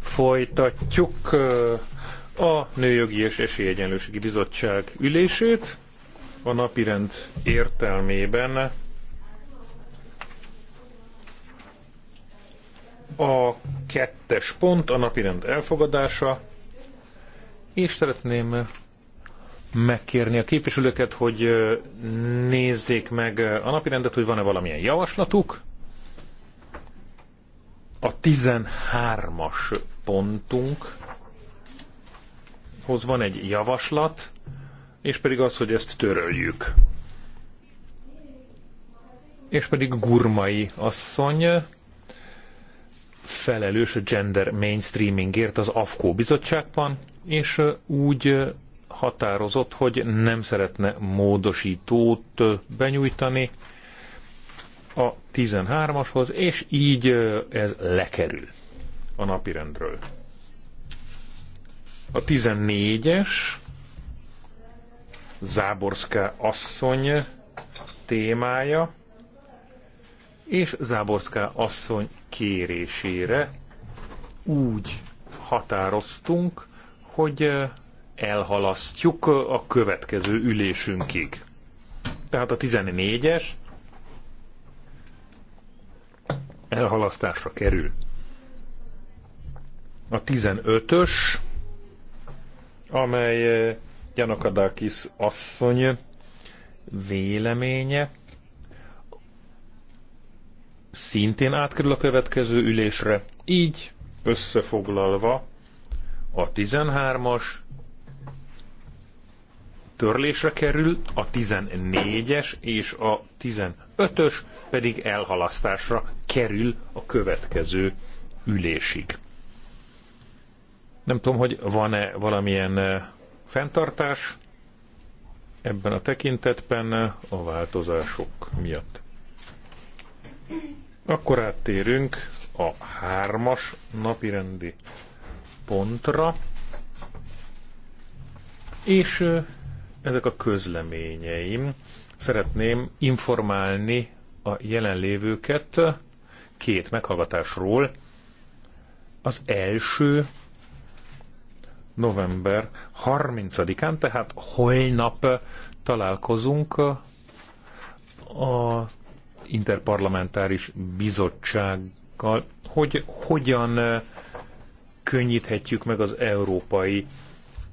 Folytatjuk a Nőjogi és Esélyegyenlőségi Bizottság ülését. A napirend értelmében a kettes pont a napirend elfogadása, és szeretném megkérni a képviselőket, hogy nézzék meg a napirendet, hogy van-e valamilyen javaslatuk a 13-as pontunkhoz van egy javaslat, és pedig az, hogy ezt töröljük. És pedig Gurmai asszony felelős a gender mainstreamingért az AFKO bizottságban, és úgy határozott, hogy nem szeretne módosítót benyújtani, a 13-ashoz, és így ez lekerül a napirendről. A 14-es Záborská asszony témája, és Záborská asszony kérésére úgy határoztunk, hogy elhalasztjuk a következő ülésünkig. Tehát a 14-es elhalasztásra kerül. A 15-ös, amely eh, Gyanakadákis asszony véleménye, szintén átkerül a következő ülésre. Így összefoglalva a 13-as, törlésre kerül, a 14-es és a 15-ös pedig elhalasztásra kerül a következő ülésig. Nem tudom, hogy van-e valamilyen fenntartás ebben a tekintetben a változások miatt. Akkor áttérünk a hármas napirendi pontra, és ezek a közleményeim. Szeretném informálni a jelenlévőket két meghallgatásról. Az első november 30-án, tehát holnap találkozunk a interparlamentáris bizottsággal, hogy hogyan könnyíthetjük meg az európai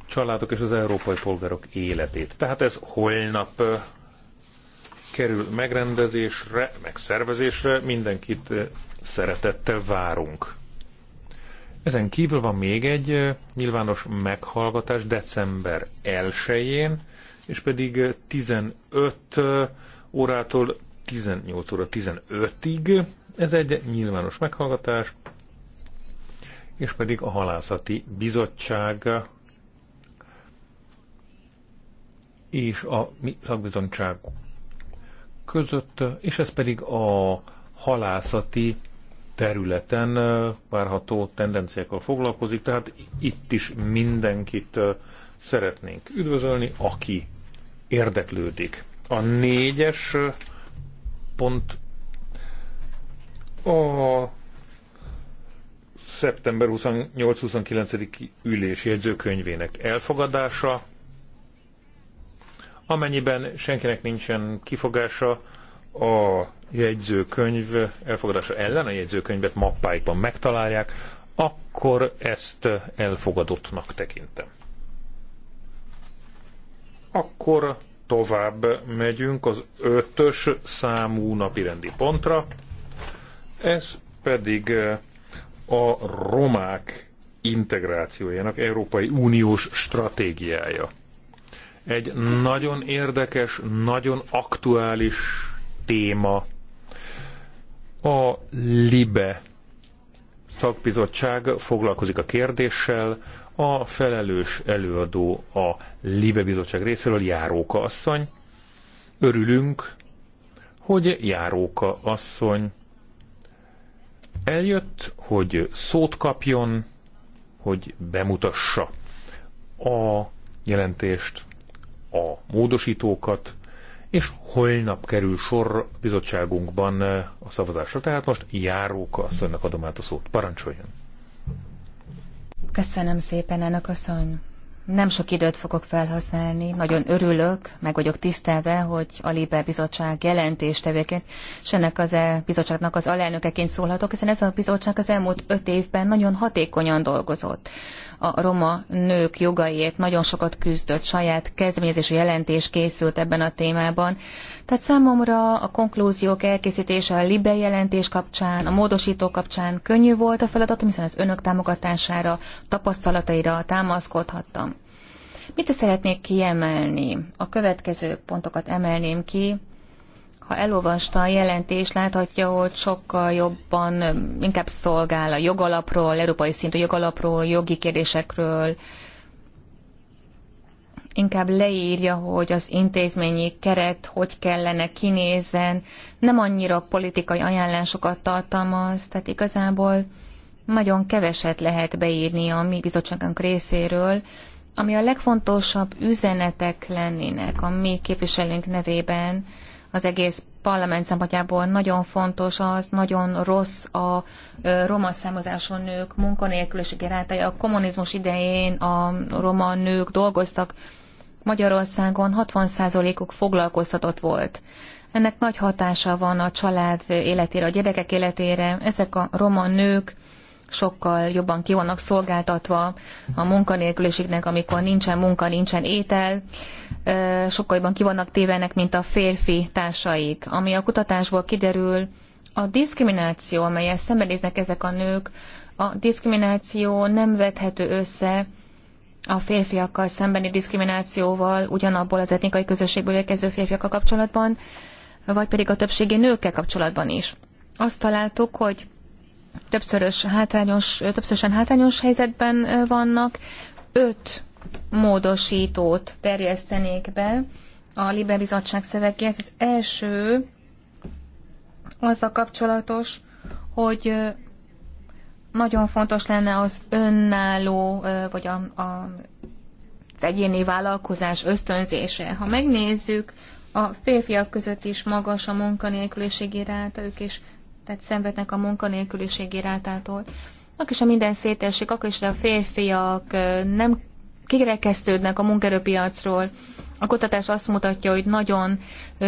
családok és az európai polgárok életét. Tehát ez holnap kerül megrendezésre, megszervezésre, mindenkit szeretettel várunk. Ezen kívül van még egy nyilvános meghallgatás december 1-én, és pedig 15 órától 18 óra 15-ig. Ez egy nyilvános meghallgatás, és pedig a halászati bizottság és a mi szakbizottságunk között, és ez pedig a halászati területen várható tendenciákkal foglalkozik, tehát itt is mindenkit szeretnénk üdvözölni, aki érdeklődik. A négyes pont a szeptember 28-29. ülés jegyzőkönyvének elfogadása. Amennyiben senkinek nincsen kifogása a jegyzőkönyv elfogadása ellen, a jegyzőkönyvet mappáikban megtalálják, akkor ezt elfogadottnak tekintem. Akkor tovább megyünk az ötös számú napirendi pontra, ez pedig a romák integrációjának Európai Uniós stratégiája. Egy nagyon érdekes, nagyon aktuális téma. A LIBE szakbizottság foglalkozik a kérdéssel, a felelős előadó a LIBE bizottság részéről Járóka asszony. Örülünk, hogy Járóka asszony eljött, hogy szót kapjon, hogy bemutassa a jelentést a módosítókat, és holnap kerül sor bizottságunkban a szavazásra. Tehát most járóka asszonynak adom át a szót. Parancsoljon! Köszönöm szépen, elnök asszony! Nem sok időt fogok felhasználni, nagyon örülök, meg vagyok tisztelve, hogy a Liber Bizottság jelentéstevéket, és ennek az e bizottságnak az alelnökeként szólhatok, hiszen ez a bizottság az elmúlt öt évben nagyon hatékonyan dolgozott. A roma nők jogaiért nagyon sokat küzdött, saját kezdeményezésű jelentés készült ebben a témában. Tehát számomra a konklúziók elkészítése a Libe jelentés kapcsán, a módosító kapcsán könnyű volt a feladatom, hiszen az önök támogatására, tapasztalataira támaszkodhattam. Mit is szeretnék kiemelni? A következő pontokat emelném ki. Ha elolvasta a jelentést, láthatja, hogy sokkal jobban inkább szolgál a jogalapról, európai szintű jogalapról, jogi kérdésekről, inkább leírja, hogy az intézményi keret hogy kellene kinézzen, nem annyira politikai ajánlásokat tartalmaz, tehát igazából nagyon keveset lehet beírni a mi bizottságunk részéről, ami a legfontosabb üzenetek lennének a mi képviselőnk nevében, az egész parlament szempontjából nagyon fontos az, nagyon rossz a roma számozáson nők munkanélküliségi rátája. A kommunizmus idején a roma nők dolgoztak, Magyarországon 60%-uk foglalkoztatott volt. Ennek nagy hatása van a család életére, a gyerekek életére. Ezek a roma nők sokkal jobban ki vannak szolgáltatva a munkanélküliségnek, amikor nincsen munka, nincsen étel, sokkal jobban ki vannak tévenek, mint a férfi társaik. Ami a kutatásból kiderül, a diszkrimináció, amelyet szembenéznek ezek a nők, a diszkrimináció nem vethető össze a férfiakkal szembeni diszkriminációval, ugyanabból az etnikai közösségből érkező férfiakkal kapcsolatban, vagy pedig a többségi nőkkel kapcsolatban is. Azt találtuk, hogy többszörös hátrányos, többszörösen hátrányos helyzetben vannak. Öt módosítót terjesztenék be a Liber Bizottság szövegéhez. Az első az a kapcsolatos, hogy nagyon fontos lenne az önálló, vagy a, a, az egyéni vállalkozás ösztönzése. Ha megnézzük, a férfiak között is magas a munkanélküliségi ráta ők is tehát szenvednek a munkanélküliség irátától, Akkor is, a minden szétesik, akkor is a férfiak nem kirekesztődnek a munkerőpiacról. A kutatás azt mutatja, hogy nagyon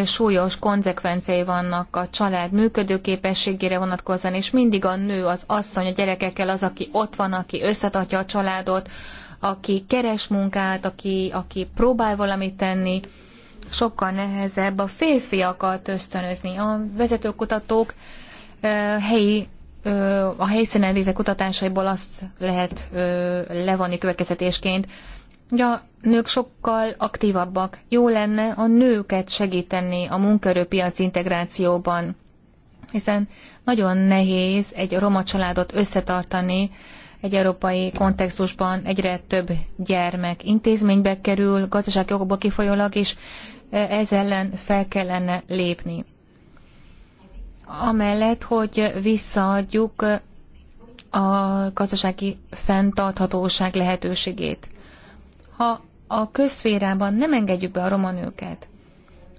súlyos konzekvenciái vannak a család működőképességére vonatkozóan, és mindig a nő, az asszony a gyerekekkel az, aki ott van, aki összetartja a családot, aki keres munkát, aki, aki próbál valamit tenni, sokkal nehezebb a férfiakat ösztönözni. A vezetőkutatók helyi a helyszínen végzett kutatásaiból azt lehet levonni következetésként, hogy a nők sokkal aktívabbak. Jó lenne a nőket segíteni a munkaerőpiaci integrációban, hiszen nagyon nehéz egy roma családot összetartani, egy európai kontextusban egyre több gyermek intézménybe kerül, gazdasági okokból kifolyólag, és ez ellen fel kellene lépni amellett, hogy visszaadjuk a gazdasági fenntarthatóság lehetőségét. Ha a közszférában nem engedjük be a romanőket,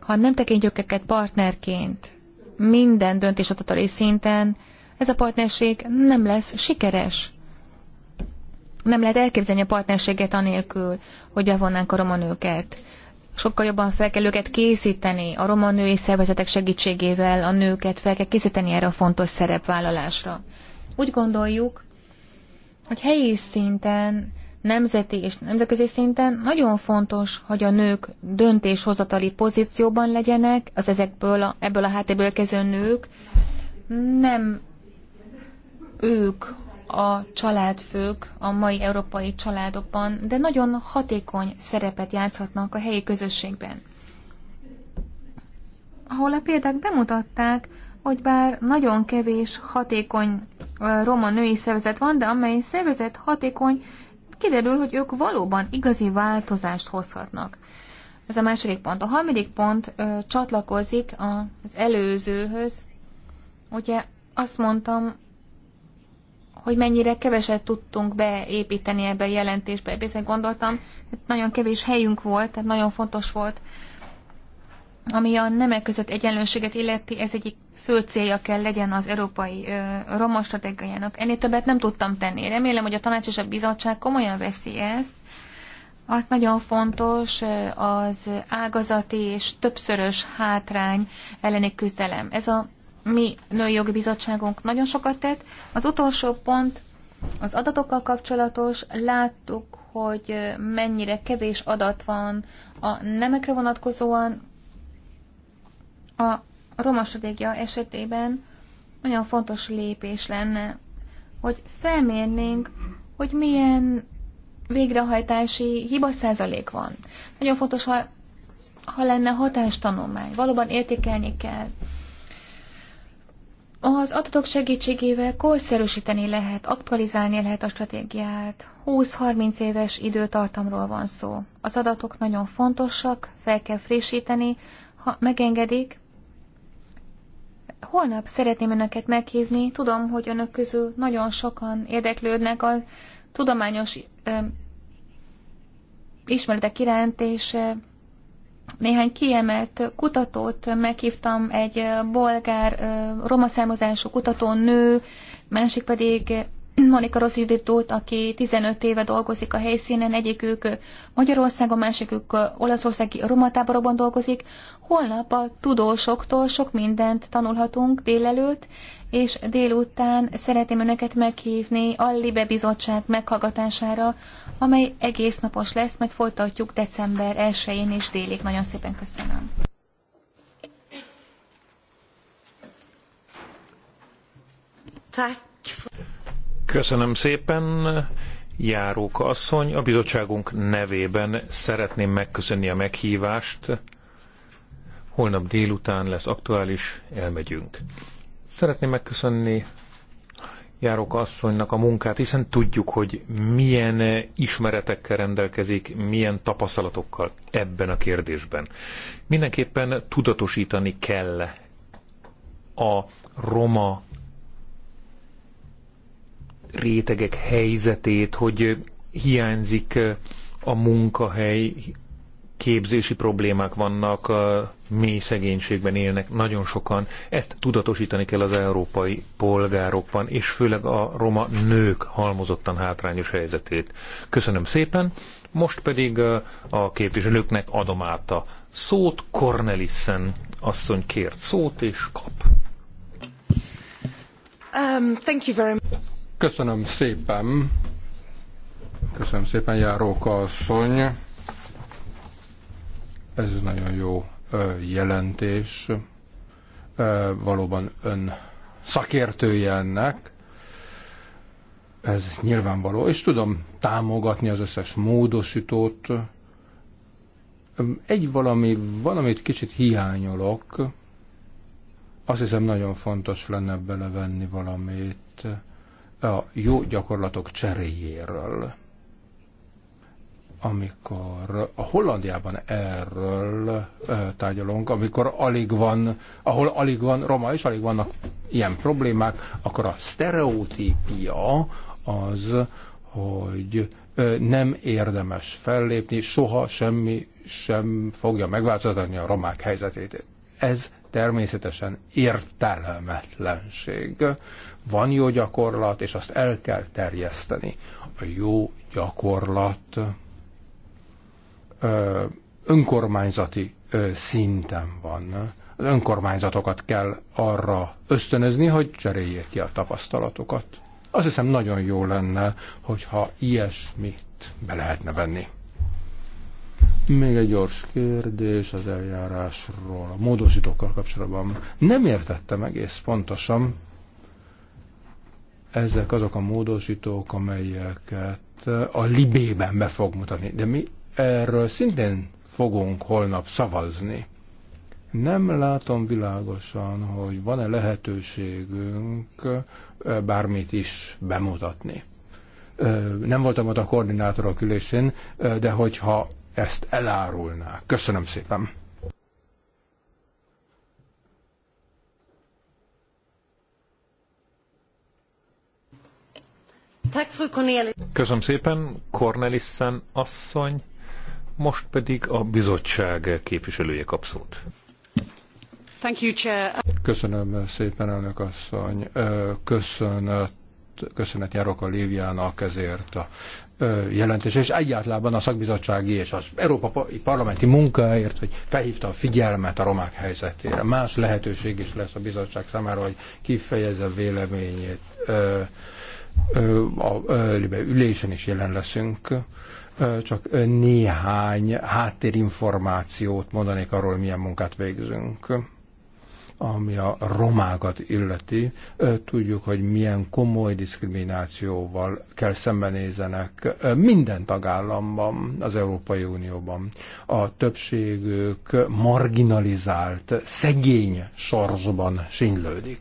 ha nem tekintjük őket partnerként minden döntéshozatai szinten, ez a partnerség nem lesz sikeres. Nem lehet elképzelni a partnerséget anélkül, hogy bevonnánk a romanőket sokkal jobban fel kell őket készíteni, a roma női szervezetek segítségével a nőket fel kell készíteni erre a fontos szerepvállalásra. Úgy gondoljuk, hogy helyi szinten, nemzeti és nemzetközi szinten nagyon fontos, hogy a nők döntéshozatali pozícióban legyenek, az ezekből a, ebből a háttérből kezdő nők, nem ők a családfők a mai európai családokban, de nagyon hatékony szerepet játszhatnak a helyi közösségben. Ahol a példák bemutatták, hogy bár nagyon kevés hatékony roma női szervezet van, de amely szervezet hatékony, kiderül, hogy ők valóban igazi változást hozhatnak. Ez a második pont. A harmadik pont ö, csatlakozik az előzőhöz. Ugye azt mondtam, hogy mennyire keveset tudtunk beépíteni ebbe a jelentésbe. Bizony gondoltam, hogy hát nagyon kevés helyünk volt, tehát nagyon fontos volt. Ami a nemek között egyenlőséget illeti, ez egyik fő célja kell legyen az európai ö, roma stratégiának. Ennél többet nem tudtam tenni. Remélem, hogy a tanács és a bizottság komolyan veszi ezt. Azt nagyon fontos az ágazati és többszörös hátrány elleni küzdelem. Ez a mi női jogi Bizottságunk nagyon sokat tett. Az utolsó pont az adatokkal kapcsolatos. Láttuk, hogy mennyire kevés adat van a nemekre vonatkozóan. A roma stratégia esetében nagyon fontos lépés lenne, hogy felmérnénk, hogy milyen végrehajtási hiba százalék van. Nagyon fontos, ha, ha lenne hatástanulmány. Valóban értékelni kell az adatok segítségével korszerűsíteni lehet, aktualizálni lehet a stratégiát. 20-30 éves időtartamról van szó. Az adatok nagyon fontosak, fel kell frissíteni, ha megengedik. Holnap szeretném önöket meghívni. Tudom, hogy önök közül nagyon sokan érdeklődnek a tudományos ö, ismeretek iránt, és néhány kiemelt kutatót meghívtam, egy bolgár, roma származású kutató nő, másik pedig Monika Roziditút, aki 15 éve dolgozik a helyszínen, egyikük Magyarországon, másikük Olaszországi Roma táborokban dolgozik. Holnap a tudósoktól sok mindent tanulhatunk délelőtt, és délután szeretném Önöket meghívni a Libe Bizottság meghallgatására, amely egész napos lesz, mert folytatjuk december 1-én és délig. Nagyon szépen köszönöm. Tack. Köszönöm szépen. Járóka asszony, a bizottságunk nevében szeretném megköszönni a meghívást. Holnap délután lesz aktuális, elmegyünk. Szeretném megköszönni Járóka asszonynak a munkát, hiszen tudjuk, hogy milyen ismeretekkel rendelkezik, milyen tapasztalatokkal ebben a kérdésben. Mindenképpen tudatosítani kell a roma rétegek helyzetét, hogy hiányzik a munkahely, képzési problémák vannak, mély szegénységben élnek nagyon sokan. Ezt tudatosítani kell az európai polgárokban, és főleg a roma nők halmozottan hátrányos helyzetét. Köszönöm szépen, most pedig a képviselőknek adom át a szót. Cornelissen asszony kért szót, és kap. Um, thank you very much. Köszönöm szépen. Köszönöm szépen, Járóka asszony. Ez nagyon jó jelentés. Valóban ön szakértője ennek. Ez nyilvánvaló, és tudom támogatni az összes módosítót. Egy valami, valamit kicsit hiányolok, azt hiszem nagyon fontos lenne belevenni valamit a jó gyakorlatok cseréjéről. Amikor a Hollandiában erről tárgyalunk, amikor alig van, ahol alig van roma és alig vannak ilyen problémák, akkor a sztereotípia az, hogy nem érdemes fellépni, soha semmi sem fogja megváltoztatni a romák helyzetét. Ez természetesen értelmetlenség. Van jó gyakorlat, és azt el kell terjeszteni. A jó gyakorlat önkormányzati szinten van. Az önkormányzatokat kell arra ösztönözni, hogy cseréljék ki a tapasztalatokat. Azt hiszem nagyon jó lenne, hogyha ilyesmit be lehetne venni. Még egy gyors kérdés az eljárásról, a módosítókkal kapcsolatban. Nem értettem egész pontosan, ezek azok a módosítók, amelyeket a libében be fog mutatni. De mi erről szintén fogunk holnap szavazni. Nem látom világosan, hogy van-e lehetőségünk bármit is bemutatni. Nem voltam ott a koordinátorok ülésén, de hogyha ezt elárulná. Köszönöm szépen! Köszönöm szépen, Cornelissen asszony. Most pedig a bizottság képviselője kap szót. Köszönöm szépen, elnök asszony. Köszönöm köszönet járok a Léviának ezért a jelentés, és egyáltalában a szakbizottsági és az európai parlamenti munkáért, hogy felhívta a figyelmet a romák helyzetére. Más lehetőség is lesz a bizottság számára, hogy kifejezze véleményét. A ülésen is jelen leszünk csak néhány háttérinformációt mondanék arról, milyen munkát végzünk ami a romákat illeti, tudjuk, hogy milyen komoly diszkriminációval kell szembenézenek minden tagállamban, az Európai Unióban. A többségük marginalizált, szegény sorsban sinylődik.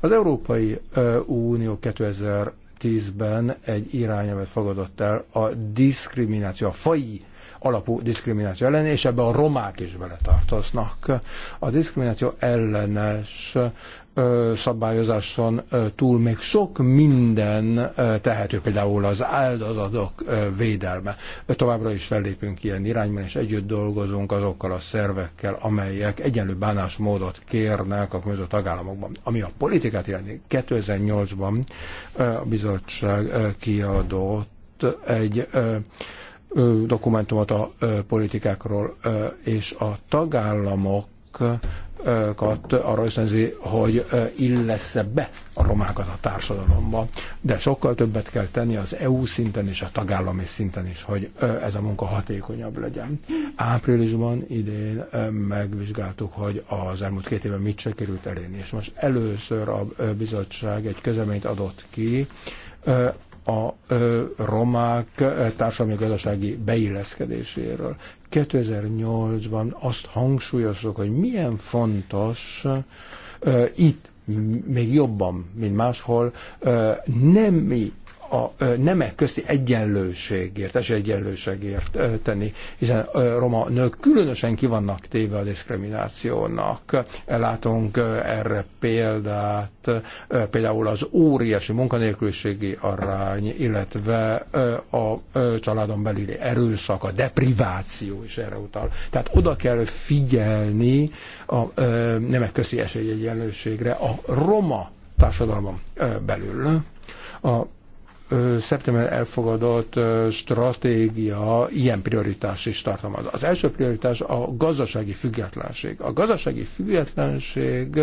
Az Európai Unió 2010-ben egy irányelvet fogadott el a diszkrimináció, a fai alapú diszkrimináció ellen, és ebbe a romák is beletartoznak. A diszkrimináció ellenes szabályozáson túl még sok minden tehető, például az áldozatok védelme. Továbbra is fellépünk ilyen irányban, és együtt dolgozunk azokkal a szervekkel, amelyek egyenlő bánásmódot kérnek a különböző tagállamokban. Ami a politikát illeti, 2008-ban a bizottság kiadott egy dokumentumot a politikákról, és a tagállamokat arra ösztönzi, hogy illesz -e be a romákat a társadalomba, de sokkal többet kell tenni az EU szinten és a tagállami szinten is, hogy ez a munka hatékonyabb legyen. Áprilisban idén megvizsgáltuk, hogy az elmúlt két évben mit sikerült elérni, és most először a bizottság egy közeményt adott ki, a romák társadalmi gazdasági beilleszkedéséről. 2008-ban azt hangsúlyozok, hogy milyen fontos itt még jobban, mint máshol, nemi a nemek közti egyenlőségért, esélyegyenlőségért tenni, hiszen a roma nők különösen vannak téve a diszkriminációnak. Látunk erre példát, például az óriási munkanélküliségi arány, illetve a családon belüli erőszak, a depriváció is erre utal. Tehát oda kell figyelni a nemek közti esélyegyenlőségre a roma társadalmon belül. A szeptember elfogadott stratégia ilyen prioritás is tartalmaz. Az első prioritás a gazdasági függetlenség. A gazdasági függetlenség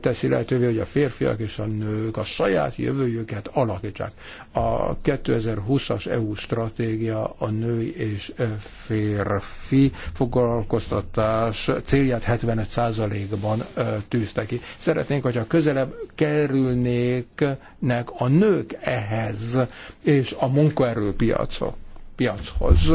teszi lehetővé, hogy a férfiak és a nők a saját jövőjüket alakítsák. A 2020-as EU stratégia a női és férfi foglalkoztatás célját 75%-ban tűzte ki. Szeretnénk, hogyha közelebb kerülnék hozzáférhetnek a nők ehhez és a munkaerőpiacok piachoz.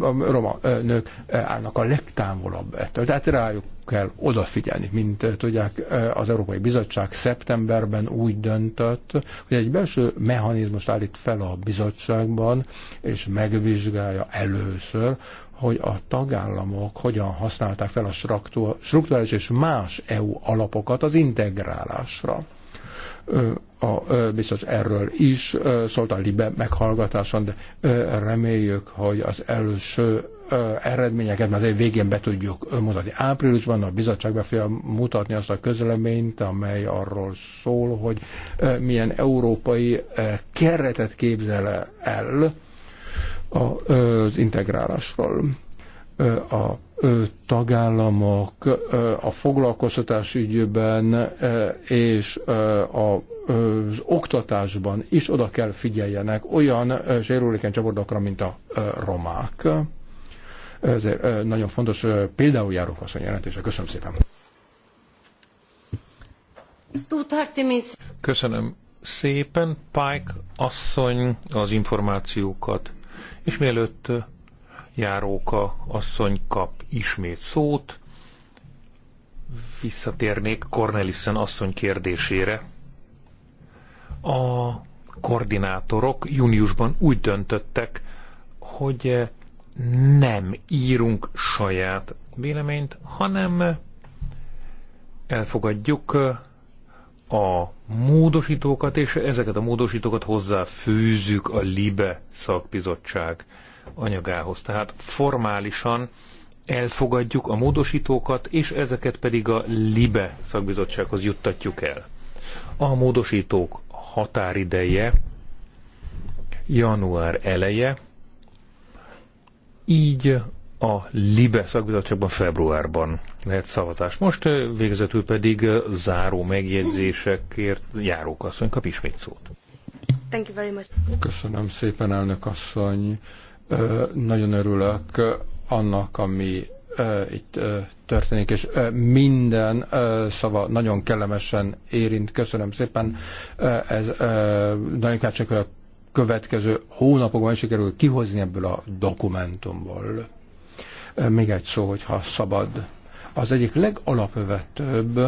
A roma nők állnak a legtávolabb ettől, tehát rájuk kell odafigyelni. Mint tudják, az Európai Bizottság szeptemberben úgy döntött, hogy egy belső mechanizmust állít fel a bizottságban, és megvizsgálja először, hogy a tagállamok hogyan használták fel a strukturális és más EU alapokat az integrálásra a biztos erről is szólt a Libe meghallgatáson, de reméljük, hogy az első eredményeket már azért végén be tudjuk mutatni. Áprilisban a bizottság be fogja mutatni azt a közleményt, amely arról szól, hogy milyen európai keretet képzel el az integrálásról. A tagállamok a foglalkoztatás ügyben és az oktatásban is oda kell figyeljenek olyan sérülékeny csoportokra, mint a romák. Ez nagyon fontos például járok a jelentése. Köszönöm szépen. Köszönöm szépen, Pike asszony, az információkat. És mielőtt Járóka asszony kap ismét szót. Visszatérnék Cornelissen asszony kérdésére. A koordinátorok júniusban úgy döntöttek, hogy nem írunk saját véleményt, hanem elfogadjuk a módosítókat, és ezeket a módosítókat hozzáfűzzük a LIBE szakbizottság anyagához. Tehát formálisan elfogadjuk a módosítókat, és ezeket pedig a LIBE szakbizottsághoz juttatjuk el. A módosítók határideje január eleje, így a LIBE szakbizottságban februárban lehet szavazás. Most végezetül pedig záró megjegyzésekért járók asszony kap ismét szót. Thank you very much. Köszönöm szépen, elnök asszony. Nagyon örülök annak, ami itt történik, és minden szava nagyon kellemesen érint. Köszönöm szépen. Ez nagyon csak a következő hónapokban sikerül kihozni ebből a dokumentumból. Még egy szó, hogyha szabad. Az egyik legalapvetőbb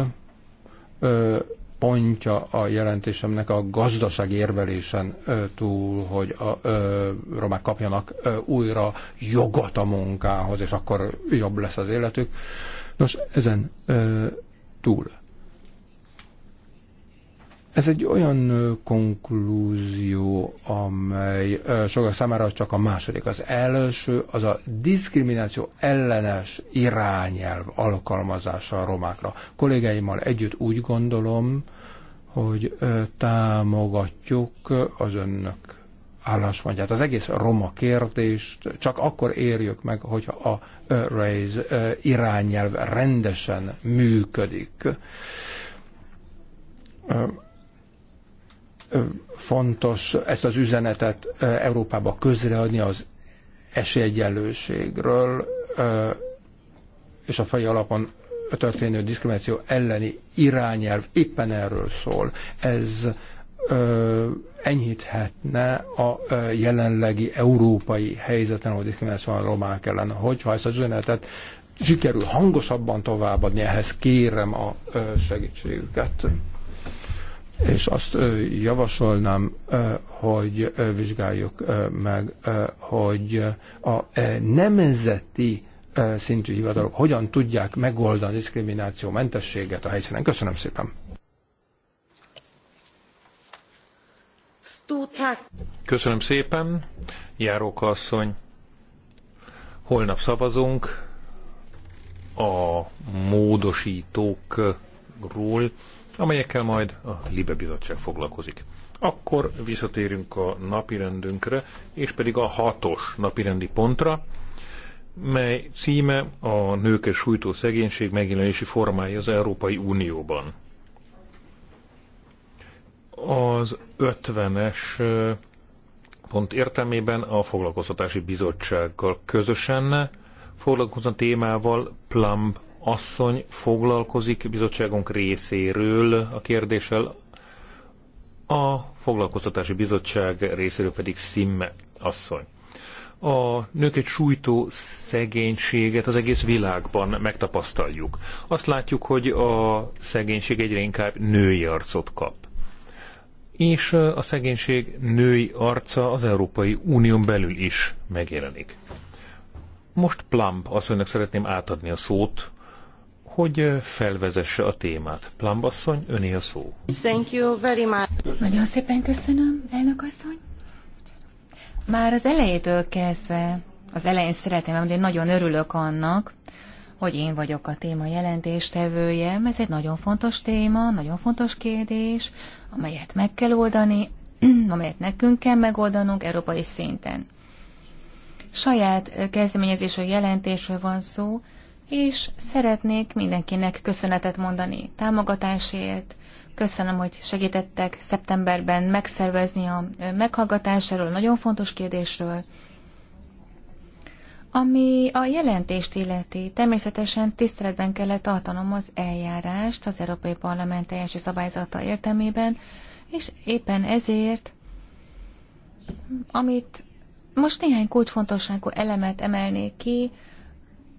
pontja a jelentésemnek a gazdaság érvelésen túl, hogy a ö, romák kapjanak ö, újra jogot a munkához, és akkor jobb lesz az életük. Nos, ezen ö, túl ez egy olyan konklúzió, amely sokak számára csak a második. Az első az a diszkrimináció ellenes irányelv alkalmazása a romákra. Kollégáimmal együtt úgy gondolom, hogy támogatjuk az önök álláspontját. Az egész roma kérdést csak akkor érjük meg, hogyha a RAISE irányelv rendesen működik fontos ezt az üzenetet Európába közreadni az esélyegyenlőségről és a fai alapon történő diszkrimináció elleni irányelv éppen erről szól. Ez ö, enyhíthetne a ö, jelenlegi európai helyzeten, ahol diszkrimináció van a romák ellen. Hogyha ezt az üzenetet sikerül hangosabban továbbadni, ehhez kérem a ö, segítségüket és azt javasolnám, hogy vizsgáljuk meg, hogy a nemzeti szintű hivatalok hogyan tudják megoldani a diszkrimináció mentességet a helyszínen. Köszönöm szépen! Köszönöm szépen, Járóka asszony. Holnap szavazunk a módosítókról amelyekkel majd a Libe Bizottság foglalkozik. Akkor visszatérünk a napirendünkre, és pedig a hatos napirendi pontra, mely címe a nőkes sújtó szegénység megjelenési formája az Európai Unióban. Az 50-es pont értelmében a Foglalkoztatási Bizottsággal közösen foglalkozó témával Plumb asszony foglalkozik bizottságunk részéről a kérdéssel, a foglalkoztatási bizottság részéről pedig Szimme asszony. A nőket sújtó szegénységet az egész világban megtapasztaljuk. Azt látjuk, hogy a szegénység egyre inkább női arcot kap. És a szegénység női arca az Európai Unión belül is megjelenik. Most Plumb asszonynak szeretném átadni a szót, hogy felvezesse a témát. Plambasszony, öné a szó. Thank you very much. Nagyon szépen köszönöm, elnök asszony. Már az elejétől kezdve, az elején szeretném hogy nagyon örülök annak, hogy én vagyok a téma jelentéstevője. Ez egy nagyon fontos téma, nagyon fontos kérdés, amelyet meg kell oldani, amelyet nekünk kell megoldanunk európai szinten. Saját kezdeményezésről, jelentésről van szó, és szeretnék mindenkinek köszönetet mondani támogatásért. Köszönöm, hogy segítettek szeptemberben megszervezni a meghallgatás erről nagyon fontos kérdésről. Ami a jelentést illeti, természetesen tiszteletben kellett tartanom az eljárást az Európai Parlament teljes szabályzata értelmében, és éppen ezért, amit most néhány kulcsfontosságú elemet emelnék ki,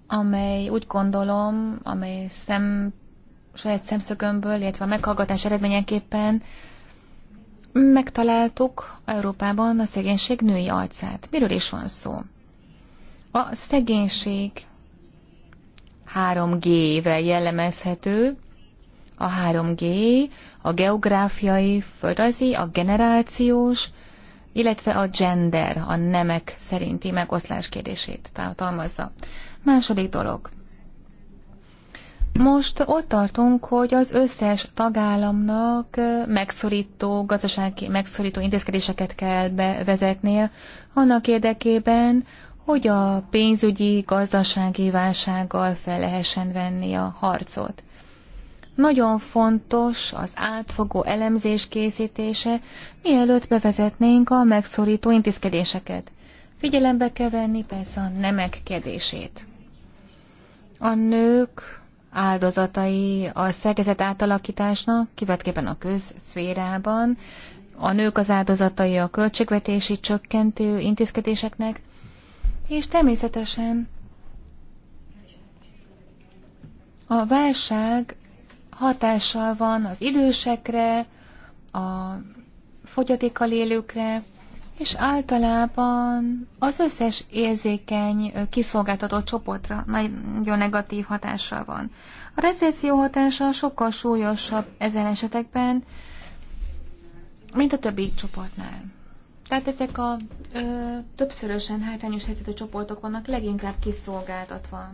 amely úgy gondolom, amely szem, saját szemszögömből, illetve a meghallgatás eredményeképpen megtaláltuk Európában a szegénység női arcát. Miről is van szó? A szegénység 3G-vel jellemezhető. A 3G a geográfiai, földrajzi, a generációs, illetve a gender, a nemek szerinti megoszlás kérdését tartalmazza. Második dolog. Most ott tartunk, hogy az összes tagállamnak megszorító, gazdasági megszorító intézkedéseket kell bevezetnie annak érdekében, hogy a pénzügyi, gazdasági válsággal fel lehessen venni a harcot. Nagyon fontos az átfogó elemzés készítése, mielőtt bevezetnénk a megszorító intézkedéseket. Figyelembe kell venni persze a nemek kérdését. A nők áldozatai a szerkezet átalakításnak, kivetképpen a közszférában, a nők az áldozatai a költségvetési csökkentő intézkedéseknek, és természetesen a válság hatással van az idősekre, a fogyatékkal élőkre, és általában az összes érzékeny, kiszolgáltatott csoportra nagyon negatív hatással van. A recesszió hatása sokkal súlyosabb ezen esetekben, mint a többi csoportnál. Tehát ezek a ö, többszörösen hátrányos helyzetű csoportok vannak leginkább kiszolgáltatva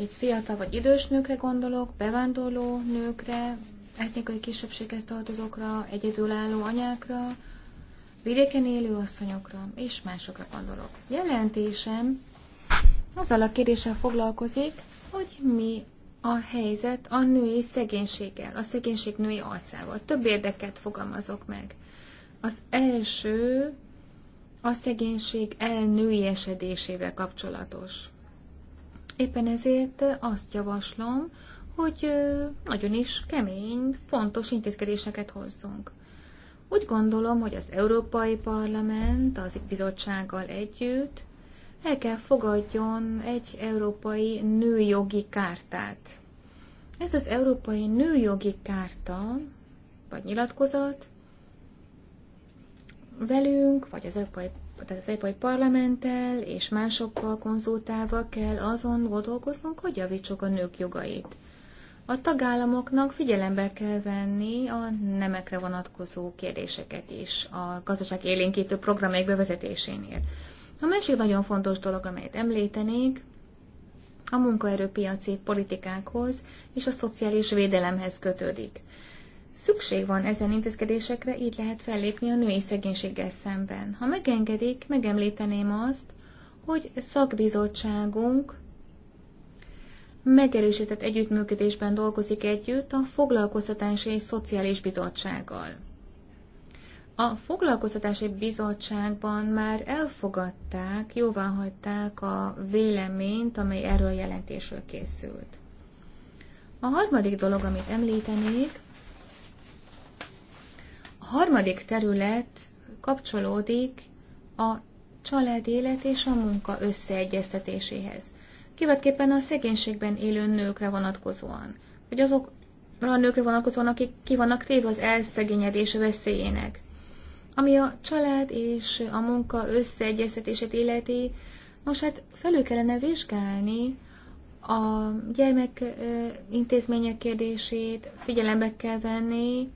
egy fiatal vagy idős nőkre gondolok, bevándorló nőkre, etnikai kisebbséghez tartozókra, egyedülálló anyákra, vidéken élő asszonyokra és másokra gondolok. Jelentésem azzal a kérdéssel foglalkozik, hogy mi a helyzet a női szegénységgel, a szegénység női arcával. Több érdeket fogalmazok meg. Az első a szegénység elnői esedésével kapcsolatos. Éppen ezért azt javaslom, hogy nagyon is kemény, fontos intézkedéseket hozzunk. Úgy gondolom, hogy az Európai Parlament az bizottsággal együtt el kell fogadjon egy európai nőjogi kártát. Ez az európai nőjogi kárta, vagy nyilatkozat velünk, vagy az Európai tehát az Európai Parlamenttel és másokkal konzultálva kell azon gondolkoznunk, hogy javítsuk a nők jogait. A tagállamoknak figyelembe kell venni a nemekre vonatkozó kérdéseket is a gazdaság élénkítő programjaik bevezetésénél. A másik nagyon fontos dolog, amelyet említenék, a munkaerőpiaci politikákhoz és a szociális védelemhez kötődik. Szükség van ezen intézkedésekre, így lehet fellépni a női szegénységgel szemben. Ha megengedik, megemlíteném azt, hogy szakbizottságunk megerősített együttműködésben dolgozik együtt a Foglalkoztatási és Szociális Bizottsággal. A Foglalkoztatási Bizottságban már elfogadták, jóváhagyták a véleményt, amely erről jelentésről készült. A harmadik dolog, amit említenék, harmadik terület kapcsolódik a család élet és a munka összeegyeztetéséhez. Kivetképpen a szegénységben élő nőkre vonatkozóan, vagy azokra a nőkre vonatkozóan, akik ki vannak téve az elszegényedés veszélyének. Ami a család és a munka összeegyeztetését illeti, most hát felül kellene vizsgálni a gyermek intézmények kérdését, figyelembe kell venni,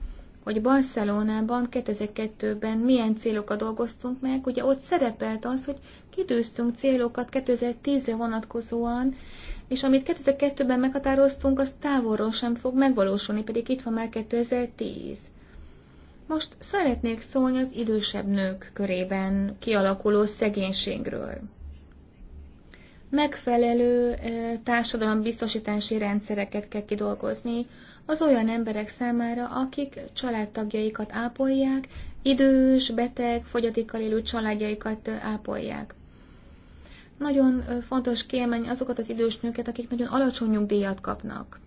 hogy Barcelonában 2002-ben milyen célokat dolgoztunk meg. Ugye ott szerepelt az, hogy kidőztünk célokat 2010-re vonatkozóan, és amit 2002-ben meghatároztunk, az távolról sem fog megvalósulni, pedig itt van már 2010. Most szeretnék szólni az idősebb nők körében kialakuló szegénységről. Megfelelő eh, társadalombiztosítási rendszereket kell kidolgozni, az olyan emberek számára, akik családtagjaikat ápolják, idős, beteg, fogyatékkal élő családjaikat ápolják. Nagyon fontos kiemelni azokat az idős nőket, akik nagyon alacsony nyugdíjat kapnak.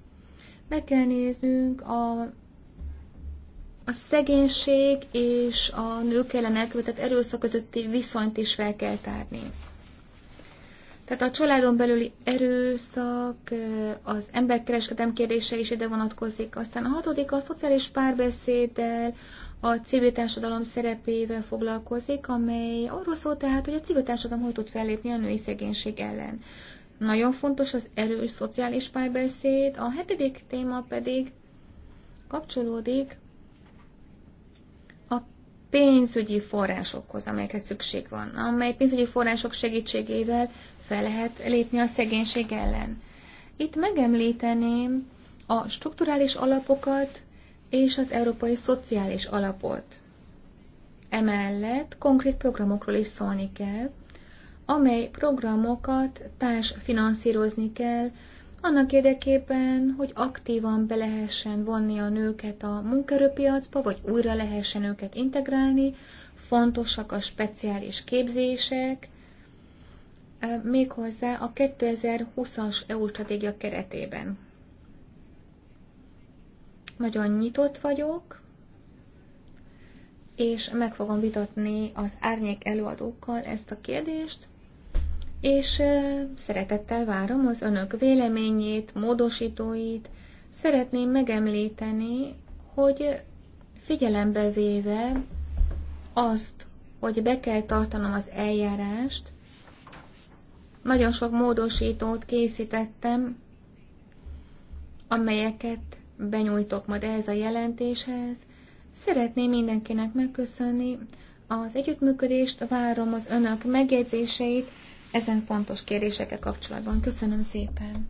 Meg kell néznünk a, a szegénység és a nők ellen elkövetett erőszak közötti viszonyt is fel kell tárni. Tehát a családon belüli erőszak, az emberkereskedem kérdése is ide vonatkozik. Aztán a hatodik a szociális párbeszéddel, a civil társadalom szerepével foglalkozik, amely arról szól tehát, hogy a civil társadalom hogy tud fellépni a női szegénység ellen. Nagyon fontos az erős szociális párbeszéd. A hetedik téma pedig kapcsolódik pénzügyi forrásokhoz, amelyekhez szükség van, amely pénzügyi források segítségével fel lehet lépni a szegénység ellen. Itt megemlíteném a strukturális alapokat és az európai szociális alapot. Emellett konkrét programokról is szólni kell, amely programokat társfinanszírozni kell annak érdekében, hogy aktívan be lehessen vonni a nőket a munkerőpiacba, vagy újra lehessen őket integrálni, fontosak a speciális képzések, e, méghozzá a 2020-as EU stratégia keretében. Nagyon nyitott vagyok, és meg fogom vitatni az árnyék előadókkal ezt a kérdést, és szeretettel várom az önök véleményét, módosítóit. Szeretném megemlíteni, hogy figyelembe véve azt, hogy be kell tartanom az eljárást, nagyon sok módosítót készítettem, amelyeket benyújtok majd ehhez a jelentéshez. Szeretném mindenkinek megköszönni az együttműködést, várom az önök megjegyzéseit, ezen fontos kérdésekkel kapcsolatban. Köszönöm szépen!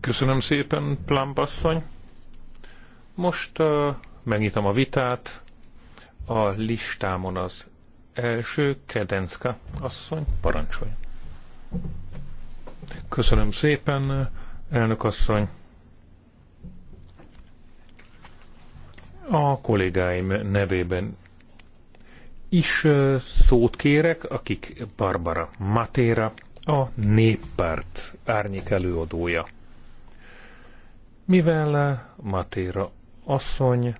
Köszönöm szépen, Plambasszony. Most uh, megnyitom a vitát. A listámon az első, kedenska, asszony, parancsolj. Köszönöm szépen, elnök asszony. A kollégáim nevében is szót kérek, akik Barbara Matéra, a néppárt árnyék előadója. Mivel Matéra asszony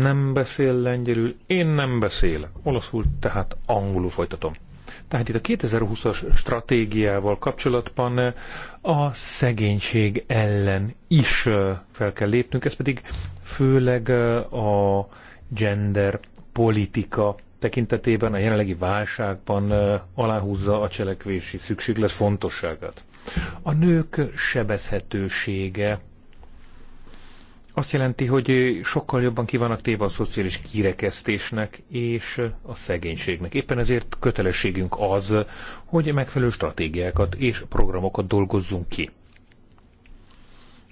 nem beszél lengyelül, én nem beszélek olaszul, tehát angolul folytatom. Tehát itt a 2020-as stratégiával kapcsolatban a szegénység ellen is fel kell lépnünk, ez pedig főleg a gender politika tekintetében a jelenlegi válságban aláhúzza a cselekvési szükséglet fontosságát. A nők sebezhetősége azt jelenti, hogy sokkal jobban kivannak téve a szociális kirekesztésnek és a szegénységnek. Éppen ezért kötelességünk az, hogy megfelelő stratégiákat és programokat dolgozzunk ki.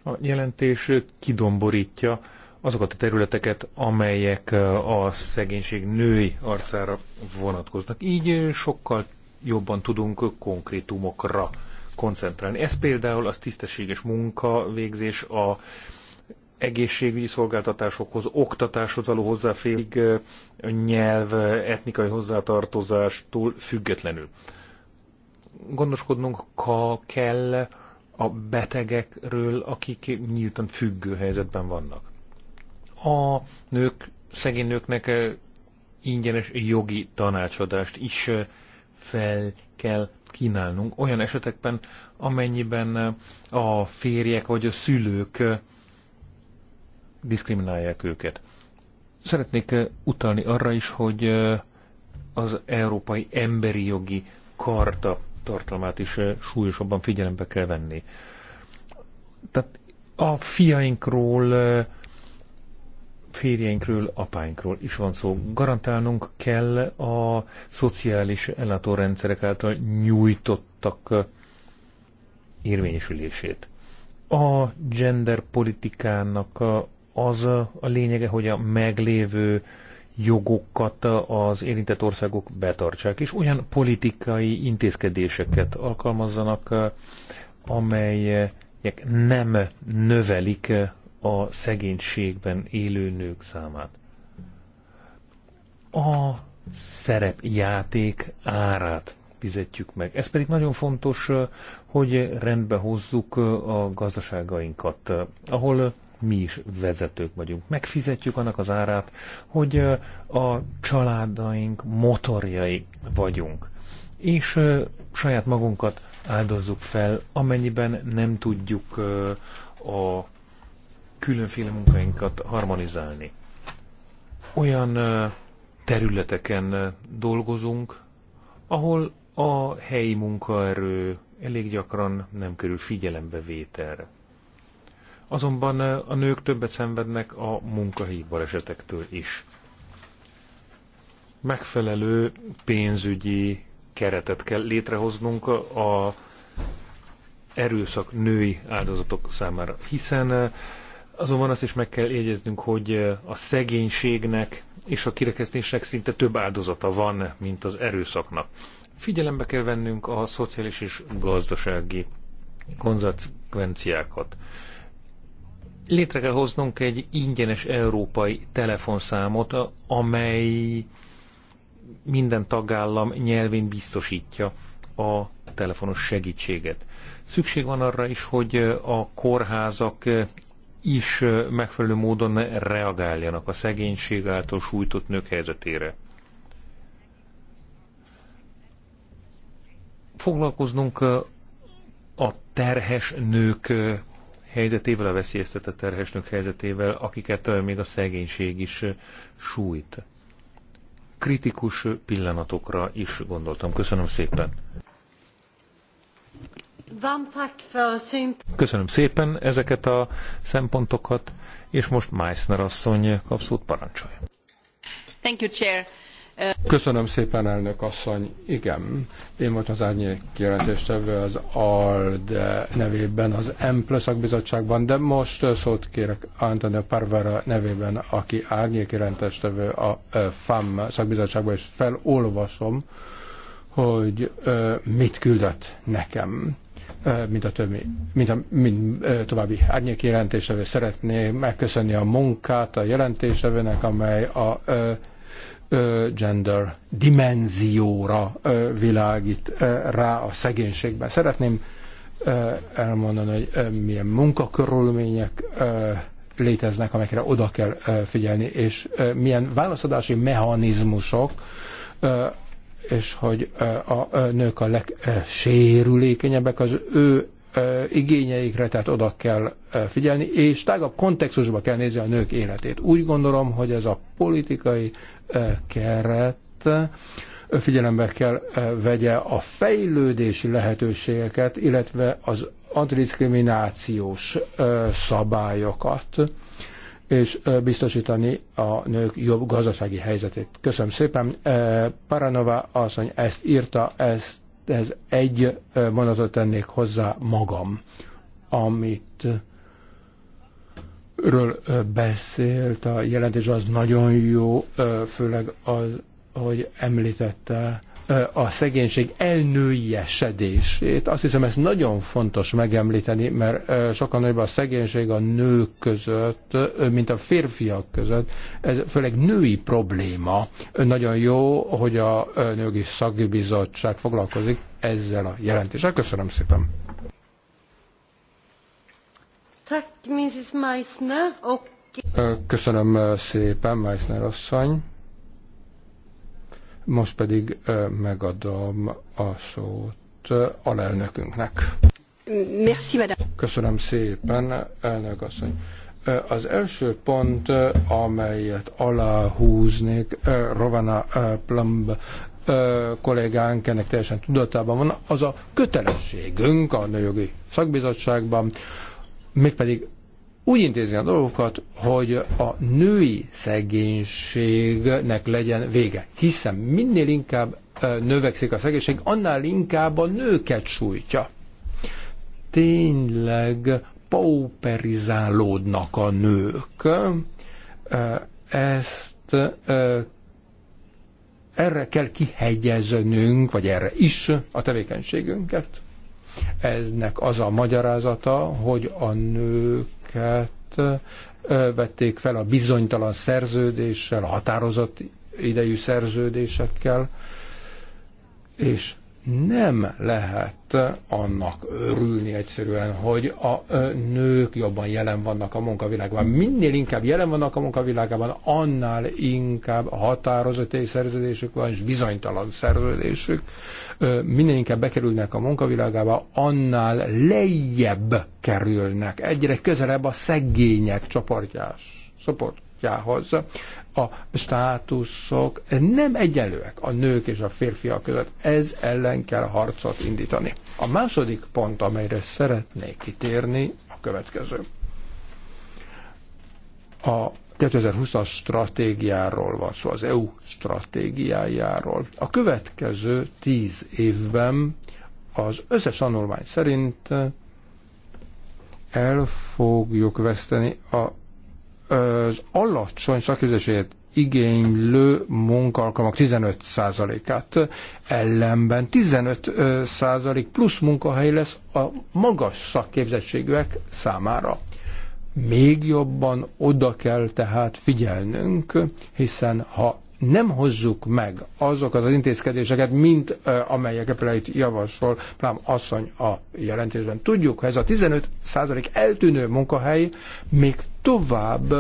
A jelentés kidomborítja azokat a területeket, amelyek a szegénység női arcára vonatkoznak. Így sokkal jobban tudunk konkrétumokra koncentrálni. Ez például az tisztességes munkavégzés, a egészségügyi szolgáltatásokhoz, oktatáshoz való hozzáférig nyelv, etnikai hozzátartozástól függetlenül. Gondoskodnunk kell a betegekről, akik nyíltan függő helyzetben vannak a nők, szegény nőknek ingyenes jogi tanácsadást is fel kell kínálnunk olyan esetekben, amennyiben a férjek vagy a szülők diszkriminálják őket. Szeretnék utalni arra is, hogy az Európai Emberi Jogi Karta tartalmát is súlyosabban figyelembe kell venni. Tehát a fiainkról férjeinkről, apáinkról is van szó. Garantálnunk kell a szociális ellátórendszerek által nyújtottak érvényesülését. A politikának az a lényege, hogy a meglévő jogokat az érintett országok betartsák, és olyan politikai intézkedéseket alkalmazzanak, amelyek nem növelik a szegénységben élő nők számát. A szerepjáték árát fizetjük meg. Ez pedig nagyon fontos, hogy rendbe hozzuk a gazdaságainkat, ahol mi is vezetők vagyunk. Megfizetjük annak az árát, hogy a családaink motorjai vagyunk. És saját magunkat áldozzuk fel, amennyiben nem tudjuk a különféle munkáinkat harmonizálni. Olyan területeken dolgozunk, ahol a helyi munkaerő elég gyakran nem kerül figyelembe vételre. Azonban a nők többet szenvednek a munkahelyi balesetektől is. Megfelelő pénzügyi keretet kell létrehoznunk a erőszak női áldozatok számára, hiszen Azonban azt is meg kell jegyeznünk, hogy a szegénységnek és a kirekesztésnek szinte több áldozata van, mint az erőszaknak. Figyelembe kell vennünk a szociális és gazdasági konzekvenciákat. Létre kell hoznunk egy ingyenes európai telefonszámot, amely minden tagállam nyelvén biztosítja a telefonos segítséget. Szükség van arra is, hogy a kórházak is megfelelő módon reagáljanak a szegénység által sújtott nők helyzetére. Foglalkoznunk a terhes nők helyzetével, a veszélyeztetett terhes nők helyzetével, akiket még a szegénység is sújt. Kritikus pillanatokra is gondoltam. Köszönöm szépen. Köszönöm szépen ezeket a szempontokat, és most Meissner asszony kapszót parancsolja. Thank you, Chair. Köszönöm szépen, elnök asszony. Igen, én volt az árnyék jelentéstevő az ALD nevében az M szakbizottságban, de most szót kérek Antonio Parvara nevében, aki árnyék jelentéstevő a FAM szakbizottságban, és felolvasom, hogy mit küldött nekem mint a többi, mint a mint további árnyék jelentésre Szeretném megköszönni a munkát a jelentéstevőnek, amely a gender dimenzióra világít rá a szegénységben. Szeretném elmondani, hogy milyen munkakörülmények léteznek, amelyekre oda kell figyelni, és milyen válaszadási mechanizmusok és hogy a nők a legsérülékenyebbek, az ő igényeikre, tehát oda kell figyelni, és tágabb kontextusba kell nézni a nők életét. Úgy gondolom, hogy ez a politikai keret figyelembe kell vegye a fejlődési lehetőségeket, illetve az antidiszkriminációs szabályokat és biztosítani a nők jobb gazdasági helyzetét. Köszönöm szépen. Paranova asszony ezt írta, ezt, ez egy mondatot tennék hozzá magam, amit ről beszélt a jelentés, az nagyon jó, főleg az, hogy említette a szegénység elnőjesedését. Azt hiszem, ez nagyon fontos megemlíteni, mert sokan nagyobb a szegénység a nők között, mint a férfiak között. Ez főleg női probléma. Nagyon jó, hogy a Nőgi Szakbizottság foglalkozik ezzel a jelentéssel. Köszönöm szépen! Köszönöm szépen, Meissner asszony. Most pedig megadom a szót alelnökünknek. Merci, madame. Köszönöm szépen, elnök asszony. Az első pont, amelyet aláhúznék, Rovana Plumb kollégánk ennek teljesen tudatában van, az a kötelességünk a Nőjogi Szakbizottságban, mégpedig úgy intézni a dolgokat, hogy a női szegénységnek legyen vége. Hiszen minél inkább növekszik a szegénység, annál inkább a nőket sújtja. Tényleg pauperizálódnak a nők. Ezt erre kell kihegyeznünk, vagy erre is a tevékenységünket. Eznek az a magyarázata, hogy a nőket vették fel a bizonytalan szerződéssel, a határozott idejű szerződésekkel, és nem lehet annak örülni egyszerűen, hogy a nők jobban jelen vannak a munkavilágban. Minél inkább jelen vannak a munkavilágában, annál inkább határozott és szerződésük van, és bizonytalan szerződésük. Minél inkább bekerülnek a munkavilágába, annál lejjebb kerülnek, egyre közelebb a szegények csoportjás, csoportjához a státuszok nem egyenlőek a nők és a férfiak között. Ez ellen kell harcot indítani. A második pont, amelyre szeretnék kitérni, a következő. A 2020-as stratégiáról van szó, az EU stratégiájáról. A következő tíz évben az összes tanulmány szerint el fogjuk veszteni a az alacsony szakképzését igénylő munkalkalmak 15%-át, ellenben 15% plusz munkahely lesz a magas szakképzettségűek számára. Még jobban oda kell tehát figyelnünk, hiszen ha nem hozzuk meg azokat az intézkedéseket, mint amelyek itt javasol Plám asszony a jelentésben. Tudjuk, hogy ez a 15 eltűnő munkahely még tovább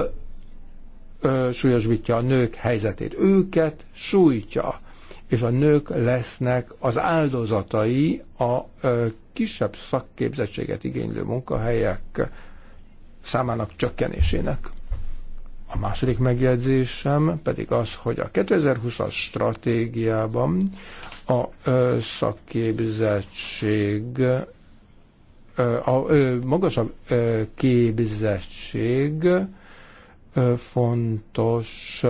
súlyosbítja a nők helyzetét. Őket sújtja, és a nők lesznek az áldozatai a kisebb szakképzettséget igénylő munkahelyek számának csökkenésének. A második megjegyzésem pedig az, hogy a 2020-as stratégiában a szakképzettség a magasabb képzettség fontos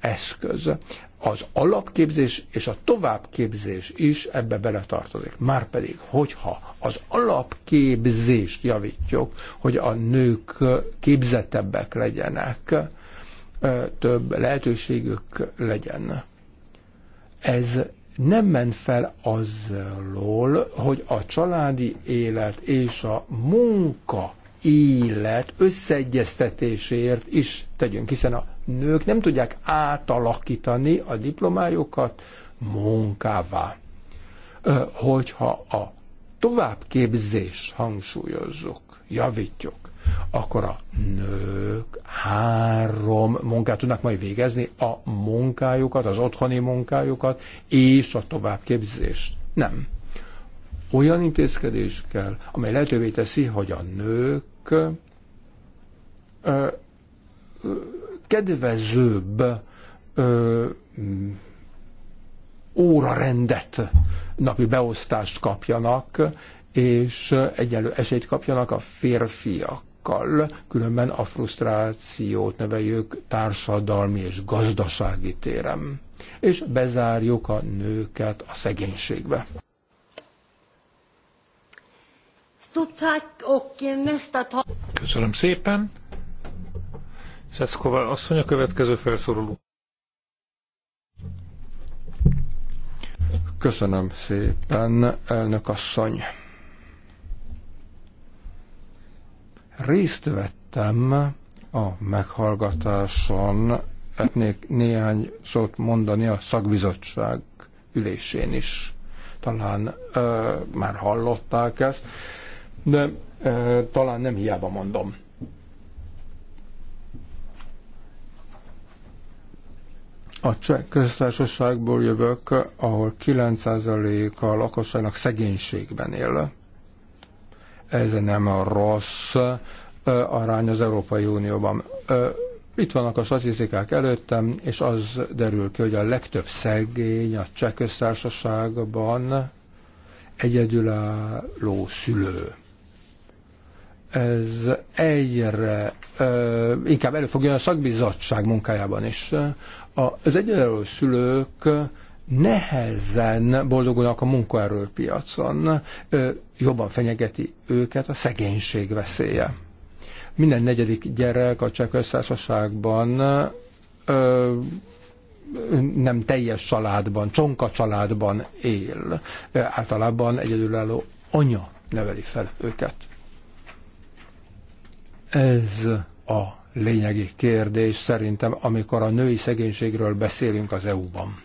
eszköz az alapképzés és a továbbképzés is ebbe beletartozik. Márpedig, hogyha az alapképzést javítjuk, hogy a nők képzettebbek legyenek, több lehetőségük legyen. Ez nem ment fel azról, hogy a családi élet és a munka élet összeegyeztetéséért is tegyünk, hiszen a nők nem tudják átalakítani a diplomájukat munkává. Hogyha a továbbképzés hangsúlyozzuk, javítjuk, akkor a nők három munkát tudnak majd végezni, a munkájukat, az otthoni munkájukat és a továbbképzést. Nem. Olyan intézkedés kell, amely lehetővé teszi, hogy a nők ö, ö, kedvezőbb ö, mm, órarendet, napi beosztást kapjanak, és egyenlő esélyt kapjanak a férfiakkal, különben a frusztrációt növeljük társadalmi és gazdasági téren, és bezárjuk a nőket a szegénységbe. Köszönöm szépen! Szecková asszony a következő felszólaló. Köszönöm szépen, elnök asszony. Részt vettem a meghallgatáson, etnék néhány szót mondani a szakbizottság ülésén is. Talán ö, már hallották ezt, de ö, talán nem hiába mondom A cseh köztársaságból jövök, ahol 9% a lakosságnak szegénységben él. Ez nem a rossz arány az Európai Unióban. Itt vannak a statisztikák előttem, és az derül ki, hogy a legtöbb szegény a cseh köztársaságban egyedülálló szülő ez egyre inkább elő fog jönni a szakbizottság munkájában is. Az egyenlő szülők nehezen boldogulnak a munkaerőpiacon, jobban fenyegeti őket a szegénység veszélye. Minden negyedik gyerek a cseh összársaságban nem teljes családban, csonka családban él. Általában egyedülálló anya neveli fel őket. Ez a lényegi kérdés szerintem, amikor a női szegénységről beszélünk az EU-ban.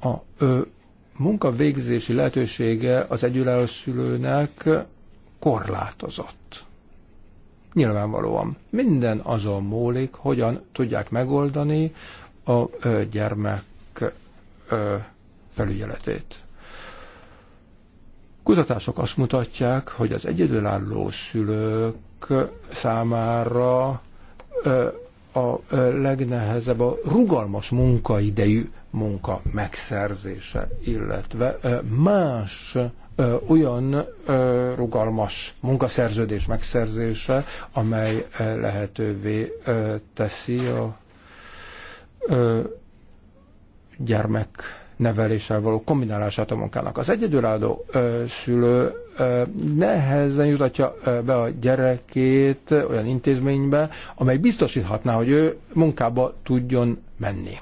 A ö, munkavégzési lehetősége az együlálló szülőnek korlátozott. Nyilvánvalóan minden azon múlik, hogyan tudják megoldani a ö, gyermek ö, felügyeletét. Kutatások azt mutatják, hogy az egyedülálló szülők számára a legnehezebb a rugalmas munkaidejű munka megszerzése, illetve más olyan rugalmas munkaszerződés megszerzése, amely lehetővé teszi a gyermek neveléssel való kombinálását a munkának. Az egyedülálló szülő nehezen jutatja be a gyerekét olyan intézménybe, amely biztosíthatná, hogy ő munkába tudjon menni.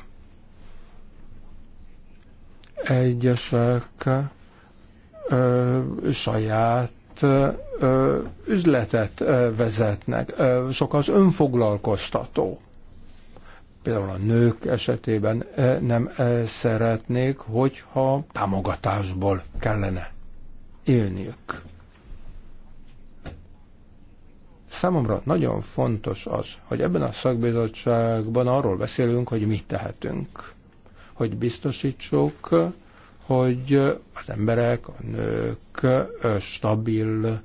Egyesek ö, saját üzletet vezetnek, sok az önfoglalkoztató például a nők esetében eh, nem eh, szeretnék, hogyha támogatásból kellene élniük. Számomra nagyon fontos az, hogy ebben a szakbizottságban arról beszélünk, hogy mit tehetünk. Hogy biztosítsuk, hogy az emberek, a nők eh, stabil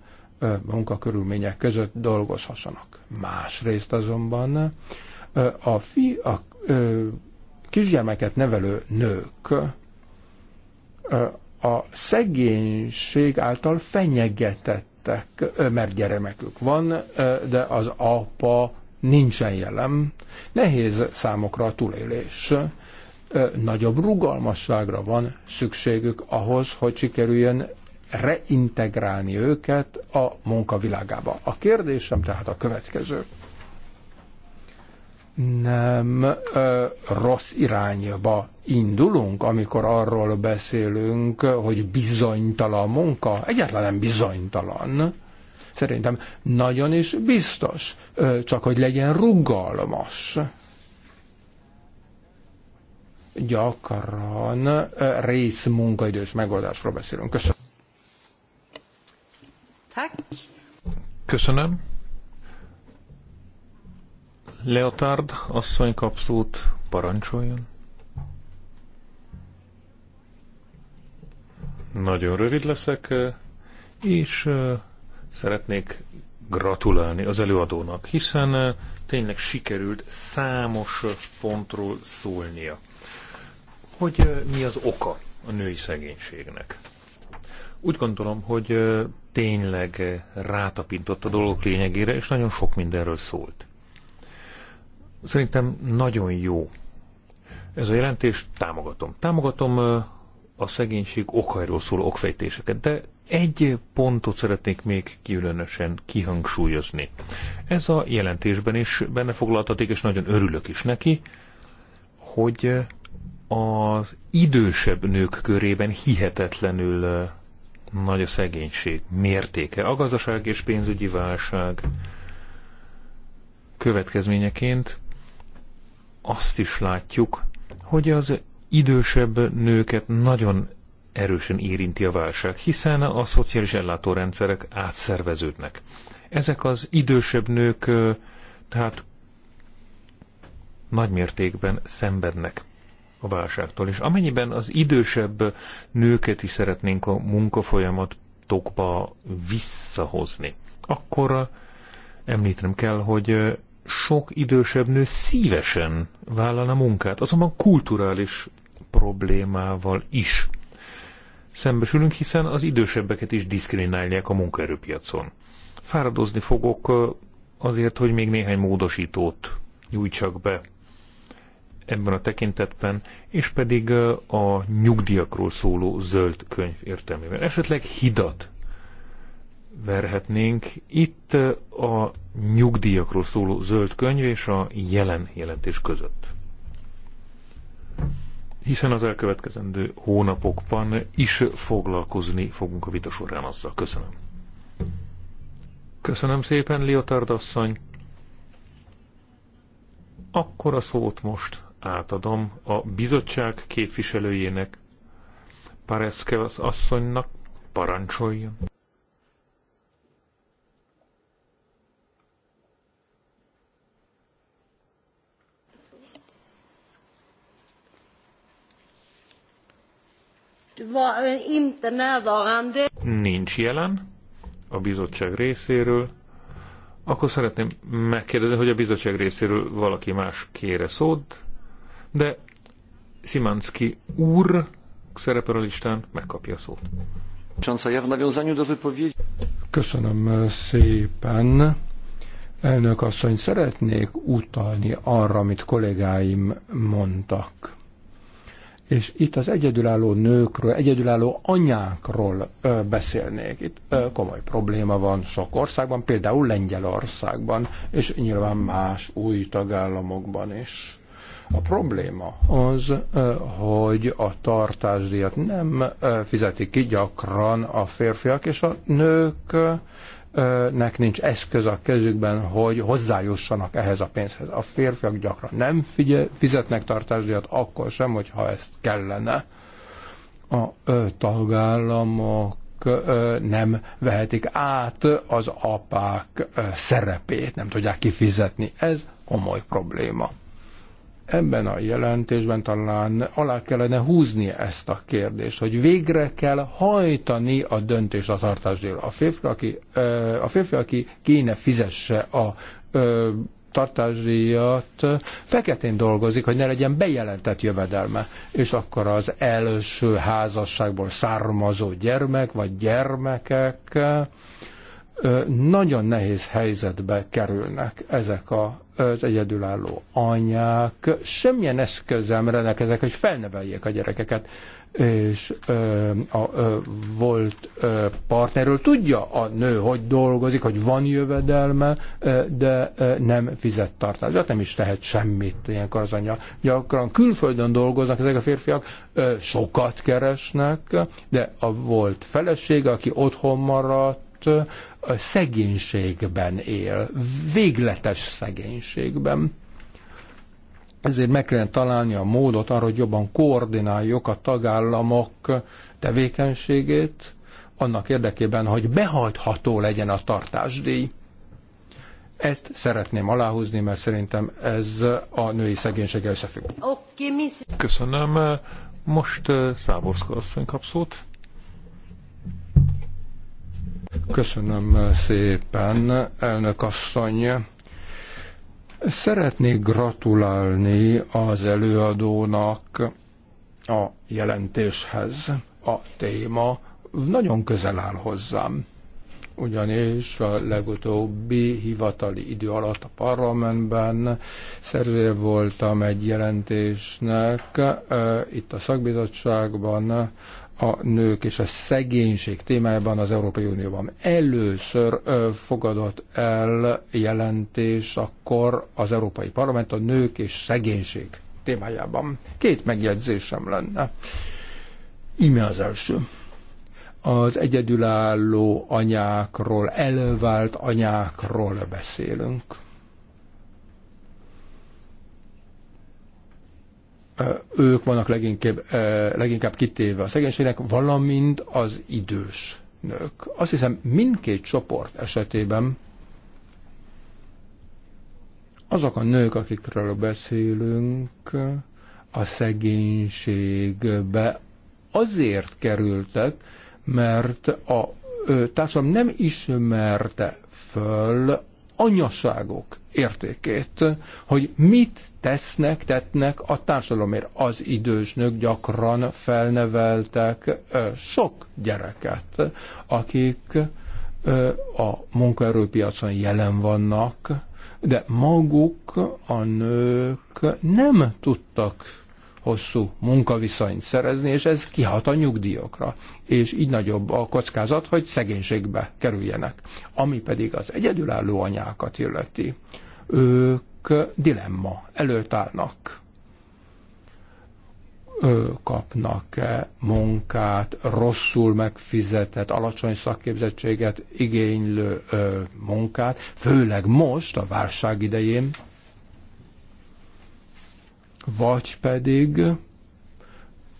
munkakörülmények között dolgozhassanak. Másrészt azonban a, fi, a kisgyermeket nevelő nők a szegénység által fenyegetettek, mert gyermekük van, de az apa nincsen jelen. Nehéz számokra a túlélés nagyobb rugalmasságra van szükségük ahhoz, hogy sikerüljön reintegrálni őket a munkavilágába. A kérdésem tehát a következő nem ö, rossz irányba indulunk, amikor arról beszélünk, hogy bizonytalan munka. Egyáltalán nem bizonytalan. Szerintem nagyon is biztos, ö, csak hogy legyen rugalmas. Gyakran ö, részmunkaidős megoldásról beszélünk. Köszönöm. Köszönöm. Leotard asszony kapszót parancsoljon. Nagyon rövid leszek, és szeretnék gratulálni az előadónak, hiszen tényleg sikerült számos pontról szólnia. Hogy mi az oka a női szegénységnek? Úgy gondolom, hogy tényleg rátapintott a dolgok lényegére, és nagyon sok mindenről szólt. Szerintem nagyon jó ez a jelentés, támogatom. Támogatom a szegénység okairól szóló okfejtéseket, de egy pontot szeretnék még különösen kihangsúlyozni. Ez a jelentésben is benne foglaltaték és nagyon örülök is neki, hogy az idősebb nők körében hihetetlenül nagy a szegénység mértéke. A gazdaság és pénzügyi válság következményeként azt is látjuk, hogy az idősebb nőket nagyon erősen érinti a válság, hiszen a szociális ellátórendszerek átszerveződnek. Ezek az idősebb nők tehát nagy mértékben szenvednek a válságtól. És amennyiben az idősebb nőket is szeretnénk a munkafolyamatokba visszahozni, akkor említenem kell, hogy sok idősebb nő szívesen vállalna munkát, azonban kulturális problémával is szembesülünk, hiszen az idősebbeket is diszkriminálják a munkaerőpiacon. Fáradozni fogok azért, hogy még néhány módosítót nyújtsak be ebben a tekintetben, és pedig a nyugdíjakról szóló zöld könyv értelmében. Esetleg hidat verhetnénk. Itt a nyugdíjakról szóló zöld könyv és a jelen jelentés között. Hiszen az elkövetkezendő hónapokban is foglalkozni fogunk a vita során azzal. Köszönöm. Köszönöm szépen, Liotard asszony. Akkor a szót most átadom a bizottság képviselőjének, Pareszkevasz asszonynak parancsoljon. Nincs jelen a bizottság részéről. Akkor szeretném megkérdezni, hogy a bizottság részéről valaki más kére szót, de Szimanszki úr szerepel a listán, megkapja a szót. Köszönöm szépen. Elnök asszony, szeretnék utalni arra, amit kollégáim mondtak és itt az egyedülálló nőkről, egyedülálló anyákról ö, beszélnék. Itt ö, komoly probléma van sok országban, például Lengyelországban, és nyilván más új tagállamokban is. A probléma az, hogy a tartásdíjat nem fizetik ki gyakran a férfiak, és a nők nek nincs eszköz a kezükben, hogy hozzájussanak ehhez a pénzhez. A férfiak gyakran nem figye, fizetnek tartásdíjat, akkor sem, hogyha ezt kellene. A ö, tagállamok ö, nem vehetik át az apák ö, szerepét, nem tudják kifizetni. Ez komoly probléma. Ebben a jelentésben talán alá kellene húzni ezt a kérdést, hogy végre kell hajtani a döntést a tartásról. A férfi, aki, a férfi, aki kéne fizesse a tartásdíjat feketén dolgozik, hogy ne legyen bejelentett jövedelme. És akkor az első házasságból származó gyermek vagy gyermekek nagyon nehéz helyzetbe kerülnek ezek a az egyedülálló anyák semmilyen eszközem rendelkezek, hogy felneveljék a gyerekeket, és ö, a ö, volt ö, partnerről tudja a nő, hogy dolgozik, hogy van jövedelme, ö, de ö, nem fizet tartását, nem is tehet semmit ilyenkor az anya. Gyakran külföldön dolgoznak ezek a férfiak, ö, sokat keresnek, de a volt felesége, aki otthon maradt, a szegénységben él, végletes szegénységben. Ezért meg kellene találni a módot arra, hogy jobban koordináljuk a tagállamok tevékenységét, annak érdekében, hogy behajtható legyen a tartásdíj. Ezt szeretném aláhúzni, mert szerintem ez a női szegénysége összefügg. Köszönöm. Most Száborszka asszony kap szót. Köszönöm szépen, elnök asszony. Szeretnék gratulálni az előadónak a jelentéshez. A téma nagyon közel áll hozzám, ugyanis a legutóbbi hivatali idő alatt a parlamentben szerzője voltam egy jelentésnek itt a szakbizottságban a nők és a szegénység témájában az Európai Unióban. Először fogadott el jelentés akkor az Európai Parlament a nők és szegénység témájában. Két megjegyzésem lenne. Ime az első. Az egyedülálló anyákról, elvált anyákról beszélünk ők vannak leginkább, leginkább kitéve a szegénységnek, valamint az idős nők. Azt hiszem mindkét csoport esetében azok a nők, akikről beszélünk, a szegénységbe azért kerültek, mert a társadalom nem ismerte föl anyaságok értékét, hogy mit tesznek, tetnek a társadalomért. Az idős nők gyakran felneveltek sok gyereket, akik a munkaerőpiacon jelen vannak, de maguk a nők nem tudtak hosszú munkaviszonyt szerezni, és ez kihat a nyugdíjokra. És így nagyobb a kockázat, hogy szegénységbe kerüljenek. Ami pedig az egyedülálló anyákat illeti, ők dilemma előtt állnak kapnak -e munkát, rosszul megfizetett, alacsony szakképzettséget igénylő ö, munkát, főleg most, a válság idején, vagy pedig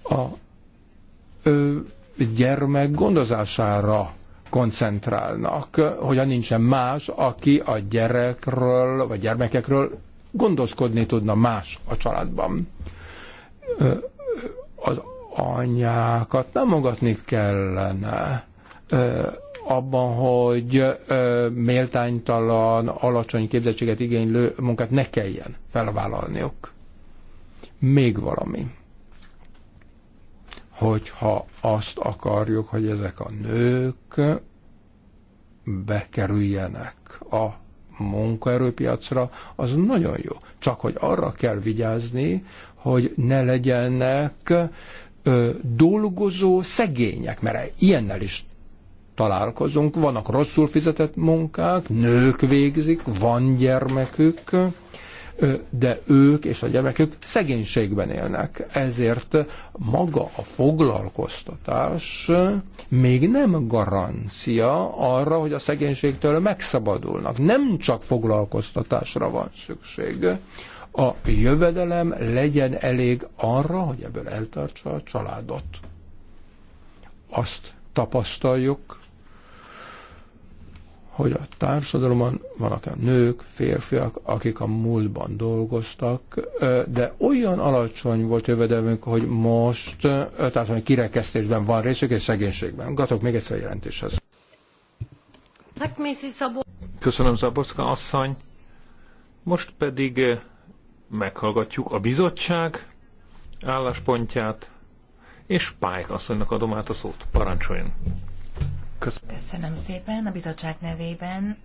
a ö, gyermek gondozására koncentrálnak, hogyan nincsen más, aki a gyerekről vagy gyermekekről gondoskodni tudna más a családban. Az anyákat nem magatni kellene abban, hogy méltánytalan, alacsony képzettséget igénylő munkát ne kelljen felvállalniuk még valami. Hogyha azt akarjuk, hogy ezek a nők bekerüljenek a munkaerőpiacra, az nagyon jó. Csak hogy arra kell vigyázni, hogy ne legyenek ö, dolgozó szegények, mert ilyennel is találkozunk, vannak rosszul fizetett munkák, nők végzik, van gyermekük, de ők és a gyermekük szegénységben élnek. Ezért maga a foglalkoztatás még nem garancia arra, hogy a szegénységtől megszabadulnak. Nem csak foglalkoztatásra van szükség. A jövedelem legyen elég arra, hogy ebből eltartsa a családot. Azt tapasztaljuk, hogy a társadalomban vannak a nők, férfiak, akik a múltban dolgoztak, de olyan alacsony volt jövedelmünk, hogy most társadalmi kirekesztésben van részük és szegénységben. Gatok még egyszer a jelentéshez. Köszönöm, Zaboszka asszony. Most pedig meghallgatjuk a bizottság álláspontját, és Pályk asszonynak adom át a szót. Parancsoljon! Köszönöm. Köszönöm szépen a bizottság nevében.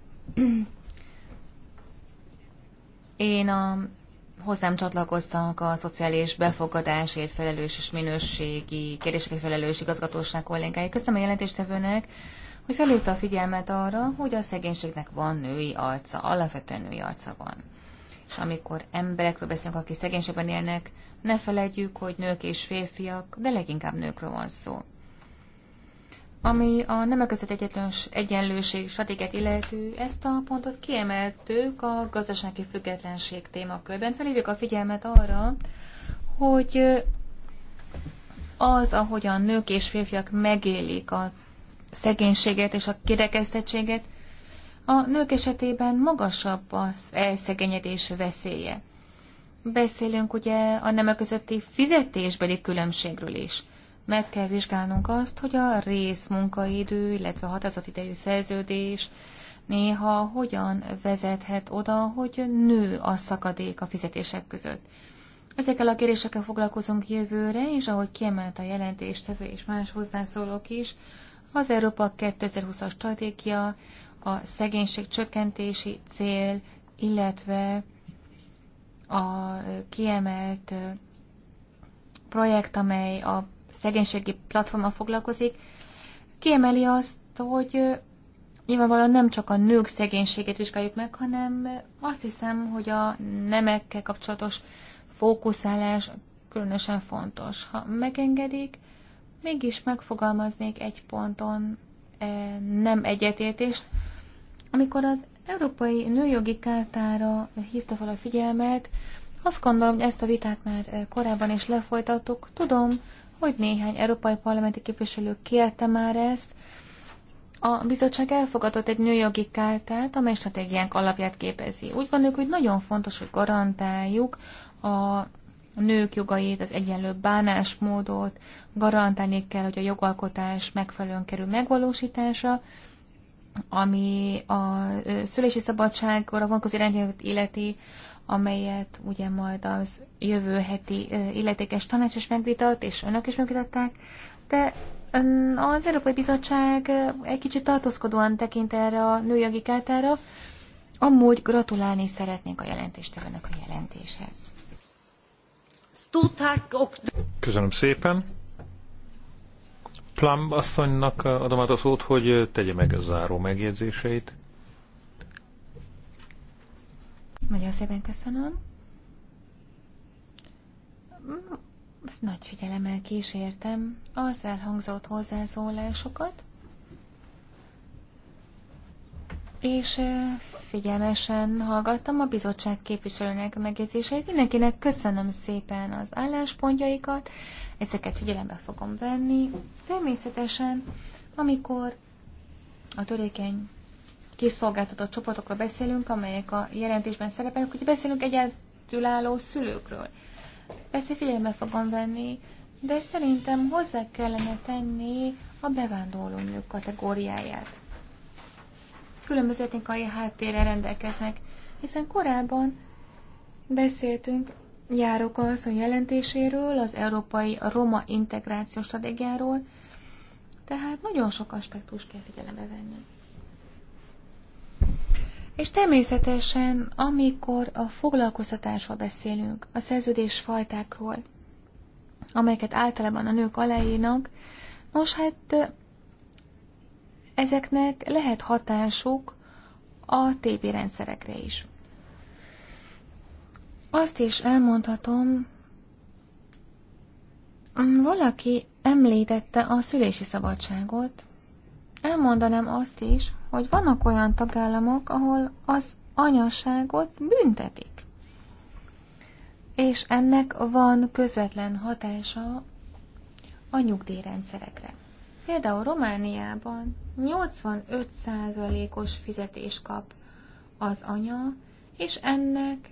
Én a hozzám csatlakoztak a szociális befogadásért felelős és minőségi kérdések felelős igazgatóság kollégái. Köszönöm a jelentéstevőnek, hogy felhívta a figyelmet arra, hogy a szegénységnek van női arca, alapvetően női arca van. És amikor emberekről beszélünk, akik szegénységben élnek, ne felejtjük, hogy nők és férfiak, de leginkább nőkről van szó. Ami a nemek között egyetlens egyenlőség stratégiát illető, ezt a pontot kiemeltük a gazdasági függetlenség témakörben. Felhívjuk a figyelmet arra, hogy az, ahogyan nők és férfiak megélik a szegénységet és a kirekesztettséget, a nők esetében magasabb az elszegényedés veszélye. Beszélünk ugye a nemek közötti fizetésbeli különbségről is meg kell vizsgálnunk azt, hogy a részmunkaidő, illetve a határozatidejű szerződés néha hogyan vezethet oda, hogy nő a szakadék a fizetések között. Ezekkel a kérésekkel foglalkozunk jövőre, és ahogy kiemelt a tevő és más hozzászólók is, az Európa 2020-as stratégia, a szegénység csökkentési cél, illetve a kiemelt projekt, amely a szegénységi platformmal foglalkozik, kiemeli azt, hogy nyilvánvalóan nem csak a nők szegénységét vizsgáljuk meg, hanem azt hiszem, hogy a nemekkel kapcsolatos fókuszálás különösen fontos. Ha megengedik, mégis megfogalmaznék egy ponton e, nem egyetértést. Amikor az Európai Nőjogi Kártára hívta fel a figyelmet, azt gondolom, hogy ezt a vitát már e, korábban is lefolytattuk. Tudom, hogy néhány európai parlamenti képviselő kérte már ezt. A bizottság elfogadott egy nőjogi kártát, amely stratégiánk alapját képezi. Úgy gondoljuk, hogy nagyon fontos, hogy garantáljuk a nők jogait, az egyenlő bánásmódot, garantálni kell, hogy a jogalkotás megfelelően kerül megvalósítása, ami a szülési szabadságra vonatkozó irányelvet illeti, amelyet ugye majd az jövő heti illetékes tanács is megvitat, és önök is megvitatták, de az Európai Bizottság egy kicsit tartózkodóan tekint erre a nőjogi kártára, amúgy gratulálni szeretnék a jelentéstevőnek a jelentéshez. Köszönöm szépen. Plum asszonynak adom át a szót, hogy tegye meg a záró megjegyzéseit. Nagyon szépen köszönöm. Mm, nagy figyelemmel kísértem az elhangzott hozzászólásokat, és figyelmesen hallgattam a bizottság képviselőnek megjegyzéseit. Mindenkinek köszönöm szépen az álláspontjaikat, ezeket figyelembe fogom venni. Természetesen, amikor a törékeny kiszolgáltatott csoportokról beszélünk, amelyek a jelentésben szerepelnek, hogy beszélünk egyedülálló szülőkről. Persze figyelme fogom venni, de szerintem hozzá kellene tenni a bevándorló nők kategóriáját. Különböző etnikai háttérrel rendelkeznek, hiszen korábban beszéltünk Járok az a jelentéséről, az európai a roma integrációs stratégiáról, tehát nagyon sok aspektus kell figyelembe venni. És természetesen, amikor a foglalkoztatásról beszélünk, a szerződés fajtákról, amelyeket általában a nők aláírnak, nos hát ezeknek lehet hatásuk a TB rendszerekre is. Azt is elmondhatom, valaki említette a szülési szabadságot. Elmondanám azt is, hogy vannak olyan tagállamok, ahol az anyaságot büntetik. És ennek van közvetlen hatása a nyugdíjrendszerekre. Például Romániában 85%-os fizetés kap az anya, és ennek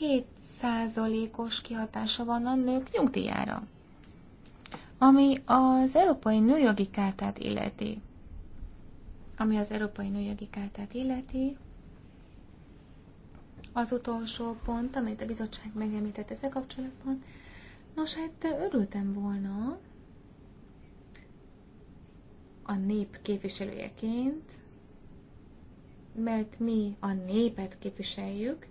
7%-os kihatása van a nők nyugdíjára. Ami az Európai Nőjogi Kártát illeti, ami az Európai Nőjogi Kártát illeti, az utolsó pont, amit a bizottság megemlített ezzel kapcsolatban, nos hát örültem volna a nép képviselőjeként, mert mi a népet képviseljük,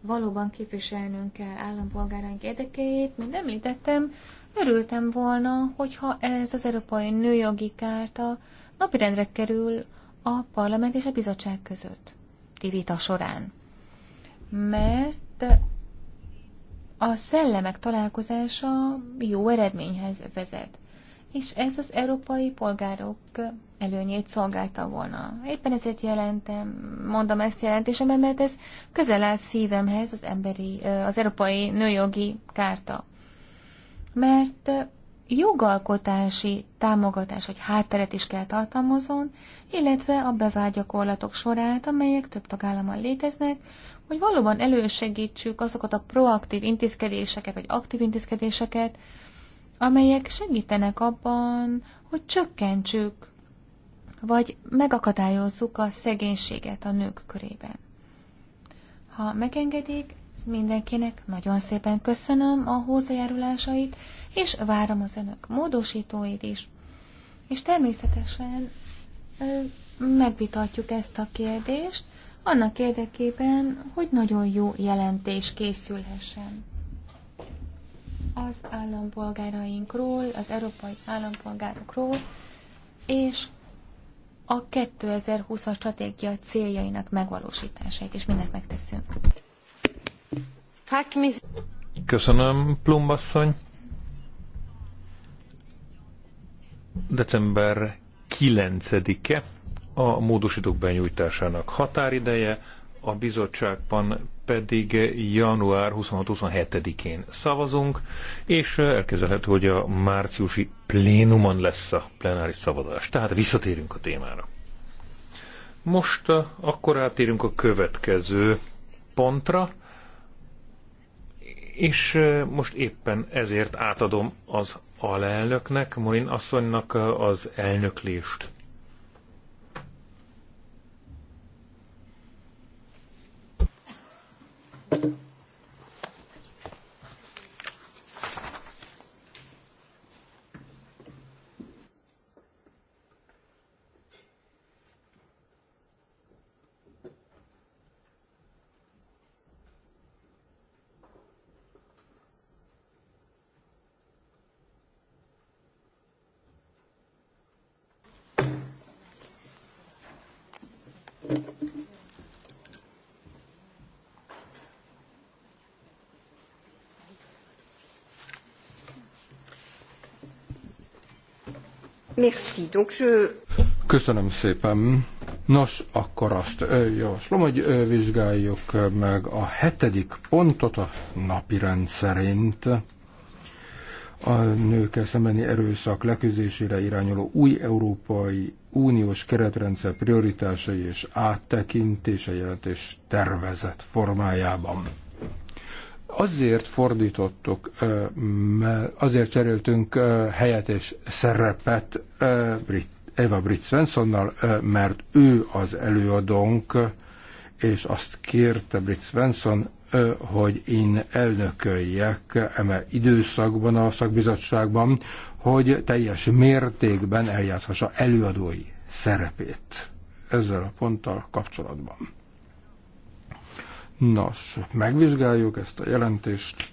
valóban képviselnünk kell állampolgáraink érdekeit, mint említettem, örültem volna, hogyha ez az Európai Nőjogi Kárta napirendre kerül a parlament és a bizottság között vita során. Mert a szellemek találkozása jó eredményhez vezet, és ez az európai polgárok előnyét szolgálta volna. Éppen ezért jelentem, mondom ezt jelentésemben, mert ez közel áll szívemhez az, emberi, az európai nőjogi kárta. Mert jogalkotási támogatás vagy hátteret is kell tartalmazon, illetve a bevált gyakorlatok sorát, amelyek több tagállamban léteznek, hogy valóban elősegítsük azokat a proaktív intézkedéseket vagy aktív intézkedéseket, amelyek segítenek abban, hogy csökkentsük vagy megakadályozzuk a szegénységet a nők körében. Ha megengedik, mindenkinek nagyon szépen köszönöm a hozzájárulásait, és várom az önök módosítóit is. És természetesen megvitatjuk ezt a kérdést annak érdekében, hogy nagyon jó jelentés készülhessen. Az állampolgárainkról, az európai állampolgárokról, és a 2020-as stratégia céljainak megvalósítását, is mindent megteszünk. Köszönöm, Plumbasszony. December 9-e a módosítók benyújtásának határideje, a bizottságban pedig január 26-27-én szavazunk, és elképzelhető, hogy a márciusi plénumon lesz a plenáris szavazás. Tehát visszatérünk a témára. Most akkor átérünk a következő pontra, és most éppen ezért átadom az alelnöknek, Morin asszonynak az elnöklést. Thank you. Merci. Donc je... Köszönöm szépen. Nos, akkor azt javaslom, hogy vizsgáljuk meg a hetedik pontot a napi rendszerint. A nőkkel szembeni erőszak leküzdésére irányuló új Európai Uniós keretrendszer prioritásai és áttekintése jelentés tervezet formájában. Azért fordítottuk, azért cseréltünk helyet és szerepet Brit, Eva Brit Svenssonnal, mert ő az előadónk, és azt kérte Brit Svensson, hogy én elnököljek eme időszakban a szakbizottságban, hogy teljes mértékben eljátszhassa előadói szerepét ezzel a ponttal kapcsolatban. Nos, megvizsgáljuk ezt a jelentést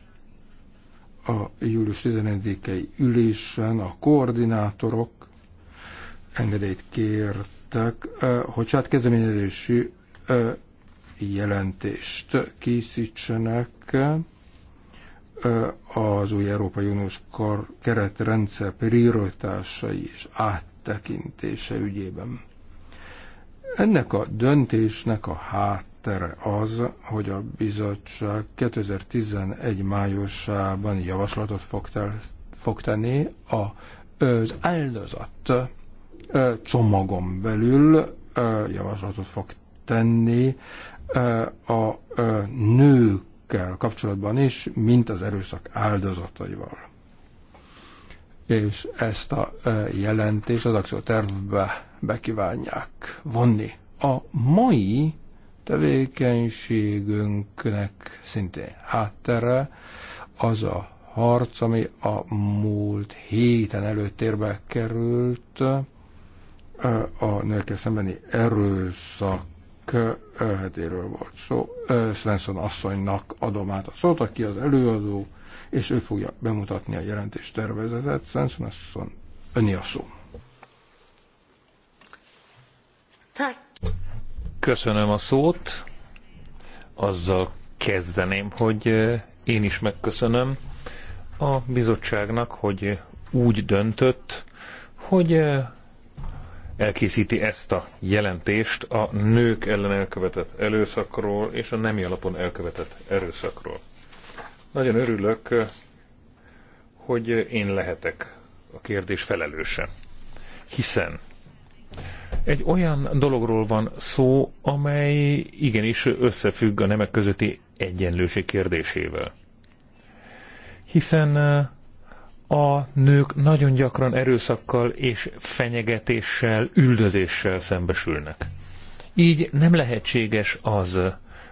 a július 11-i ülésen a koordinátorok engedélyt kértek, hogy saját kezdeményezési jelentést készítsenek az új Európai Uniós keretrendszer prioritásai és áttekintése ügyében. Ennek a döntésnek a hát háttere az, hogy a bizottság 2011 májusában javaslatot fog, tel, fog tenni a, az áldozat csomagon belül javaslatot fog tenni a nőkkel kapcsolatban is, mint az erőszak áldozataival. És ezt a jelentést az tervbe bekívánják vonni. A mai tevékenységünknek szintén háttere az a harc, ami a múlt héten előtérbe került a nőkkel szembeni erőszak hetéről volt szó. Svensson asszonynak adom át a szót, aki az előadó, és ő fogja bemutatni a jelentés tervezetet. Svensson asszony, öni a szó. Tak, Köszönöm a szót. Azzal kezdeném, hogy én is megköszönöm a bizottságnak, hogy úgy döntött, hogy elkészíti ezt a jelentést a nők ellen elkövetett erőszakról és a nemi alapon elkövetett erőszakról. Nagyon örülök, hogy én lehetek a kérdés felelőse. Hiszen egy olyan dologról van szó, amely igenis összefügg a nemek közötti egyenlőség kérdésével. Hiszen eh, a nők nagyon gyakran erőszakkal és fenyegetéssel, üldözéssel szembesülnek. Így nem lehetséges az,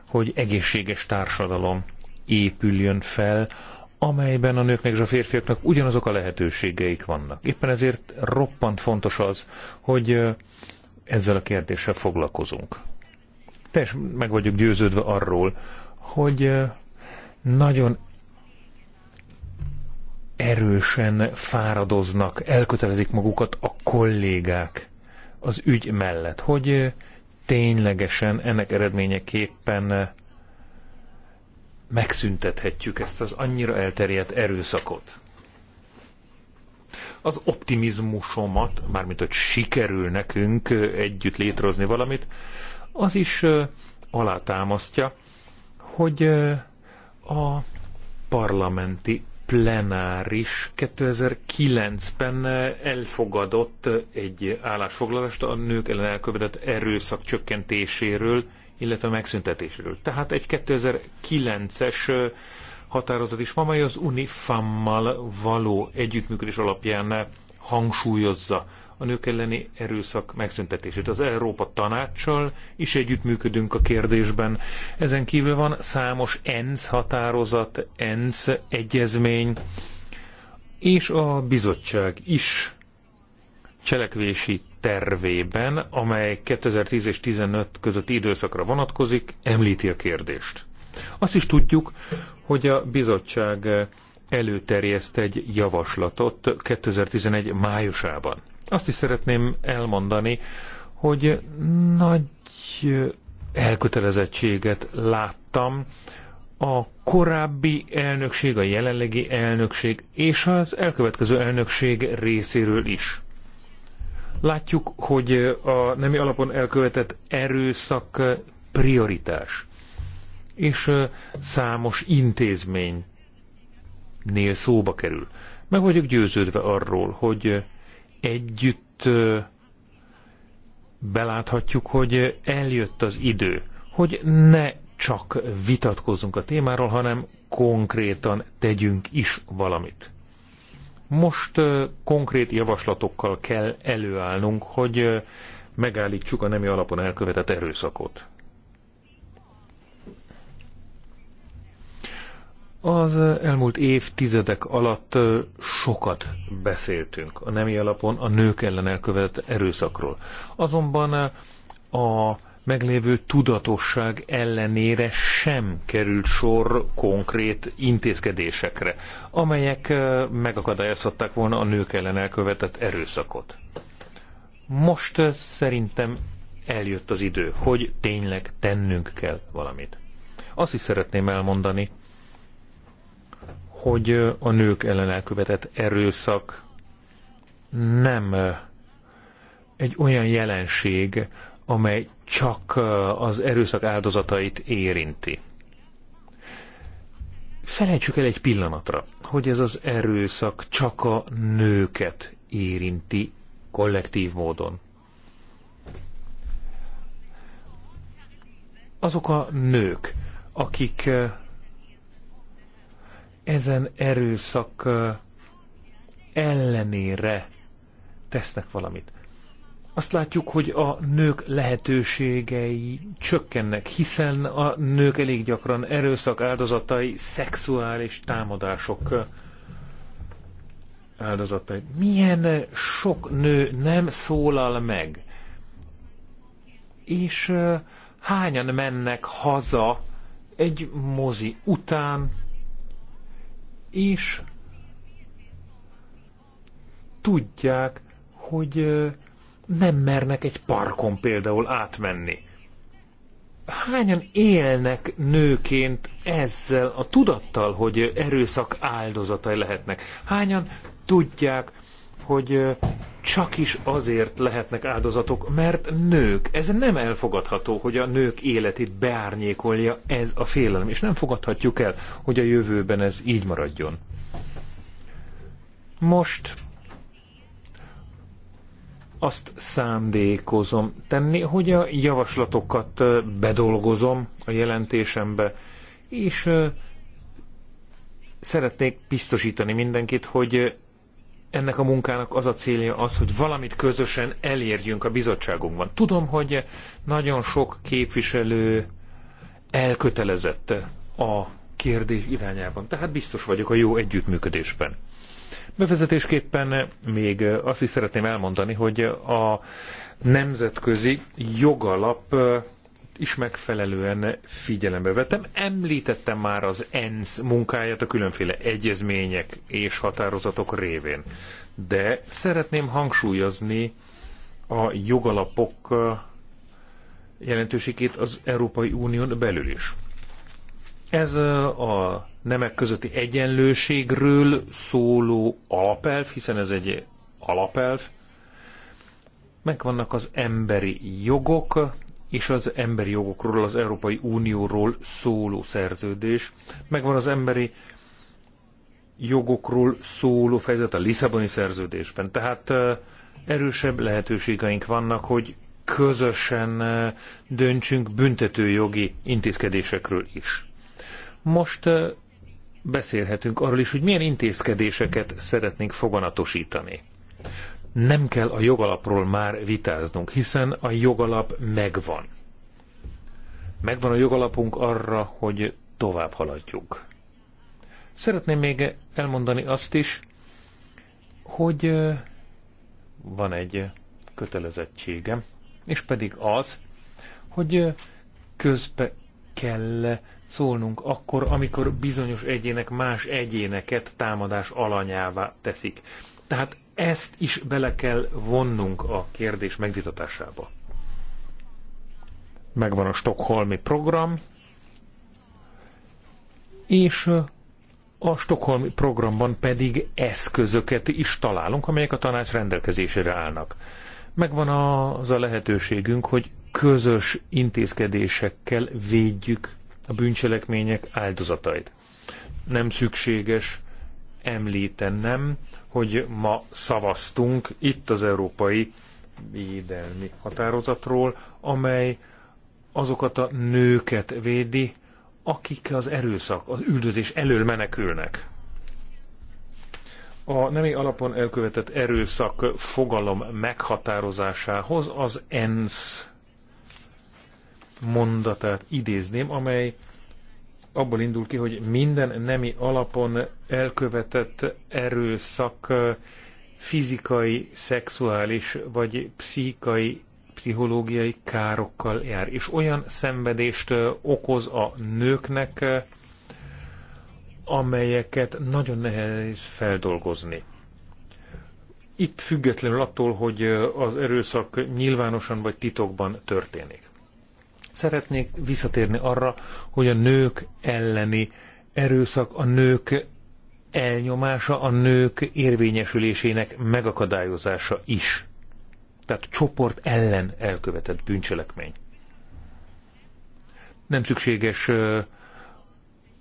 hogy egészséges társadalom épüljön fel, amelyben a nőknek és a férfiaknak ugyanazok a lehetőségeik vannak. Éppen ezért roppant fontos az, hogy eh, ezzel a kérdéssel foglalkozunk. Teljesen meg vagyok győződve arról, hogy nagyon erősen fáradoznak, elkötelezik magukat a kollégák az ügy mellett, hogy ténylegesen ennek eredményeképpen megszüntethetjük ezt az annyira elterjedt erőszakot az optimizmusomat, mármint hogy sikerül nekünk együtt létrehozni valamit, az is alátámasztja, hogy a parlamenti plenáris 2009-ben elfogadott egy állásfoglalást a nők ellen elkövetett erőszak csökkentéséről, illetve megszüntetéséről. Tehát egy 2009-es határozat is van, mely az UNIFAM-mal való együttműködés alapján hangsúlyozza a nők elleni erőszak megszüntetését. Az Európa Tanácssal is együttműködünk a kérdésben. Ezen kívül van számos ENSZ határozat, ENSZ egyezmény, és a bizottság is cselekvési tervében, amely 2010 és 2015 közötti időszakra vonatkozik, említi a kérdést. Azt is tudjuk, hogy a bizottság előterjeszt egy javaslatot 2011 májusában. Azt is szeretném elmondani, hogy nagy elkötelezettséget láttam a korábbi elnökség, a jelenlegi elnökség és az elkövetkező elnökség részéről is. Látjuk, hogy a nemi alapon elkövetett erőszak prioritás és számos intézménynél szóba kerül. Meg vagyok győződve arról, hogy együtt beláthatjuk, hogy eljött az idő, hogy ne csak vitatkozunk a témáról, hanem konkrétan tegyünk is valamit. Most konkrét javaslatokkal kell előállnunk, hogy megállítsuk a nemi alapon elkövetett erőszakot. Az elmúlt évtizedek alatt sokat beszéltünk a nemi alapon a nők ellen elkövetett erőszakról. Azonban a meglévő tudatosság ellenére sem került sor konkrét intézkedésekre, amelyek megakadályozhatták volna a nők ellen elkövetett erőszakot. Most szerintem eljött az idő, hogy tényleg tennünk kell valamit. Azt is szeretném elmondani, hogy a nők ellen elkövetett erőszak nem egy olyan jelenség, amely csak az erőszak áldozatait érinti. Felejtsük el egy pillanatra, hogy ez az erőszak csak a nőket érinti kollektív módon. Azok a nők, akik ezen erőszak ellenére tesznek valamit. Azt látjuk, hogy a nők lehetőségei csökkennek, hiszen a nők elég gyakran erőszak áldozatai, szexuális támadások áldozatai. Milyen sok nő nem szólal meg, és hányan mennek haza egy mozi után, és tudják, hogy nem mernek egy parkon például átmenni. Hányan élnek nőként ezzel a tudattal, hogy erőszak áldozatai lehetnek? Hányan tudják, hogy csak is azért lehetnek áldozatok, mert nők. Ez nem elfogadható, hogy a nők életét beárnyékolja ez a félelem, és nem fogadhatjuk el, hogy a jövőben ez így maradjon. Most azt szándékozom tenni, hogy a javaslatokat bedolgozom a jelentésembe, és szeretnék biztosítani mindenkit, hogy ennek a munkának az a célja az, hogy valamit közösen elérjünk a bizottságunkban. Tudom, hogy nagyon sok képviselő elkötelezette a kérdés irányában, tehát biztos vagyok a jó együttműködésben. Bevezetésképpen még azt is szeretném elmondani, hogy a nemzetközi jogalap is megfelelően figyelembe vettem. Említettem már az ENSZ munkáját a különféle egyezmények és határozatok révén, de szeretném hangsúlyozni a jogalapok jelentőségét az Európai Unión belül is. Ez a nemek közötti egyenlőségről szóló alapelv, hiszen ez egy alapelv, megvannak az emberi jogok, és az emberi jogokról, az Európai Unióról szóló szerződés, megvan az emberi jogokról szóló fejezet a Lisszaboni szerződésben. Tehát erősebb lehetőségeink vannak, hogy közösen döntsünk büntetőjogi intézkedésekről is. Most beszélhetünk arról is, hogy milyen intézkedéseket szeretnénk foganatosítani nem kell a jogalapról már vitáznunk, hiszen a jogalap megvan. Megvan a jogalapunk arra, hogy tovább haladjuk. Szeretném még elmondani azt is, hogy van egy kötelezettségem, és pedig az, hogy közbe kell szólnunk akkor, amikor bizonyos egyének más egyéneket támadás alanyává teszik. Tehát ezt is bele kell vonnunk a kérdés megvitatásába. Megvan a Stockholmi program, és a Stockholmi programban pedig eszközöket is találunk, amelyek a tanács rendelkezésére állnak. Megvan az a lehetőségünk, hogy közös intézkedésekkel védjük a bűncselekmények áldozatait. Nem szükséges említenem, hogy ma szavaztunk itt az Európai Védelmi Határozatról, amely azokat a nőket védi, akik az erőszak, az üldözés elől menekülnek. A nemi alapon elkövetett erőszak fogalom meghatározásához az ENSZ mondatát idézném, amely abból indul ki, hogy minden nemi alapon elkövetett erőszak fizikai, szexuális vagy pszichikai, pszichológiai károkkal jár, és olyan szenvedést okoz a nőknek, amelyeket nagyon nehéz feldolgozni. Itt függetlenül attól, hogy az erőszak nyilvánosan vagy titokban történik. Szeretnék visszatérni arra, hogy a nők elleni erőszak, a nők elnyomása, a nők érvényesülésének megakadályozása is. Tehát csoport ellen elkövetett bűncselekmény. Nem szükséges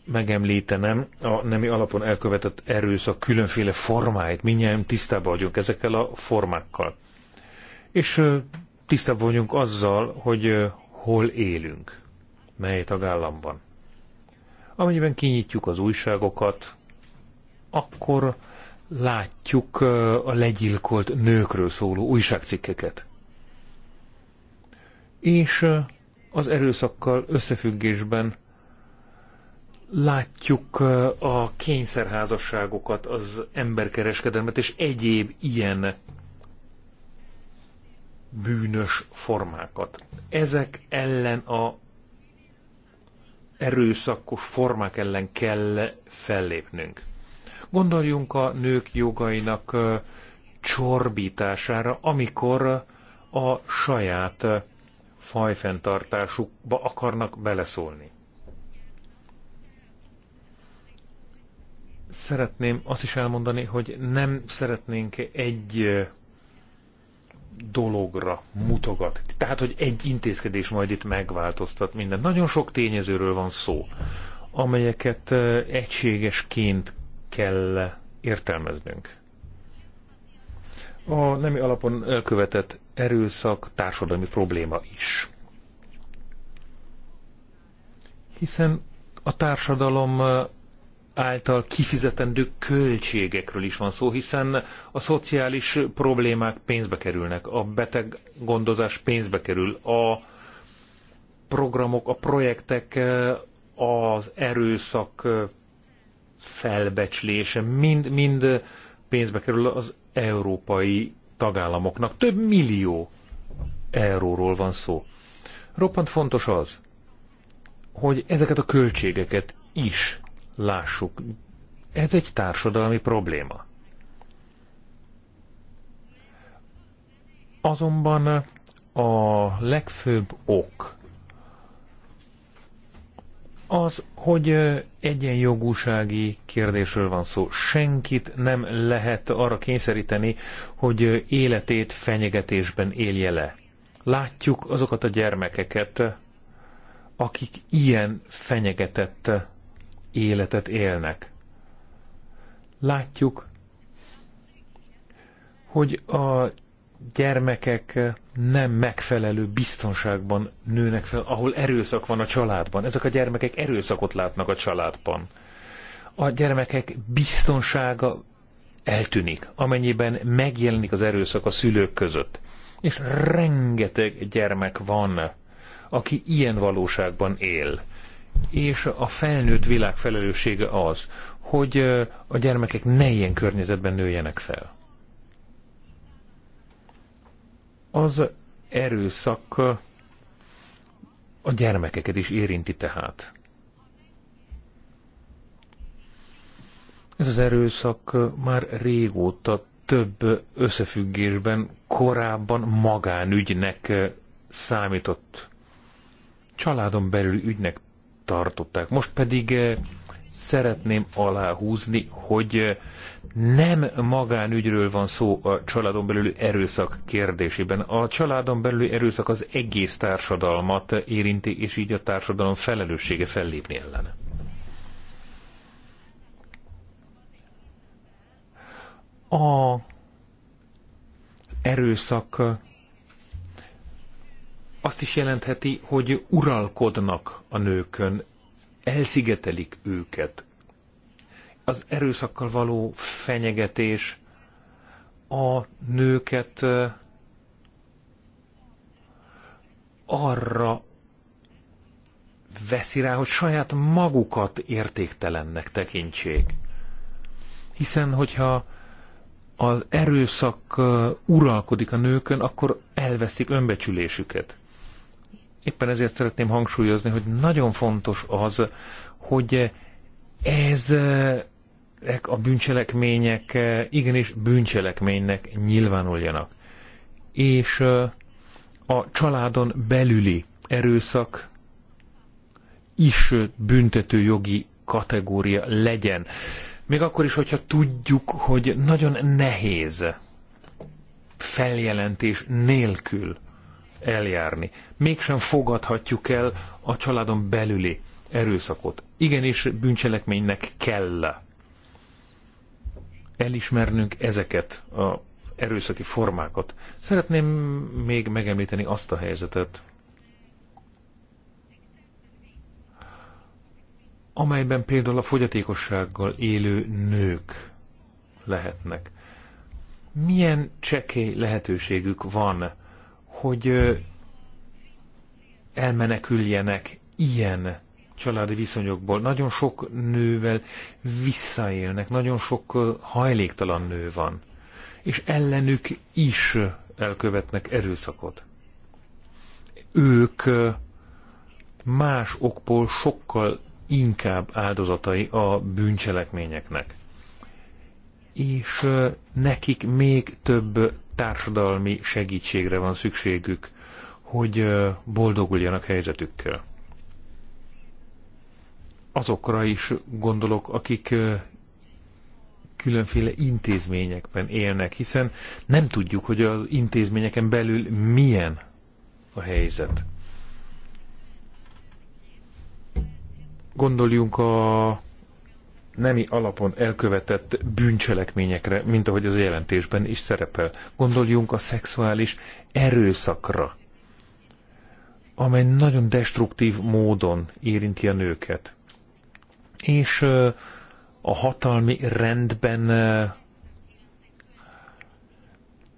megemlítenem a nemi alapon elkövetett erőszak különféle formáit. minnyáján tisztában vagyunk ezekkel a formákkal. És tisztában vagyunk azzal, hogy hol élünk, mely tagállamban. Amennyiben kinyitjuk az újságokat, akkor látjuk a legyilkolt nőkről szóló újságcikkeket. És az erőszakkal összefüggésben látjuk a kényszerházasságokat, az emberkereskedelmet és egyéb ilyen bűnös formákat. Ezek ellen a erőszakos formák ellen kell fellépnünk. Gondoljunk a nők jogainak csorbítására, amikor a saját fajfenntartásukba akarnak beleszólni. Szeretném azt is elmondani, hogy nem szeretnénk egy dologra mutogat. Tehát, hogy egy intézkedés majd itt megváltoztat minden. Nagyon sok tényezőről van szó, amelyeket egységesként kell értelmeznünk. A nemi alapon elkövetett erőszak társadalmi probléma is. Hiszen a társadalom által kifizetendő költségekről is van szó, hiszen a szociális problémák pénzbe kerülnek, a beteg gondozás pénzbe kerül, a programok, a projektek, eh, az erőszak eh, felbecslése, mind-mind pénzbe kerül az európai tagállamoknak. Több millió euróról van szó. Roppant fontos az, hogy ezeket a költségeket is lássuk, ez egy társadalmi probléma. Azonban a legfőbb ok az, hogy egyenjogúsági kérdésről van szó. Senkit nem lehet arra kényszeríteni, hogy életét fenyegetésben élje le. Látjuk azokat a gyermekeket, akik ilyen fenyegetett életet élnek. Látjuk, hogy a gyermekek nem megfelelő biztonságban nőnek fel, ahol erőszak van a családban. Ezek a gyermekek erőszakot látnak a családban. A gyermekek biztonsága eltűnik, amennyiben megjelenik az erőszak a szülők között. És rengeteg gyermek van, aki ilyen valóságban él és a felnőtt világ felelőssége az, hogy a gyermekek ne ilyen környezetben nőjenek fel. Az erőszak a gyermekeket is érinti tehát. Ez az erőszak már régóta több összefüggésben korábban magánügynek számított. Családon belül ügynek tartották. Most pedig eh, szeretném aláhúzni, hogy eh, nem magánügyről van szó a családon belüli erőszak kérdésében. A családon belüli erőszak az egész társadalmat érinti, és így a társadalom felelőssége fellépni ellene. A erőszak azt is jelentheti, hogy uralkodnak a nőkön, elszigetelik őket. Az erőszakkal való fenyegetés a nőket arra veszi rá, hogy saját magukat értéktelennek tekintsék. Hiszen, hogyha az erőszak uralkodik a nőkön, akkor elveszik önbecsülésüket. Éppen ezért szeretném hangsúlyozni, hogy nagyon fontos az, hogy ez a bűncselekmények igenis bűncselekménynek nyilvánuljanak. És a családon belüli erőszak is jogi kategória legyen. Még akkor is, hogyha tudjuk, hogy nagyon nehéz feljelentés nélkül eljárni. Mégsem fogadhatjuk el a családon belüli erőszakot. Igenis bűncselekménynek kell elismernünk ezeket a erőszaki formákat. Szeretném még megemlíteni azt a helyzetet, amelyben például a fogyatékossággal élő nők lehetnek. Milyen csekély lehetőségük van hogy elmeneküljenek ilyen családi viszonyokból. Nagyon sok nővel visszaélnek, nagyon sok hajléktalan nő van, és ellenük is elkövetnek erőszakot. Ők más okból sokkal inkább áldozatai a bűncselekményeknek. És nekik még több társadalmi segítségre van szükségük, hogy boldoguljanak helyzetükkel. Azokra is gondolok, akik különféle intézményekben élnek, hiszen nem tudjuk, hogy az intézményeken belül milyen a helyzet. Gondoljunk a nemi alapon elkövetett bűncselekményekre, mint ahogy az a jelentésben is szerepel. Gondoljunk a szexuális erőszakra, amely nagyon destruktív módon érinti a nőket. És a hatalmi rendben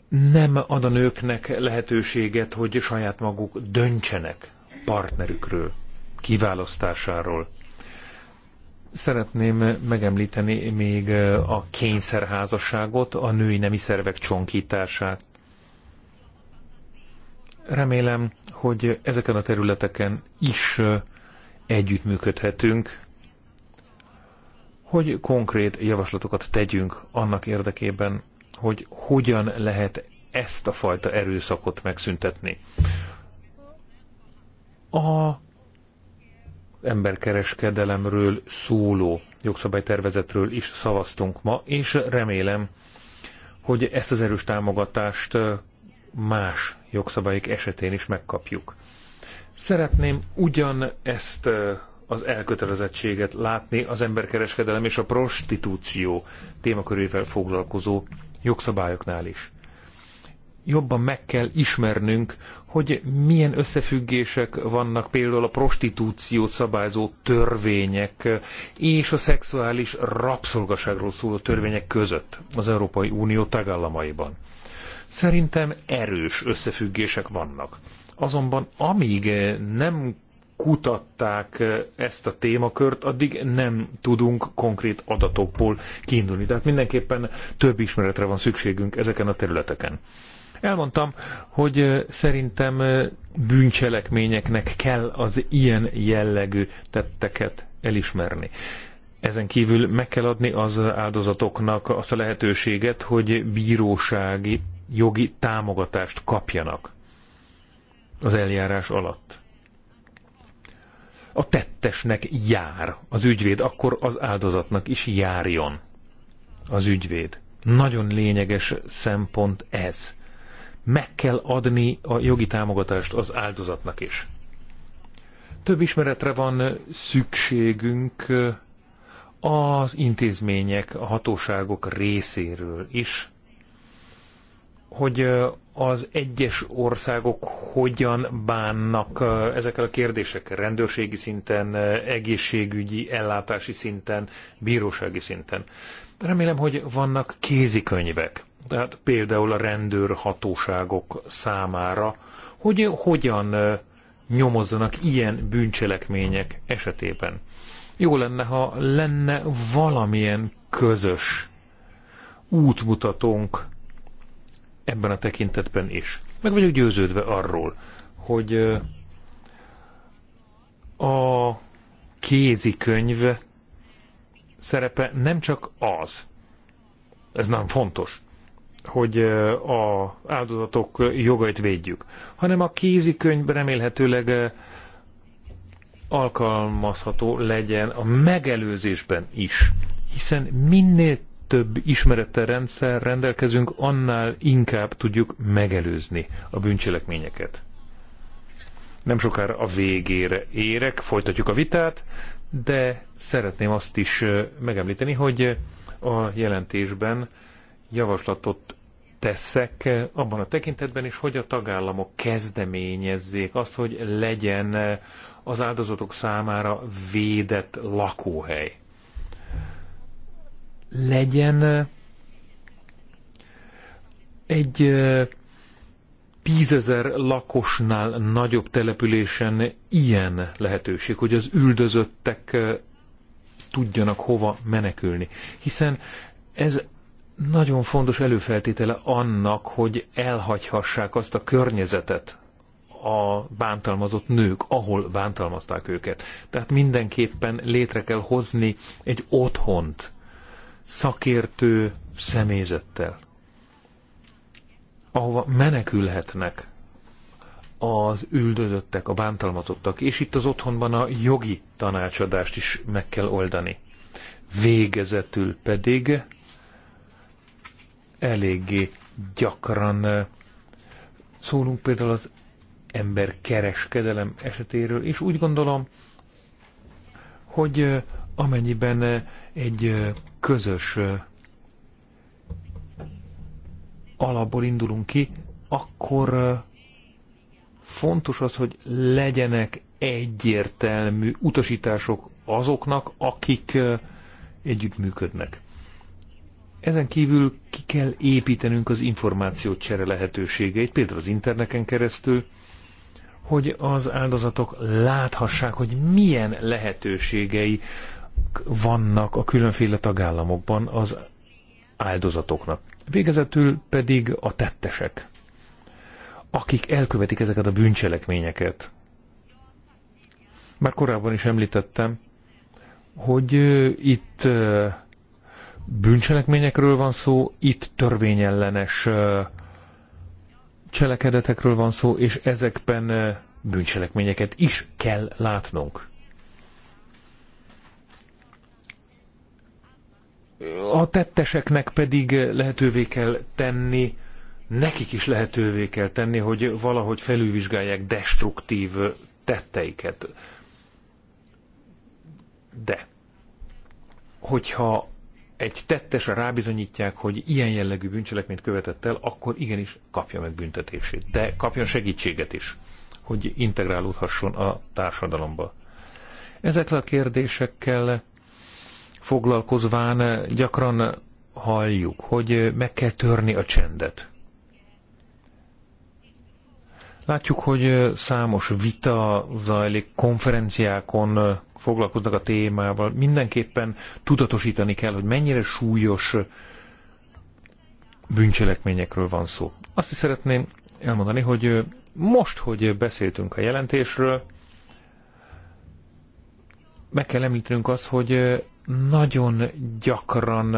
nem ad a nőknek lehetőséget, hogy saját maguk döntsenek partnerükről, kiválasztásáról. Szeretném megemlíteni még a kényszerházasságot, a női nemi szervek csonkítását. Remélem, hogy ezeken a területeken is együttműködhetünk, hogy konkrét javaslatokat tegyünk annak érdekében, hogy hogyan lehet ezt a fajta erőszakot megszüntetni. A emberkereskedelemről szóló jogszabálytervezetről is szavaztunk ma, és remélem, hogy ezt az erős támogatást más jogszabályok esetén is megkapjuk. Szeretném ugyan ezt az elkötelezettséget látni az emberkereskedelem és a prostitúció témakörével foglalkozó jogszabályoknál is jobban meg kell ismernünk, hogy milyen összefüggések vannak például a prostitúciót szabályzó törvények és a szexuális rabszolgaságról szóló törvények között az Európai Unió tagállamaiban. Szerintem erős összefüggések vannak. Azonban amíg nem kutatták ezt a témakört, addig nem tudunk konkrét adatokból kiindulni. Tehát mindenképpen több ismeretre van szükségünk ezeken a területeken. Elmondtam, hogy szerintem bűncselekményeknek kell az ilyen jellegű tetteket elismerni. Ezen kívül meg kell adni az áldozatoknak azt a lehetőséget, hogy bírósági jogi támogatást kapjanak az eljárás alatt. A tettesnek jár az ügyvéd, akkor az áldozatnak is járjon az ügyvéd. Nagyon lényeges szempont ez meg kell adni a jogi támogatást az áldozatnak is. Több ismeretre van szükségünk az intézmények, a hatóságok részéről is, hogy az egyes országok hogyan bánnak ezekkel a kérdésekkel, rendőrségi szinten, egészségügyi, ellátási szinten, bírósági szinten. Remélem, hogy vannak kézikönyvek tehát például a rendőrhatóságok számára, hogy hogyan nyomozzanak ilyen bűncselekmények esetében. Jó lenne, ha lenne valamilyen közös útmutatónk ebben a tekintetben is. Meg vagyok győződve arról, hogy a kézikönyv szerepe nem csak az, ez nem fontos, hogy a áldozatok jogait védjük, hanem a kézikönyv remélhetőleg alkalmazható legyen a megelőzésben is. Hiszen minél több ismerettel rendszer rendelkezünk, annál inkább tudjuk megelőzni a bűncselekményeket. Nem sokára a végére érek, folytatjuk a vitát, de szeretném azt is megemlíteni, hogy a jelentésben javaslatot teszek abban a tekintetben is, hogy a tagállamok kezdeményezzék azt, hogy legyen az áldozatok számára védett lakóhely. Legyen egy tízezer lakosnál nagyobb településen ilyen lehetőség, hogy az üldözöttek tudjanak hova menekülni. Hiszen ez nagyon fontos előfeltétele annak, hogy elhagyhassák azt a környezetet a bántalmazott nők, ahol bántalmazták őket. Tehát mindenképpen létre kell hozni egy otthont szakértő személyzettel, ahova menekülhetnek az üldözöttek, a bántalmazottak, és itt az otthonban a jogi tanácsadást is meg kell oldani. Végezetül pedig eléggé gyakran szólunk például az ember kereskedelem esetéről, és úgy gondolom, hogy amennyiben egy közös alapból indulunk ki, akkor fontos az, hogy legyenek egyértelmű utasítások azoknak, akik együttműködnek. Ezen kívül ki kell építenünk az információcsere lehetőségeit, például az interneten keresztül, hogy az áldozatok láthassák, hogy milyen lehetőségei vannak a különféle tagállamokban az áldozatoknak. Végezetül pedig a tettesek, akik elkövetik ezeket a bűncselekményeket. Már korábban is említettem, hogy itt bűncselekményekről van szó, itt törvényellenes cselekedetekről van szó, és ezekben bűncselekményeket is kell látnunk. A tetteseknek pedig lehetővé kell tenni, nekik is lehetővé kell tenni, hogy valahogy felülvizsgálják destruktív tetteiket. De, hogyha egy tettesre rábizonyítják, hogy ilyen jellegű bűncselekményt követett el, akkor igenis kapja meg büntetését. De kapjon segítséget is, hogy integrálódhasson a társadalomba. Ezekkel a kérdésekkel foglalkozván gyakran halljuk, hogy meg kell törni a csendet. Látjuk, hogy számos vita zajlik konferenciákon, foglalkoznak a témával, mindenképpen tudatosítani kell, hogy mennyire súlyos bűncselekményekről van szó. Azt is szeretném elmondani, hogy most, hogy beszéltünk a jelentésről, meg kell említenünk azt, hogy nagyon gyakran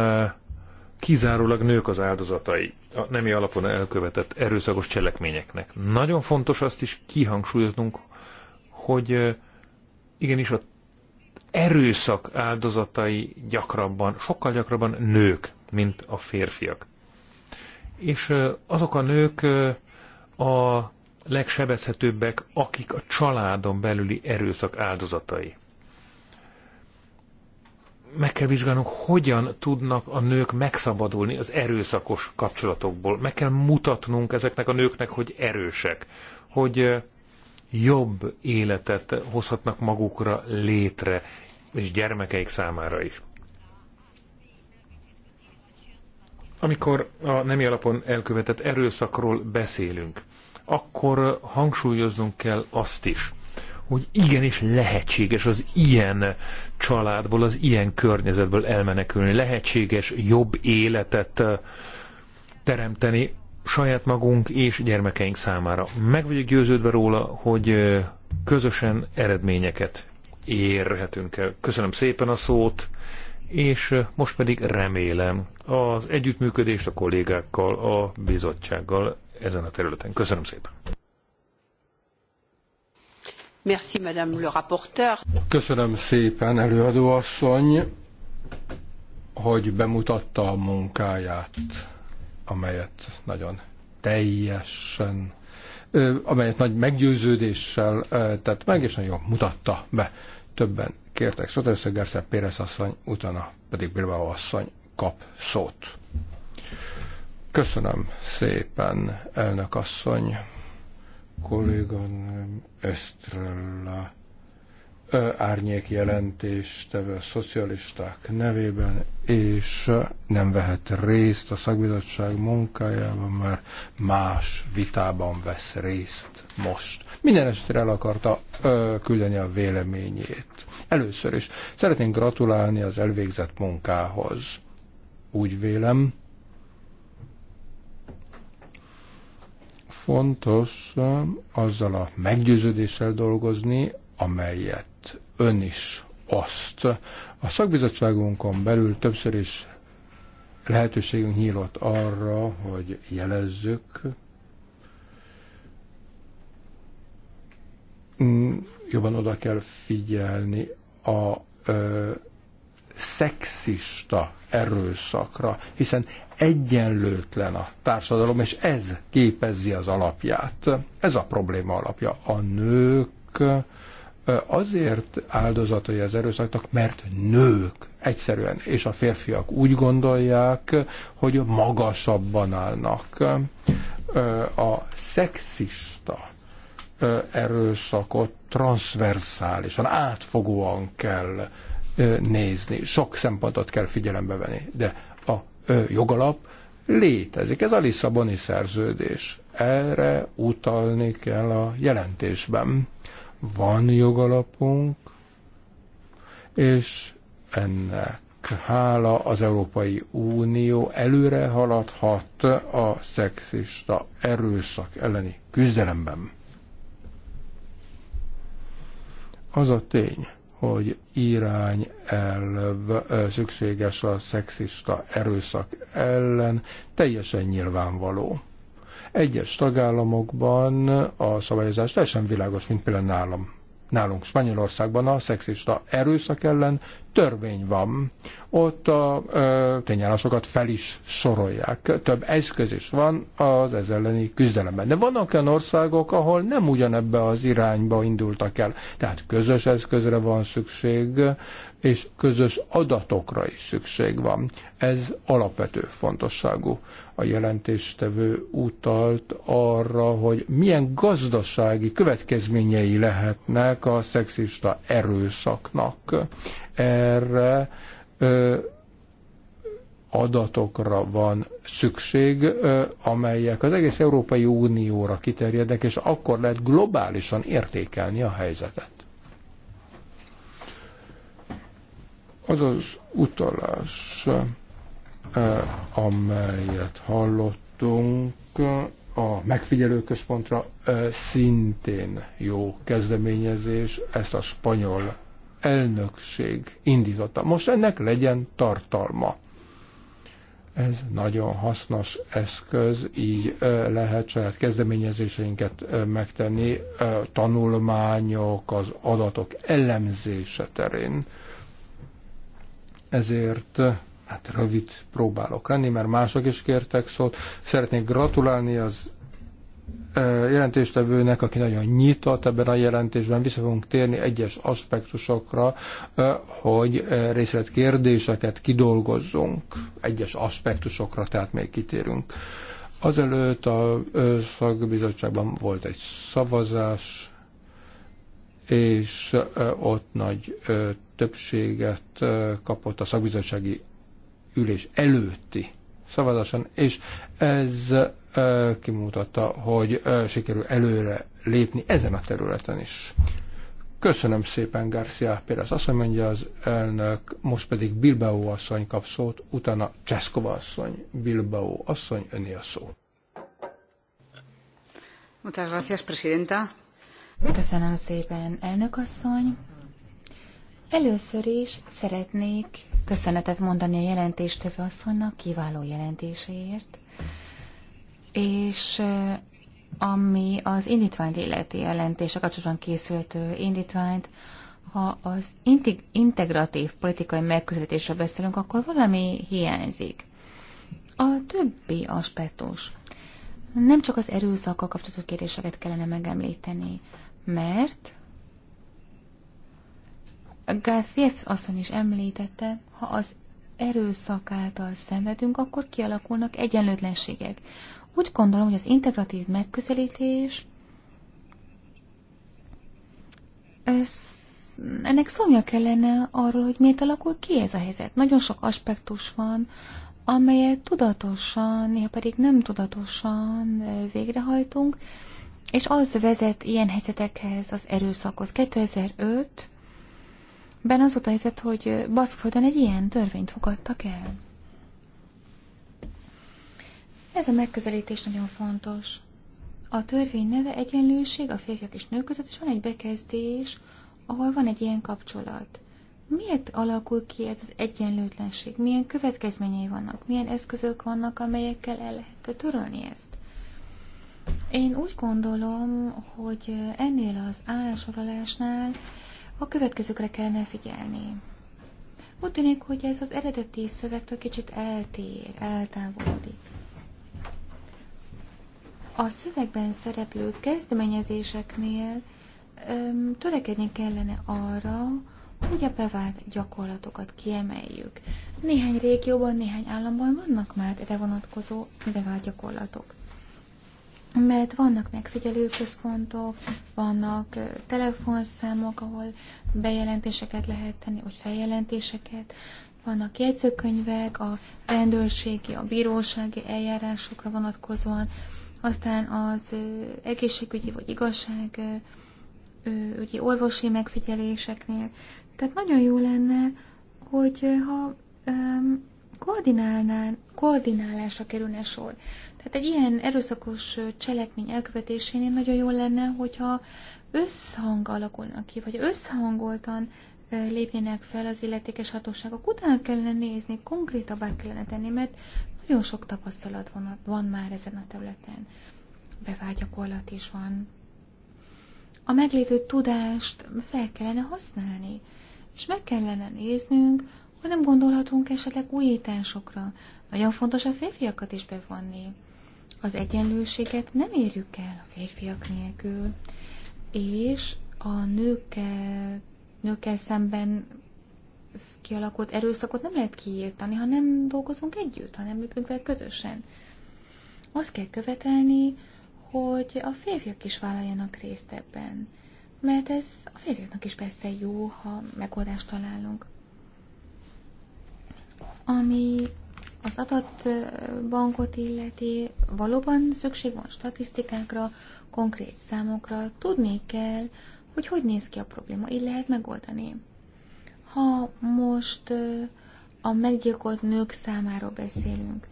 kizárólag nők az áldozatai a nemi alapon elkövetett erőszakos cselekményeknek. Nagyon fontos azt is kihangsúlyoznunk, hogy igenis a erőszak áldozatai gyakrabban, sokkal gyakrabban nők, mint a férfiak. És azok a nők a legsebezhetőbbek, akik a családon belüli erőszak áldozatai. Meg kell vizsgálnunk, hogyan tudnak a nők megszabadulni az erőszakos kapcsolatokból. Meg kell mutatnunk ezeknek a nőknek, hogy erősek, hogy jobb életet hozhatnak magukra létre, és gyermekeik számára is. Amikor a nemi alapon elkövetett erőszakról beszélünk, akkor hangsúlyoznunk kell azt is, hogy igenis lehetséges az ilyen családból, az ilyen környezetből elmenekülni. Lehetséges jobb életet teremteni saját magunk és gyermekeink számára. Meg vagyok győződve róla, hogy közösen eredményeket érhetünk el. Köszönöm szépen a szót, és most pedig remélem az együttműködést a kollégákkal, a bizottsággal ezen a területen. Köszönöm szépen. Merci, madame le rapporteur. Köszönöm szépen, előadóasszony, asszony, hogy bemutatta a munkáját amelyet nagyon teljesen, amelyet nagy meggyőződéssel tett meg, és nagyon mutatta be. Többen kértek szót, először Gersze Pérez asszony, utána pedig Bilbao asszony kap szót. Köszönöm szépen, elnök asszony, kolléganőm Ösztrella árnyék jelentéstevő a szocialisták nevében, és nem vehet részt a szakbizottság munkájában, mert más vitában vesz részt most. Minden esetre el akarta ö, küldeni a véleményét. Először is szeretnénk gratulálni az elvégzett munkához. Úgy vélem, fontos azzal a meggyőződéssel dolgozni, amelyet ön is azt. A szakbizottságunkon belül többször is lehetőségünk nyílott arra, hogy jelezzük, mm, jobban oda kell figyelni a ö, szexista erőszakra, hiszen egyenlőtlen a társadalom, és ez képezi az alapját. Ez a probléma alapja. A nők azért áldozatai az erőszaknak, mert nők egyszerűen, és a férfiak úgy gondolják, hogy magasabban állnak. A szexista erőszakot transzverszálisan, átfogóan kell nézni, sok szempontot kell figyelembe venni, de a jogalap létezik. Ez a Lisszaboni szerződés. Erre utalni kell a jelentésben. Van jogalapunk, és ennek hála az Európai Unió előre haladhat a szexista erőszak elleni küzdelemben. Az a tény, hogy irányelv szükséges a szexista erőszak ellen, teljesen nyilvánvaló. Egyes tagállamokban a szabályozás teljesen világos, mint például nálam. Nálunk Spanyolországban a szexista erőszak ellen törvény van. Ott a ö, tényállásokat fel is sorolják. Több eszköz is van az ez elleni küzdelemben. De vannak olyan országok, ahol nem ugyanebbe az irányba indultak el. Tehát közös eszközre van szükség, és közös adatokra is szükség van. Ez alapvető fontosságú. A jelentéstevő utalt arra, hogy milyen gazdasági következményei lehetnek a szexista erőszaknak. Erre ö, adatokra van szükség, amelyek az egész Európai Unióra kiterjednek, és akkor lehet globálisan értékelni a helyzetet. Az az utalás, Eh, amelyet hallottunk, eh, a megfigyelőközpontra eh, szintén jó kezdeményezés, ezt a spanyol elnökség indította. Most ennek legyen tartalma. Ez nagyon hasznos eszköz, így lehet saját kezdeményezéseinket megtenni, tanulmányok, az adatok elemzése terén. Ezért Hát rövid próbálok lenni, mert mások is kértek szót. Szeretnék gratulálni az e, jelentéstevőnek, aki nagyon nyitott ebben a jelentésben, vissza fogunk térni egyes aspektusokra, e, hogy e, részletkérdéseket kidolgozzunk, egyes aspektusokra, tehát még kitérünk. Azelőtt a szakbizottságban volt egy szavazás, és ott nagy többséget kapott a szakbizottsági ülés előtti szavazáson, és ez kimutatta, hogy sikerül előre lépni ezen a területen is. Köszönöm szépen, Garcia Pérez. Azt mondja az elnök, most pedig Bilbao asszony kap szót, utána Cseszkova asszony, Bilbao asszony, öné a szó. Muchas gracias, presidenta. Köszönöm szépen, elnök asszony. Először is szeretnék köszönetet mondani a jelentéstevő asszonynak kiváló jelentéséért, és ami az indítványt illeti a kapcsolatban készült indítványt, ha az integratív politikai megközelítésről beszélünk, akkor valami hiányzik. A többi aspektus. Nem csak az erőszakkal kapcsolatos kérdéseket kellene megemlíteni, mert Garfies asszony is említette, ha az erőszak által szenvedünk, akkor kialakulnak egyenlőtlenségek. Úgy gondolom, hogy az integratív megközelítés ez, ennek szomja kellene arról, hogy miért alakul ki ez a helyzet. Nagyon sok aspektus van, amelyet tudatosan, néha pedig nem tudatosan eh, végrehajtunk, és az vezet ilyen helyzetekhez, az erőszakhoz. 2005 Ben az volt a helyzet, hogy Baszkföldön egy ilyen törvényt fogadtak el. Ez a megközelítés nagyon fontos. A törvény neve egyenlőség a férfiak és nők között, és van egy bekezdés, ahol van egy ilyen kapcsolat. Miért alakul ki ez az egyenlőtlenség? Milyen következményei vannak? Milyen eszközök vannak, amelyekkel el lehet törölni ezt? Én úgy gondolom, hogy ennél az állásorolásnál a következőkre kellene figyelni. Úgy tűnik, hogy ez az eredeti szövegtől kicsit eltér, eltávolodik. A szövegben szereplő kezdeményezéseknél öm, törekedni kellene arra, hogy a bevált gyakorlatokat kiemeljük. Néhány régióban, néhány államban vannak már erre vonatkozó bevált gyakorlatok mert vannak központok, vannak telefonszámok, ahol bejelentéseket lehet tenni, vagy feljelentéseket, vannak jegyzőkönyvek, a rendőrségi, a bírósági eljárásokra vonatkozóan, aztán az egészségügyi vagy igazság orvosi megfigyeléseknél. Tehát nagyon jó lenne, hogy ha koordinálnán, koordinálásra kerülne sor tehát egy ilyen erőszakos cselekmény elkövetésénél nagyon jó lenne, hogyha összhang alakulna ki, vagy összhangoltan lépjenek fel az illetékes hatóságok. Utána kellene nézni, konkrétabbá kellene tenni, mert nagyon sok tapasztalat van, van már ezen a területen. Bevágyakorlat is van. A meglévő tudást fel kellene használni, és meg kellene néznünk, hogy nem gondolhatunk esetleg újításokra. Nagyon fontos a férfiakat is bevonni. Az egyenlőséget nem érjük el a férfiak nélkül, és a nőkkel, nőkkel szemben kialakult erőszakot nem lehet kiírtani, ha nem dolgozunk együtt, ha nem működünk vele közösen. Azt kell követelni, hogy a férfiak is vállaljanak részt ebben, mert ez a férfiaknak is persze jó, ha megoldást találunk. Ami az adatbankot illeti, valóban szükség van statisztikákra, konkrét számokra, tudni kell, hogy hogy néz ki a probléma, így lehet megoldani. Ha most a meggyilkolt nők számáról beszélünk,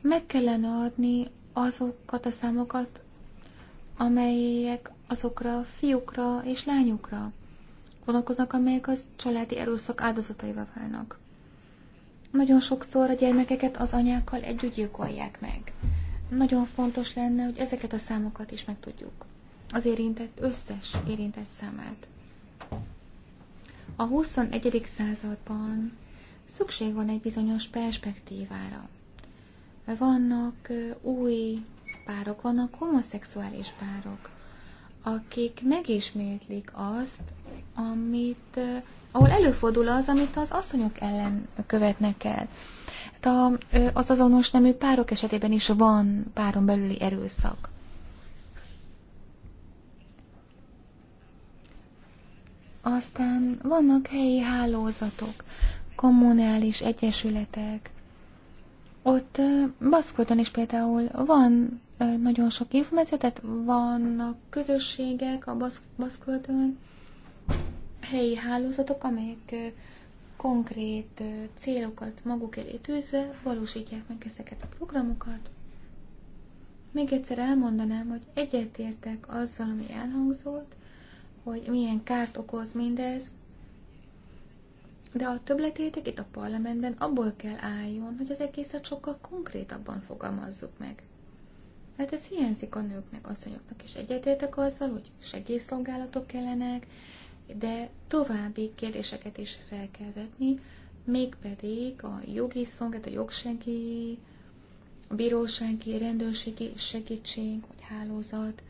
meg kellene adni azokat a számokat, amelyek azokra a fiúkra és lányokra vonatkoznak, amelyek az családi erőszak áldozataival válnak. Nagyon sokszor a gyermekeket az anyákkal együtt gyilkolják meg. Nagyon fontos lenne, hogy ezeket a számokat is megtudjuk. Az érintett, összes érintett számát. A 21. században szükség van egy bizonyos perspektívára. Vannak új párok, vannak homoszexuális párok, akik megismétlik azt, amit, eh, ahol előfordul az, amit az asszonyok ellen követnek el. Hát a, eh, az azonos nemű párok esetében is van páron belüli erőszak. Aztán vannak helyi hálózatok, kommunális egyesületek. Ott eh, Baszkoton is például van nagyon sok információ, tehát vannak közösségek a Baszkföldön, helyi hálózatok, amelyek konkrét célokat maguk elé tűzve valósítják meg ezeket a programokat. Még egyszer elmondanám, hogy egyetértek azzal, ami elhangzott, hogy milyen kárt okoz mindez, de a többletétek itt a parlamentben abból kell álljon, hogy az egészet sokkal konkrétabban fogalmazzuk meg. Hát ez hiányzik a nőknek, asszonyoknak, és egyetértek azzal, hogy segélyszolgálatok kellenek, de további kérdéseket is fel kell vetni, mégpedig a jogi szolgálat, a jogsegély, a bírósági, rendőrségi segítség, vagy hálózat,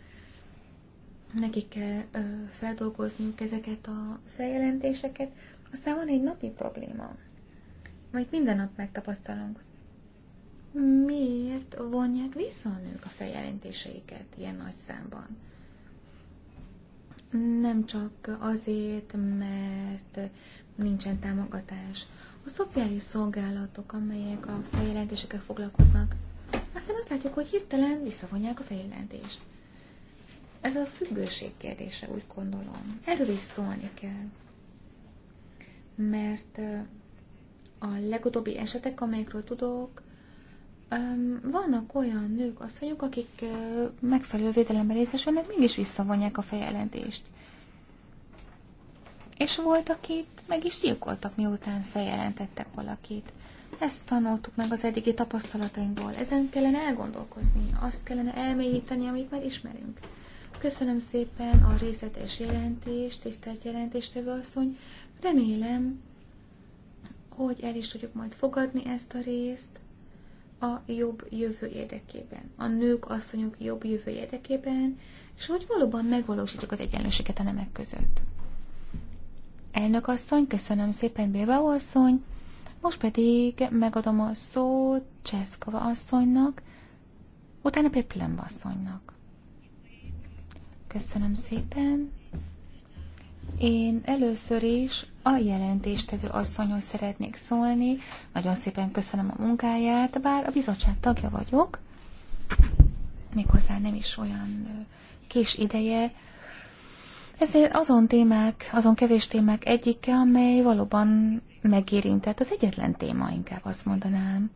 nekik kell ö, feldolgozniuk ezeket a feljelentéseket. Aztán van egy napi probléma, amit minden nap megtapasztalunk. Miért vonják vissza a nők a feljelentéseiket ilyen nagy számban? nem csak azért, mert nincsen támogatás. A szociális szolgálatok, amelyek a feljelentésekkel foglalkoznak, aztán azt látjuk, hogy hirtelen visszavonják a feljelentést. Ez a függőség kérdése, úgy gondolom. Erről is szólni kell. Mert a legutóbbi esetek, amelyekről tudok, vannak olyan nők, asszonyok, akik megfelelő védelemben részesülnek, mégis visszavonják a feljelentést. És volt, akit meg is gyilkoltak, miután feljelentettek valakit. Ezt tanultuk meg az eddigi tapasztalatainkból. Ezen kellene elgondolkozni, azt kellene elmélyíteni, amit már ismerünk. Köszönöm szépen a részletes jelentést, tisztelt jelentéstevő asszony. Remélem, hogy el is tudjuk majd fogadni ezt a részt a jobb jövő érdekében, a nők, asszonyok jobb jövő érdekében, és hogy valóban megvalósítjuk az egyenlőséget a nemek között. Elnök asszony, köszönöm szépen, Bilbao asszony, most pedig megadom a szót Cseszkova asszonynak, utána pedig Plemba asszonynak. Köszönöm szépen. Én először is a jelentéstevő asszonyhoz szeretnék szólni. Nagyon szépen köszönöm a munkáját, bár a bizottság tagja vagyok, méghozzá nem is olyan kis ideje. Ez azon témák, azon kevés témák egyike, amely valóban megérintett. Az egyetlen téma, inkább azt mondanám.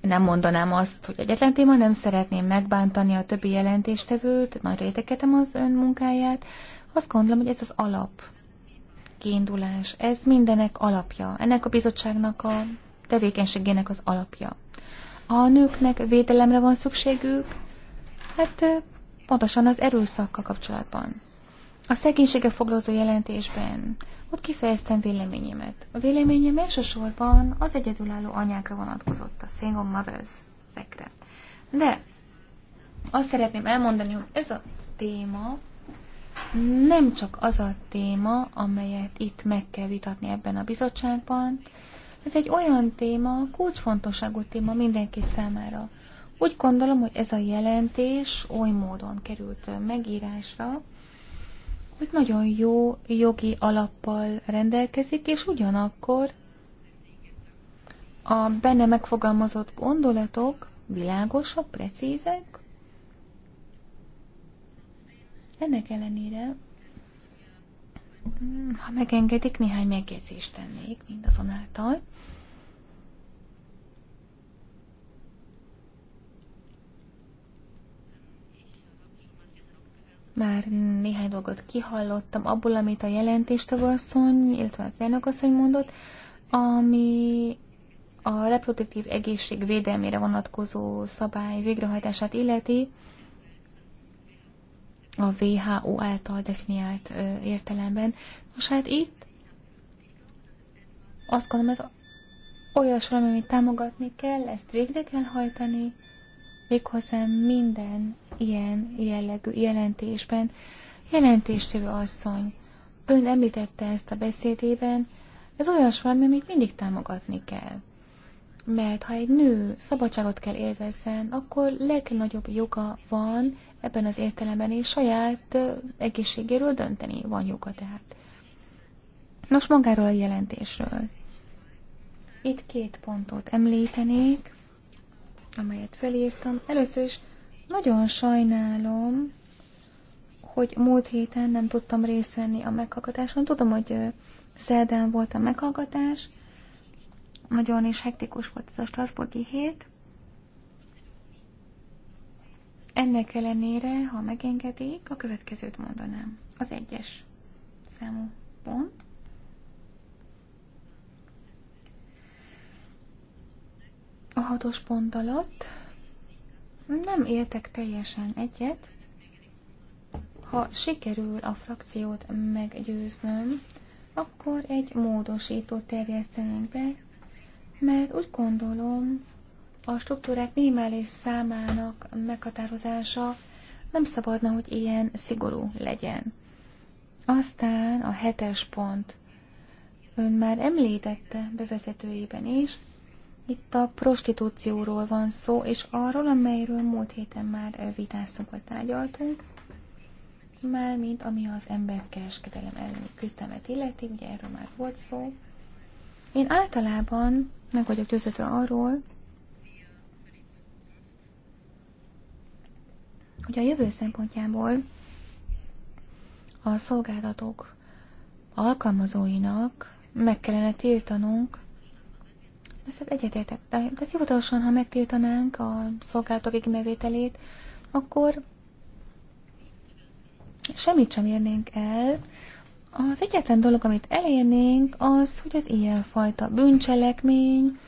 Nem mondanám azt, hogy egyetlen téma, nem szeretném megbántani a többi jelentéstevőt, nagyra érteketem az ön munkáját, azt gondolom, hogy ez az alap kiindulás. Ez mindenek alapja. Ennek a bizottságnak a tevékenységének az alapja. A nőknek védelemre van szükségük, hát pontosan az erőszakkal kapcsolatban. A szegénysége foglalkozó jelentésben ott kifejeztem véleményemet. A véleményem elsősorban az egyedülálló anyákra vonatkozott, a single mothers -ekre. De azt szeretném elmondani, hogy ez a téma nem csak az a téma, amelyet itt meg kell vitatni ebben a bizottságban, ez egy olyan téma, kulcsfontosságú téma mindenki számára. Úgy gondolom, hogy ez a jelentés oly módon került megírásra, hogy nagyon jó jogi alappal rendelkezik, és ugyanakkor a benne megfogalmazott gondolatok világosak, precízek, ennek ellenére, mm, ha megengedik, néhány megjegyzést tennék mindazonáltal. Már néhány dolgot kihallottam abból, amit a jelentéstevő asszony, illetve az elnök asszony mondott, ami a reproduktív egészség védelmére vonatkozó szabály végrehajtását illeti, a WHO által definiált ö, értelemben. Most hát itt azt gondolom, ez olyas valami, amit támogatni kell, ezt végre kell hajtani, méghozzá minden ilyen jellegű jelentésben. Jelentéstevő asszony, ön említette ezt a beszédében, ez olyas valami, amit mindig támogatni kell. Mert ha egy nő szabadságot kell élvezzen, akkor legnagyobb joga van ebben az értelemben és saját egészségéről dönteni van joga tehát. Nos, magáról a jelentésről. Itt két pontot említenék, amelyet felírtam. Először is nagyon sajnálom, hogy múlt héten nem tudtam részt venni a meghallgatáson. Tudom, hogy szerdán volt a meghallgatás, nagyon is hektikus volt ez a Strasburgi hét, ennek ellenére, ha megengedik, a következőt mondanám. Az egyes számú pont. A hatos pont alatt nem értek teljesen egyet. Ha sikerül a frakciót meggyőznöm, akkor egy módosítót terjesztenénk be, mert úgy gondolom, a struktúrák minimális számának meghatározása nem szabadna, hogy ilyen szigorú legyen. Aztán a hetes pont. Ön már említette bevezetőjében is, itt a prostitúcióról van szó, és arról, amelyről múlt héten már vitáztunk vagy tárgyaltunk, mármint ami az emberkereskedelem elleni küzdelmet illeti, ugye erről már volt szó. Én általában meg vagyok győződve arról, hogy a jövő szempontjából a szolgálatok alkalmazóinak meg kellene tiltanunk, ezt egyetértek, de, de hivatalosan, ha megtiltanánk a szolgálatok igmevételét, akkor semmit sem érnénk el. Az egyetlen dolog, amit elérnénk, az, hogy az ilyenfajta bűncselekmény,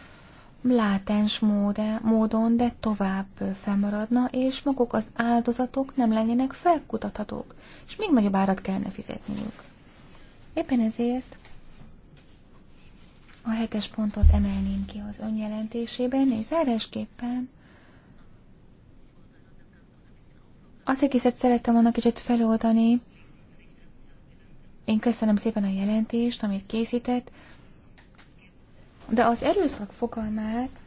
látens móde, módon, de tovább felmaradna, és maguk az áldozatok nem lennének felkutathatók, és még nagyobb árat kellene fizetniük. Éppen ezért a hetes pontot emelném ki az önjelentésében, és zárásképpen az egészet szerettem volna kicsit feloldani. Én köszönöm szépen a jelentést, amit készített, de az erőszak fogalmát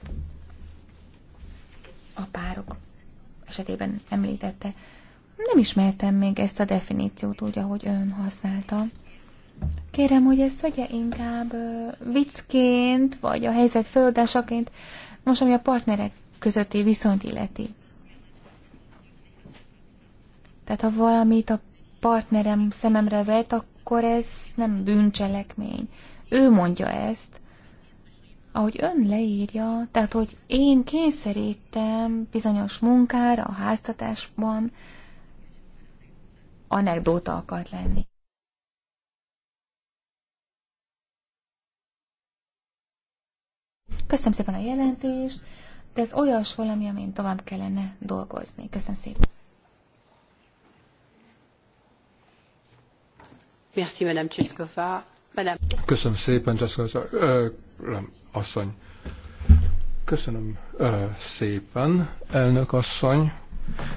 a párok esetében említette. Nem ismertem még ezt a definíciót úgy, ahogy ön használta. Kérem, hogy ezt vegye inkább viccként, vagy a helyzet föloldásaként, most ami a partnerek közötti viszont illeti. Tehát ha valamit a partnerem szememre vet, akkor ez nem bűncselekmény. Ő mondja ezt, ahogy ön leírja, tehát hogy én kényszerítem bizonyos munkára a háztatásban, anekdóta akart lenni. Köszönöm szépen a jelentést, de ez olyas valami, amin tovább kellene dolgozni. Köszönöm szépen. Merci, Madame Cseszkova. Madame... Köszönöm szépen, Cseszkova. Rem asszony. Köszönöm szépen, elnök asszony.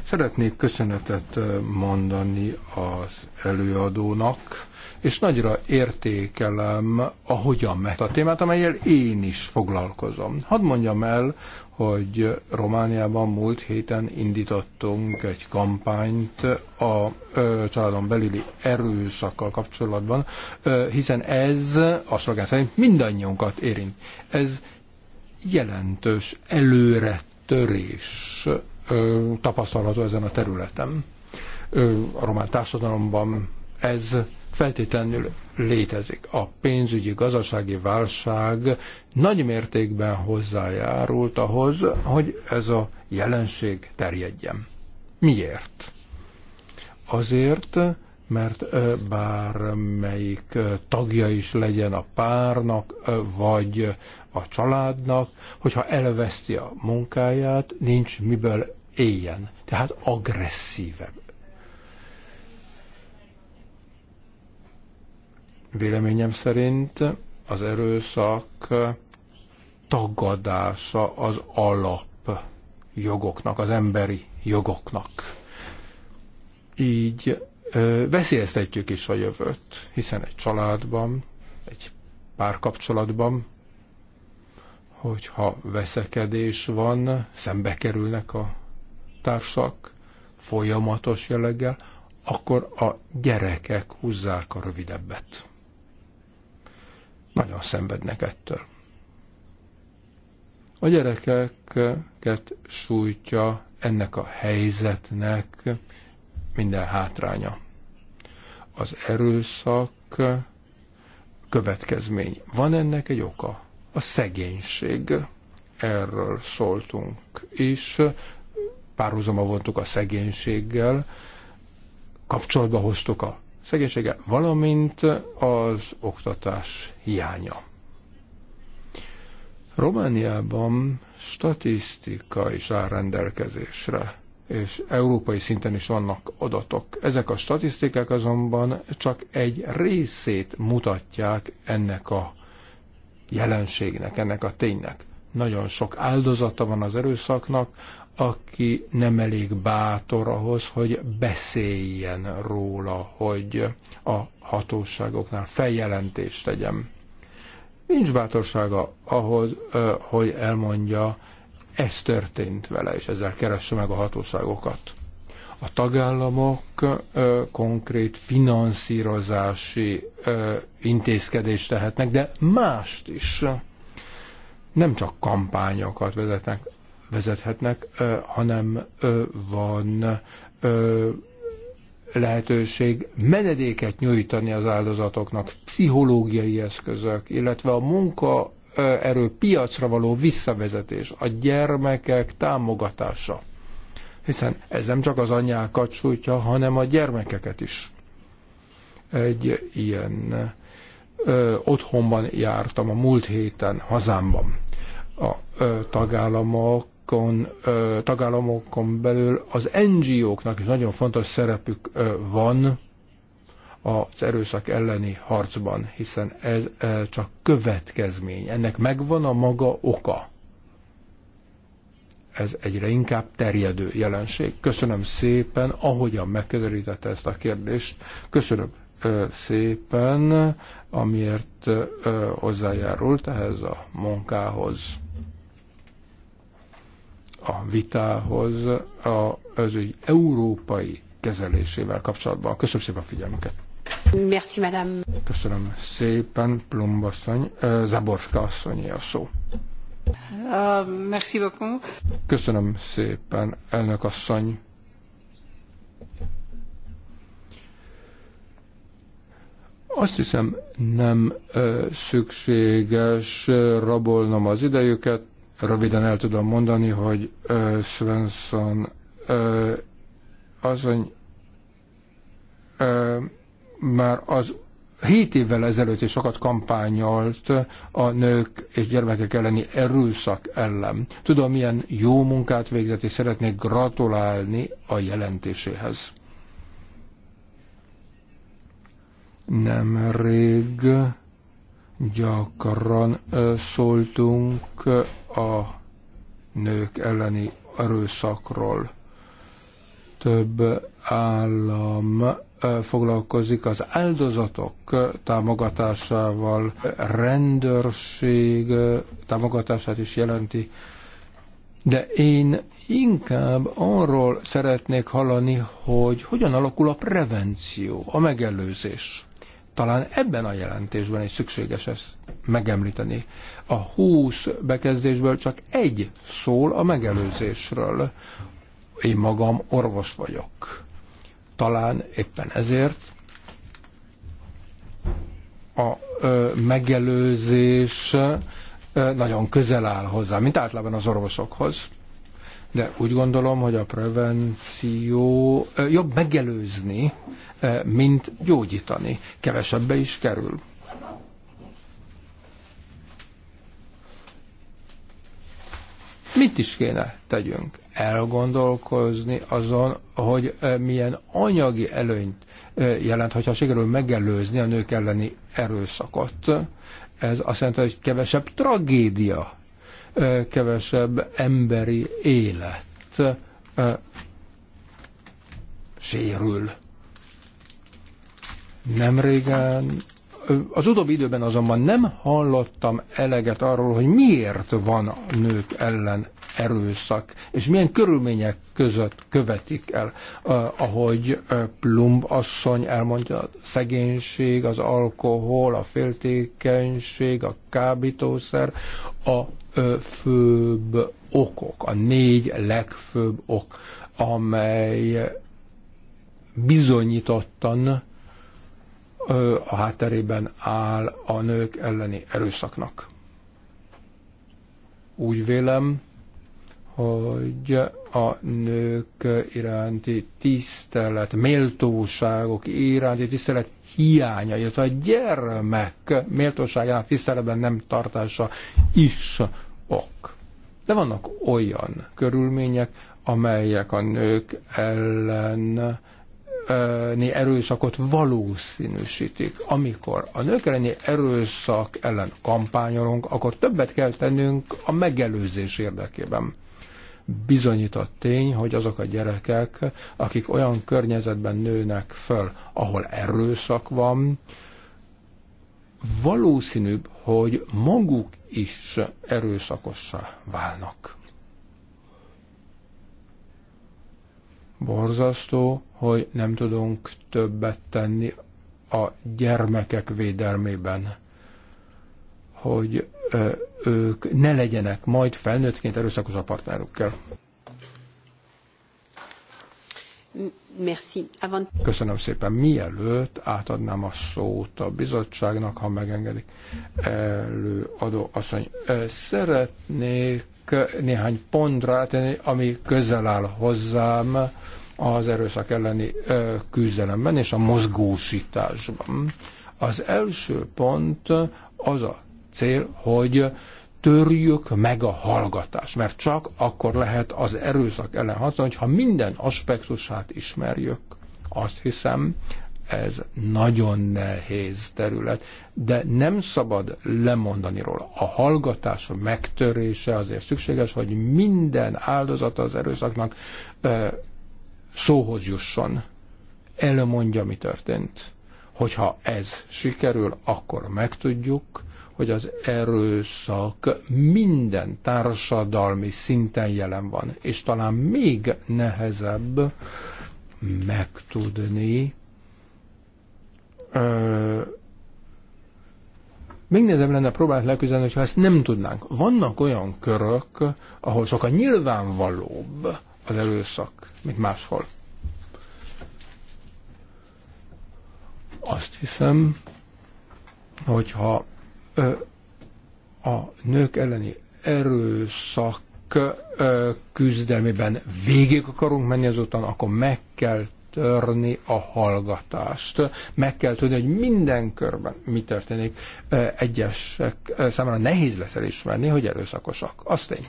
Szeretnék köszönetet mondani az előadónak, és nagyra értékelem, ahogyan meg a témát, amelyel én is foglalkozom. Hadd mondjam el, hogy Romániában múlt héten indítottunk egy kampányt a ö, családon belüli erőszakkal kapcsolatban, ö, hiszen ez a szlogán szerint mindannyiunkat érint. Ez jelentős előretörés ö, tapasztalható ezen a területen. Ö, a román társadalomban ez feltétlenül létezik. A pénzügyi gazdasági válság nagy mértékben hozzájárult ahhoz, hogy ez a jelenség terjedjen. Miért? Azért, mert bármelyik tagja is legyen a párnak, vagy a családnak, hogyha elveszti a munkáját, nincs miből éljen. Tehát agresszívebb Véleményem szerint az erőszak tagadása az alap jogoknak, az emberi jogoknak. Így ö, veszélyeztetjük is a jövőt, hiszen egy családban, egy párkapcsolatban, hogyha veszekedés van, szembe kerülnek a társak folyamatos jelleggel, akkor a gyerekek húzzák a rövidebbet nagyon szenvednek ettől. A gyerekeket sújtja ennek a helyzetnek minden hátránya. Az erőszak következmény. Van ennek egy oka? A szegénység. Erről szóltunk is. Párhuzama vontuk a szegénységgel, kapcsolatba hoztuk a szegénysége, valamint az oktatás hiánya. Romániában statisztika is áll rendelkezésre, és európai szinten is vannak adatok. Ezek a statisztikák azonban csak egy részét mutatják ennek a jelenségnek, ennek a ténynek. Nagyon sok áldozata van az erőszaknak, aki nem elég bátor ahhoz, hogy beszéljen róla, hogy a hatóságoknál feljelentést tegyen. Nincs bátorsága ahhoz, hogy elmondja, ez történt vele, és ezzel keresse meg a hatóságokat. A tagállamok ö, konkrét finanszírozási ö, intézkedést tehetnek, de mást is. Nem csak kampányokat vezetnek vezethetnek, hanem van lehetőség menedéket nyújtani az áldozatoknak, pszichológiai eszközök, illetve a munka erő piacra való visszavezetés, a gyermekek támogatása. Hiszen ez nem csak az anyákat sújtja, hanem a gyermekeket is. Egy ilyen ö, otthonban jártam a múlt héten hazámban. A ö, tagállamok országokon, tagállamokon belül az NGO-knak is nagyon fontos szerepük van az erőszak elleni harcban, hiszen ez csak következmény. Ennek megvan a maga oka. Ez egyre inkább terjedő jelenség. Köszönöm szépen, ahogyan megközelítette ezt a kérdést. Köszönöm szépen, amiért hozzájárult ehhez a munkához a vitához az egy európai kezelésével kapcsolatban. Köszönöm szépen a figyelmüket! Merci, madame. Köszönöm szépen, Plumbasszony, Zaborska asszonyi a szó. Uh, merci beaucoup. Köszönöm szépen, elnök asszony. Azt hiszem, nem uh, szükséges rabolnom az idejüket, Röviden el tudom mondani, hogy uh, Svensson uh, azon uh, már az 7 évvel ezelőtt is sokat kampányolt a nők és gyermekek elleni erőszak ellen. Tudom, milyen jó munkát végzett, és szeretnék gratulálni a jelentéséhez. Nemrég Gyakran szóltunk a nők elleni erőszakról. Több állam foglalkozik az áldozatok támogatásával, rendőrség támogatását is jelenti. De én inkább arról szeretnék hallani, hogy hogyan alakul a prevenció, a megelőzés talán ebben a jelentésben is szükséges ezt megemlíteni. A húsz bekezdésből csak egy szól a megelőzésről. Én magam orvos vagyok. Talán éppen ezért a ö, megelőzés ö, nagyon közel áll hozzá, mint általában az orvosokhoz de úgy gondolom, hogy a prevenció jobb megelőzni, mint gyógyítani. Kevesebbe is kerül. Mit is kéne tegyünk? Elgondolkozni azon, hogy milyen anyagi előnyt jelent, hogyha sikerül megelőzni a nők elleni erőszakot. Ez azt jelenti, hogy kevesebb tragédia kevesebb emberi élet sérül. Nem régen, az utóbbi időben azonban nem hallottam eleget arról, hogy miért van a nők ellen erőszak, és milyen körülmények között követik el, ahogy Plumb asszony elmondja, a szegénység, az alkohol, a féltékenység, a kábítószer, a legfőbb okok, a négy legfőbb ok, amely bizonyítottan a hátterében áll a nők elleni erőszaknak. Úgy vélem, hogy a nők iránti tisztelet, méltóságok iránti tisztelet hiánya, illetve a gyermek méltóságának tiszteletben nem tartása is ok. De vannak olyan körülmények, amelyek a nők ellen erőszakot valószínűsítik. Amikor a nők elleni erőszak ellen kampányolunk, akkor többet kell tennünk a megelőzés érdekében bizonyított tény, hogy azok a gyerekek, akik olyan környezetben nőnek föl, ahol erőszak van, valószínűbb, hogy maguk is erőszakossá válnak. Borzasztó, hogy nem tudunk többet tenni a gyermekek védelmében, hogy ők ne legyenek majd felnőttként erőszakos a partnerükkel. Köszönöm szépen. Mielőtt átadnám a szót a bizottságnak, ha megengedik, előadó asszony, szeretnék néhány pontra tenni, ami közel áll hozzám az erőszak elleni küzdelemben és a mozgósításban. Az első pont az a cél, hogy törjük meg a hallgatást, mert csak akkor lehet az erőszak ellen hatolni, hogyha minden aspektusát ismerjük. Azt hiszem, ez nagyon nehéz terület, de nem szabad lemondani róla. A hallgatás megtörése azért szükséges, hogy minden áldozata az erőszaknak ö, szóhoz jusson, elmondja, mi történt. Hogyha ez sikerül, akkor megtudjuk, hogy az erőszak minden társadalmi szinten jelen van, és talán még nehezebb megtudni, ö, még nehezebb lenne próbált leküzdeni, hogyha ezt nem tudnánk. Vannak olyan körök, ahol sokkal nyilvánvalóbb az erőszak, mint máshol. Azt hiszem, hogyha a nők elleni erőszak küzdelmében végig akarunk menni azután, akkor meg kell törni a hallgatást. Meg kell tudni, hogy minden körben mi történik. Egyesek számára nehéz lesz elismerni, hogy erőszakosak. Azt tény.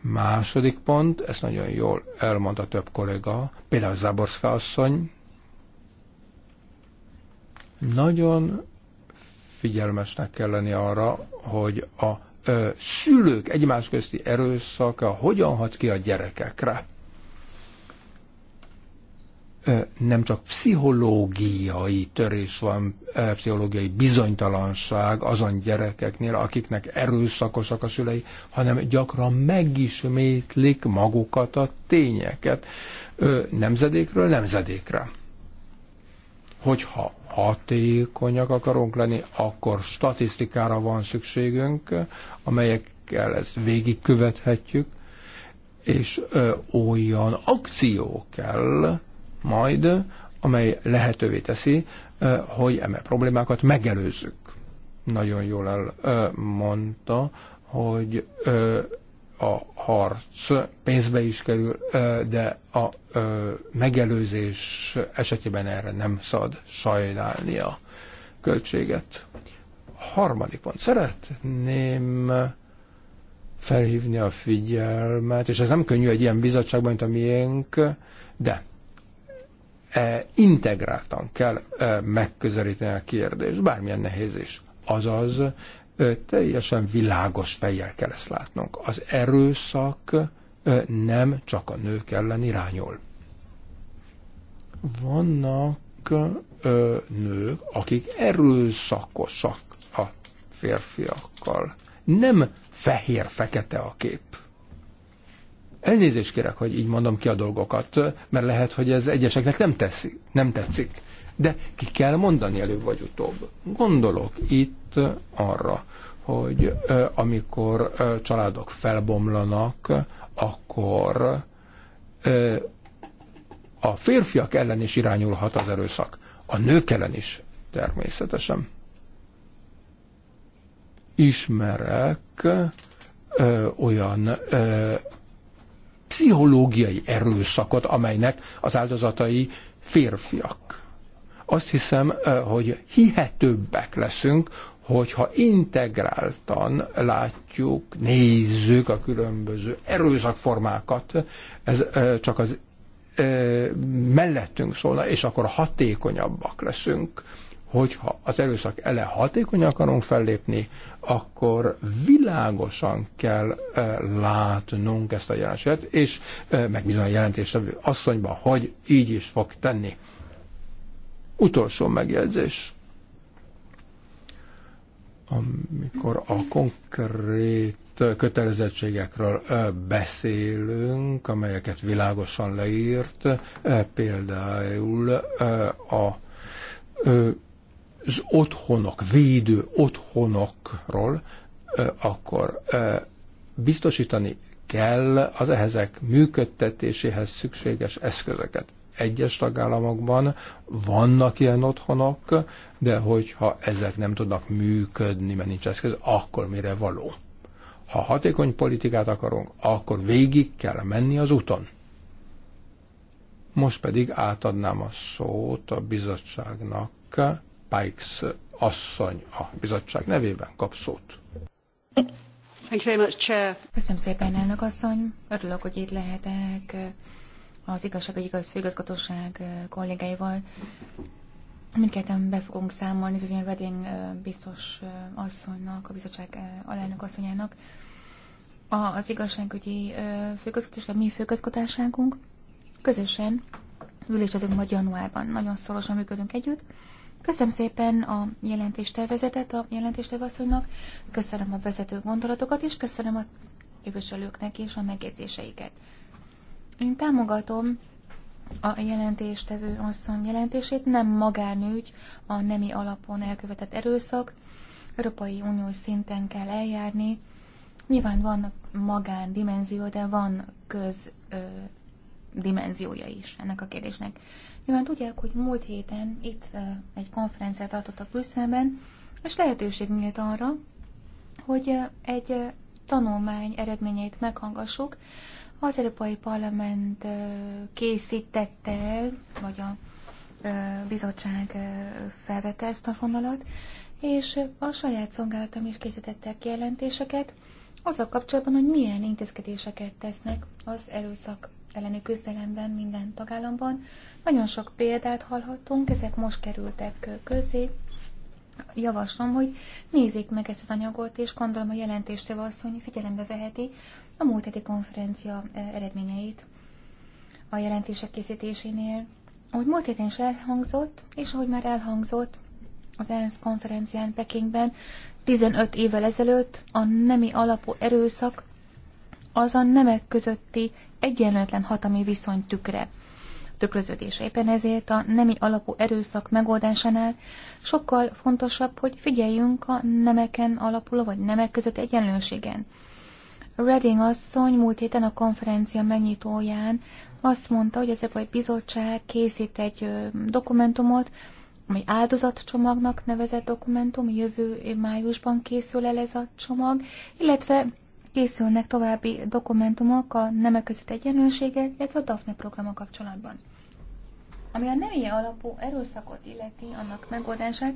Második pont, ezt nagyon jól elmondta több kolléga, például Zaborszka asszony, nagyon figyelmesnek kell lenni arra, hogy a ö, szülők egymás közti erőszaka hogyan hat ki a gyerekekre. Ö, nem csak pszichológiai törés van, ö, pszichológiai bizonytalanság azon gyerekeknél, akiknek erőszakosak a szülei, hanem gyakran megismétlik magukat a tényeket ö, nemzedékről nemzedékre Hogyha hatékonyak akarunk lenni, akkor statisztikára van szükségünk, amelyekkel ezt végigkövethetjük, és olyan akció kell majd, amely lehetővé teszi, hogy eme problémákat megelőzzük. Nagyon jól elmondta, hogy a harc pénzbe is kerül, de a megelőzés esetében erre nem szabad sajnálni a költséget. Harmadik pont. Szeretném felhívni a figyelmet, és ez nem könnyű egy ilyen bizottságban, mint a miénk, de e, integráltan kell e, megközelíteni a kérdést, bármilyen nehéz is. Azaz teljesen világos fejjel kell ezt látnunk. Az erőszak nem csak a nők ellen irányul. Vannak nők, akik erőszakosak a férfiakkal. Nem fehér-fekete a kép. Elnézést kérek, hogy így mondom ki a dolgokat, mert lehet, hogy ez egyeseknek nem, teszi, nem tetszik de ki kell mondani előbb vagy utóbb. Gondolok itt arra, hogy amikor családok felbomlanak, akkor a férfiak ellen is irányulhat az erőszak, a nők ellen is természetesen. Ismerek ö, olyan ö, pszichológiai erőszakot, amelynek az áldozatai férfiak. Azt hiszem, hogy hihetőbbek leszünk, hogyha integráltan látjuk, nézzük a különböző erőszakformákat, ez csak az mellettünk szólna, és akkor hatékonyabbak leszünk. Hogyha az erőszak ele hatékonyan akarunk fellépni, akkor világosan kell látnunk ezt a jelenséget, és bizony a jelentéstevő asszonyban, hogy így is fog tenni. Utolsó megjegyzés. Amikor a konkrét kötelezettségekről beszélünk, amelyeket világosan leírt, például a az otthonok, védő otthonokról, akkor biztosítani kell az ehhezek működtetéséhez szükséges eszközöket egyes tagállamokban vannak ilyen otthonok, de hogyha ezek nem tudnak működni, mert nincs eszköz, akkor mire való? Ha hatékony politikát akarunk, akkor végig kell menni az úton. Most pedig átadnám a szót a bizottságnak, Pikes asszony a bizottság nevében kap szót. Köszönöm szépen, elnök asszony. Örülök, hogy itt lehetek az igazságügyi főigazgatóság kollégáival. Mindketten be fogunk számolni Vivian Redding biztos asszonynak, a bizottság alelnök asszonyának. Az igazságügyi főigazgatóság, mi főigazgatóságunk közösen ülésezünk majd januárban. Nagyon szorosan működünk együtt. Köszönöm szépen a jelentéstervezetet a jelentéstervasszonynak, köszönöm a vezető gondolatokat, és köszönöm a képviselőknek is a megjegyzéseiket. Én támogatom a jelentéstevő asszony jelentését, nem magánügy, a nemi alapon elkövetett erőszak. Európai Uniós szinten kell eljárni. Nyilván van magán dimenzió, de van köz ö, dimenziója is ennek a kérdésnek. Nyilván tudják, hogy múlt héten itt ö, egy konferenciát tartottak Brüsszelben, és lehetőség nyílt arra, hogy egy tanulmány eredményeit meghangassuk, az Európai Parlament készítette el, vagy a bizottság felvette ezt a fonalat, és a saját szolgálatom is készítettek jelentéseket, azzal kapcsolatban, hogy milyen intézkedéseket tesznek az erőszak elleni küzdelemben minden tagállamban. Nagyon sok példát hallhattunk, ezek most kerültek közé. Javaslom, hogy nézzék meg ezt az anyagot, és gondolom a jelentéstevő asszony figyelembe veheti a múlt heti konferencia e, eredményeit a jelentések készítésénél. Ahogy múlt héten is elhangzott, és ahogy már elhangzott az ENSZ konferencián Pekingben, 15 évvel ezelőtt a nemi alapú erőszak az a nemek közötti egyenlőtlen hatami viszony tükre tükröződése. Éppen ezért a nemi alapú erőszak megoldásánál sokkal fontosabb, hogy figyeljünk a nemeken alapuló vagy nemek között egyenlőségen. Redding asszony múlt héten a konferencia megnyitóján azt mondta, hogy az Európai Bizottság készít egy dokumentumot, ami áldozatcsomagnak nevezett dokumentum, jövő májusban készül el ez a csomag, illetve készülnek további dokumentumok a nemek között egyenlősége, illetve a DAFNE programa kapcsolatban. Ami a nemi alapú erőszakot illeti, annak megoldását,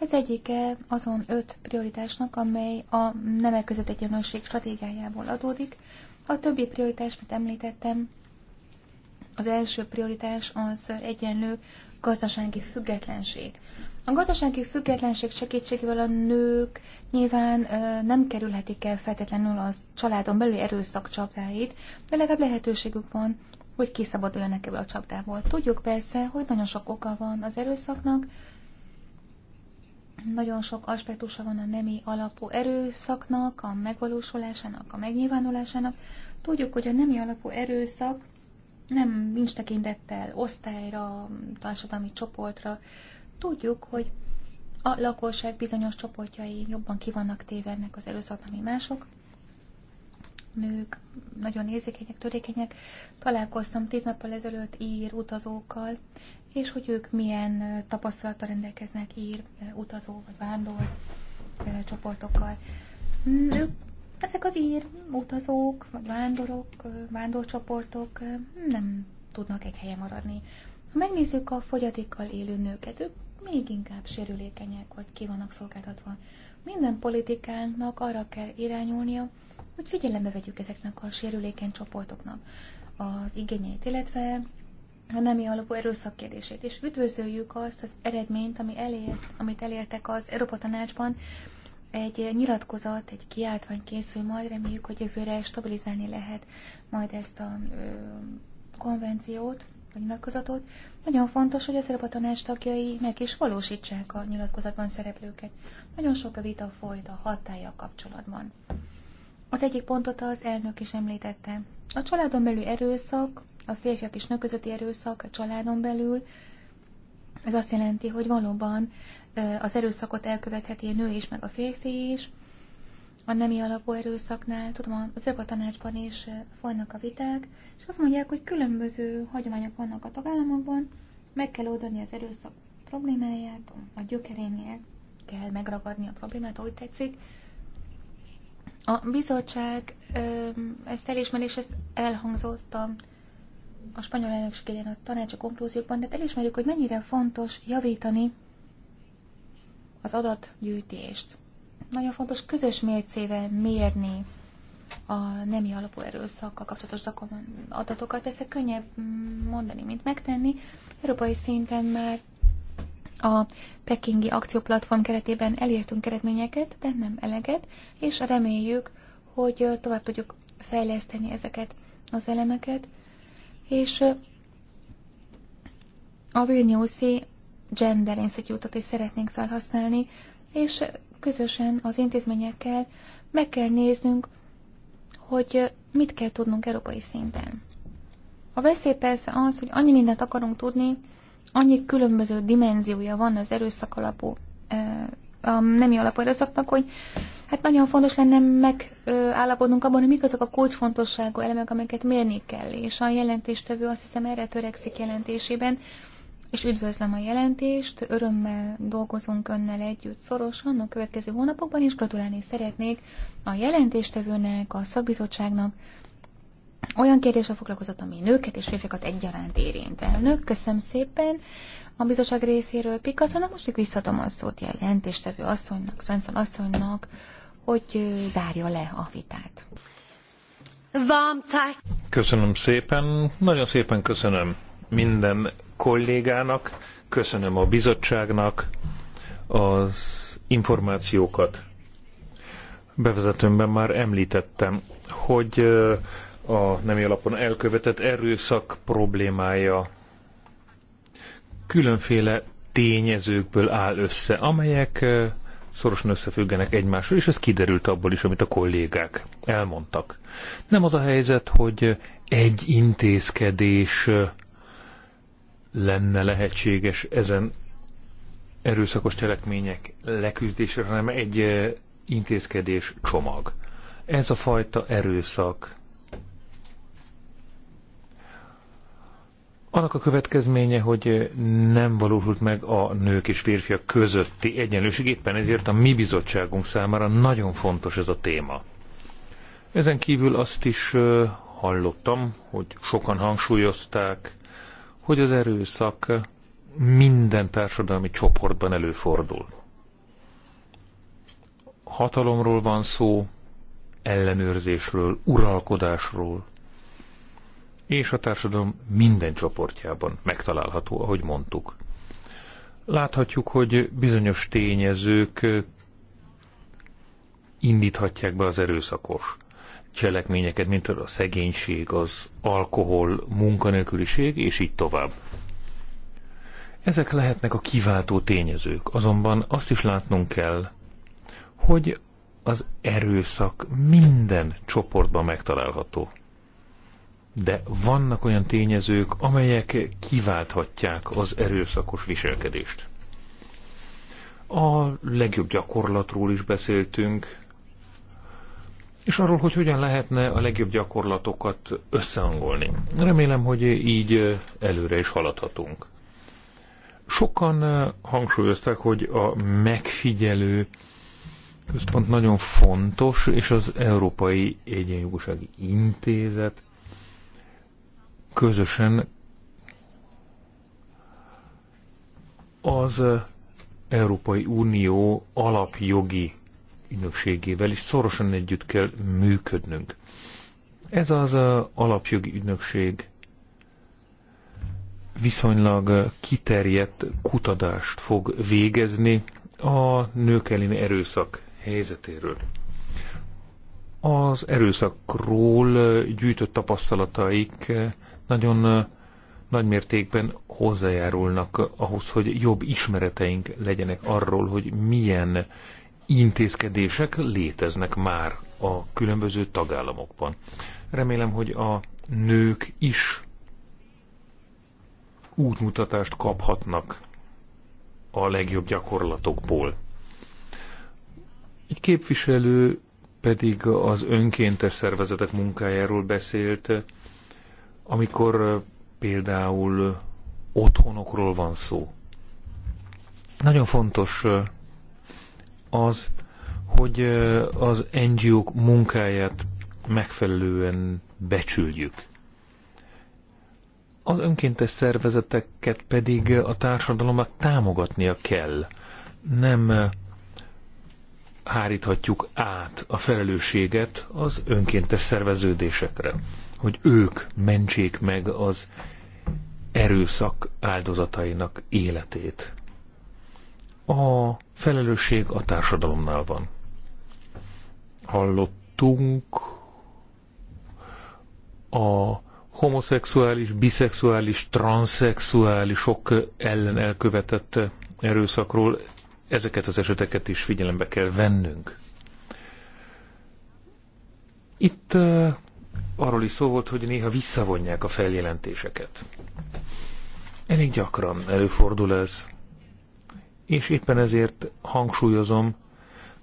ez egyike azon öt prioritásnak, amely a nemek között egyenlőség stratégiájából adódik. A többi prioritás, mint említettem, az első prioritás az egyenlő gazdasági függetlenség. A gazdasági függetlenség segítségével a nők nyilván ö, nem kerülhetik el feltétlenül az családon belüli erőszak csapdáit, de legalább lehetőségük van, hogy kiszabaduljanak ebből a csapdából. Tudjuk persze, hogy nagyon sok oka van az erőszaknak, nagyon sok aspektusa van a nemi alapú erőszaknak, a megvalósulásának, a megnyilvánulásának. Tudjuk, hogy a nemi alapú erőszak nem nincs tekintettel osztályra, társadalmi csoportra. Tudjuk, hogy a lakosság bizonyos csoportjai jobban kivannak téve ennek az erőszaknak, mint mások nők nagyon érzékenyek, törékenyek. Találkoztam tíz nappal ezelőtt ír utazókkal, és hogy ők milyen tapasztalattal rendelkeznek ír utazó vagy vándor csoportokkal. Hm, ők, ezek az ír utazók, vagy vándorok, vándorcsoportok nem tudnak egy helyen maradni. Ha megnézzük a fogyatékkal élő nőket, ők még inkább sérülékenyek, vagy ki vannak szolgáltatva. Minden politikánknak arra kell irányulnia, hogy figyelembe vegyük ezeknek a sérülékeny csoportoknak az igényeit, illetve a nemi alapú erőszak kérdését, és üdvözöljük azt az eredményt, ami elért, amit elértek az Európa Tanácsban. Egy nyilatkozat, egy kiáltvány készül majd, reméljük, hogy jövőre stabilizálni lehet majd ezt a ö, konvenciót, vagy nyilatkozatot. Nagyon fontos, hogy az Európa Tanács tagjai meg is valósítsák a nyilatkozatban szereplőket. Nagyon sok a vita folyt a hatája kapcsolatban. Az egyik pontot az elnök is említette. A családon belül erőszak, a férfiak és nők közötti erőszak a családon belül, ez azt jelenti, hogy valóban az erőszakot elkövetheti a nő is, meg a férfi is. A nemi alapú erőszaknál, tudom, az a tanácsban is folynak a viták, és azt mondják, hogy különböző hagyományok vannak a tagállamokban, meg kell oldani az erőszak problémáját, a gyökerénél kell megragadni a problémát, ahogy tetszik, a bizottság ezt elismeri, és ezt elhangzottam a spanyol elnökségen a tanács a konklúziókban, de hát elismerjük, hogy mennyire fontos javítani az adatgyűjtést. Nagyon fontos közös mércével mérni a nemi alapú erőszakkal kapcsolatos adatokat. Persze könnyebb mm, mondani, mint megtenni. Európai szinten már a pekingi akcióplatform keretében elértünk eredményeket, de nem eleget, és reméljük, hogy tovább tudjuk fejleszteni ezeket az elemeket, és a Vilniuszi Gender Institute-ot is szeretnénk felhasználni, és közösen az intézményekkel meg kell néznünk, hogy mit kell tudnunk európai szinten. A veszély persze az, hogy annyi mindent akarunk tudni, annyi különböző dimenziója van az erőszak alapú, a nemi alapú erőszaknak, hogy hát nagyon fontos lenne megállapodnunk abban, hogy mik azok a kulcsfontosságú elemek, amiket mérni kell. És a jelentéstevő azt hiszem erre törekszik jelentésében, és üdvözlöm a jelentést, örömmel dolgozunk önnel együtt szorosan a következő hónapokban, és gratulálni szeretnék a jelentéstevőnek, a szakbizottságnak, olyan kérdéssel foglalkozott, ami nőket és férfiakat egyaránt érint. Elnök, köszönöm szépen a bizottság részéről Pikaszonnak, most még visszadom a szót jelentéstevő asszonynak, Svensson asszonynak, hogy zárja le a vitát. Köszönöm szépen, nagyon szépen köszönöm minden kollégának, köszönöm a bizottságnak az információkat. Bevezetőmben már említettem, hogy a nemi alapon elkövetett erőszak problémája különféle tényezőkből áll össze, amelyek szorosan összefüggenek egymással, és ez kiderült abból is, amit a kollégák elmondtak. Nem az a helyzet, hogy egy intézkedés lenne lehetséges ezen erőszakos cselekmények leküzdésére, hanem egy intézkedés csomag. Ez a fajta erőszak Annak a következménye, hogy nem valósult meg a nők és férfiak közötti egyenlőség, éppen ezért a mi bizottságunk számára nagyon fontos ez a téma. Ezen kívül azt is hallottam, hogy sokan hangsúlyozták, hogy az erőszak minden társadalmi csoportban előfordul. Hatalomról van szó, ellenőrzésről, uralkodásról, és a társadalom minden csoportjában megtalálható, ahogy mondtuk. Láthatjuk, hogy bizonyos tényezők indíthatják be az erőszakos cselekményeket, mint a szegénység, az alkohol, munkanélküliség, és így tovább. Ezek lehetnek a kiváltó tényezők, azonban azt is látnunk kell, hogy az erőszak minden csoportban megtalálható de vannak olyan tényezők, amelyek kiválthatják az erőszakos viselkedést. A legjobb gyakorlatról is beszéltünk, és arról, hogy hogyan lehetne a legjobb gyakorlatokat összehangolni. Remélem, hogy így előre is haladhatunk. Sokan eh, hangsúlyozták, hogy a megfigyelő központ nagyon fontos, és az Európai Egyenjogúsági Intézet közösen az Európai Unió alapjogi ügynökségével is szorosan együtt kell működnünk. Ez az alapjogi ügynökség viszonylag kiterjedt kutatást fog végezni a nők elleni erőszak helyzetéről. Az erőszakról gyűjtött tapasztalataik nagyon nagy mértékben hozzájárulnak ahhoz, hogy jobb ismereteink legyenek arról, hogy milyen intézkedések léteznek már a különböző tagállamokban. Remélem, hogy a nők is útmutatást kaphatnak a legjobb gyakorlatokból. Egy képviselő pedig az önkéntes szervezetek munkájáról beszélt, amikor például otthonokról van szó. Nagyon fontos az, hogy az NGO-k munkáját megfelelően becsüljük. Az önkéntes szervezeteket pedig a társadalomnak támogatnia kell. Nem háríthatjuk át a felelősséget az önkéntes szerveződésekre hogy ők mentsék meg az erőszak áldozatainak életét. A felelősség a társadalomnál van. Hallottunk a homoszexuális, biszexuális, transzexuálisok ellen elkövetett erőszakról, ezeket az eseteket is figyelembe kell vennünk. Itt arról is szó volt, hogy néha visszavonják a feljelentéseket. Elég gyakran előfordul ez. És éppen ezért hangsúlyozom,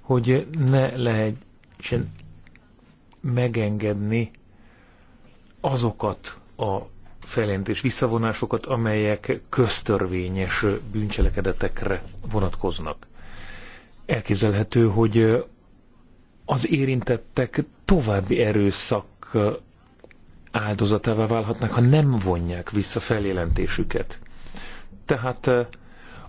hogy ne lehessen megengedni azokat a feljelentés visszavonásokat, amelyek köztörvényes bűncselekedetekre vonatkoznak. Elképzelhető, hogy az érintettek további erőszak áldozatává válhatnak, ha nem vonják vissza feljelentésüket. Tehát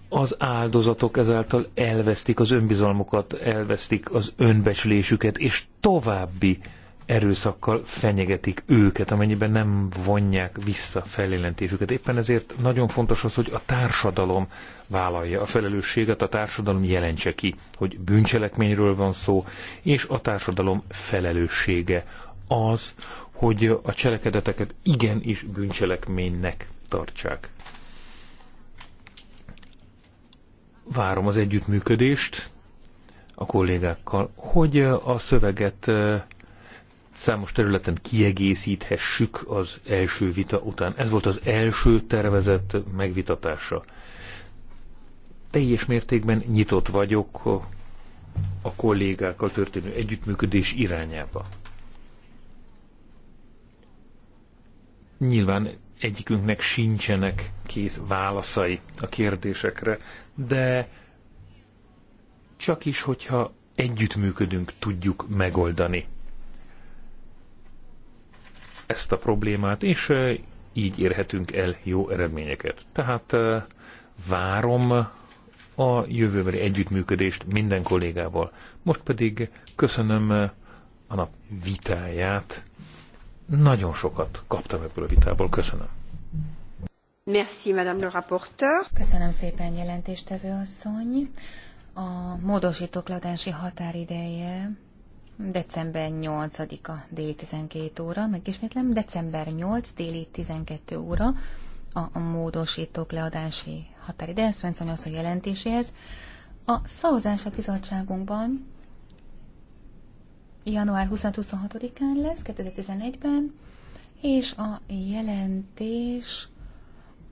az áldozatok ezáltal elvesztik az önbizalmukat, elvesztik az önbecslésüket, és további erőszakkal fenyegetik őket, amennyiben nem vonják vissza feljelentésüket. Éppen ezért nagyon fontos az, hogy a társadalom vállalja a felelősséget, a társadalom jelentse ki, hogy bűncselekményről van szó, és a társadalom felelőssége az, hogy a cselekedeteket igenis bűncselekménynek tartsák. Várom az együttműködést a kollégákkal, hogy a szöveget eh, számos területen kiegészíthessük az első vita után. Ez volt az első tervezett megvitatása. Teljes mértékben nyitott vagyok a kollégákkal történő együttműködés irányába. Nyilván egyikünknek sincsenek kész válaszai a kérdésekre, de csak is, hogyha együttműködünk, tudjuk megoldani ezt a problémát, és így érhetünk el jó eredményeket. Tehát várom a jövőbeli együttműködést minden kollégával. Most pedig köszönöm a nap vitáját, nagyon sokat kaptam ebből a vitából. Köszönöm. Merci, Madame le rapporteur. Köszönöm szépen, jelentéstevő asszony. A módosítókladási határideje december 8-a déli 12 óra, megismétlem, december 8 déli 12 óra a, módosítók leadási határideje, Svensson asszony jelentéséhez. A szavazása bizottságunkban január 20-26-án lesz, 2011-ben, és a jelentés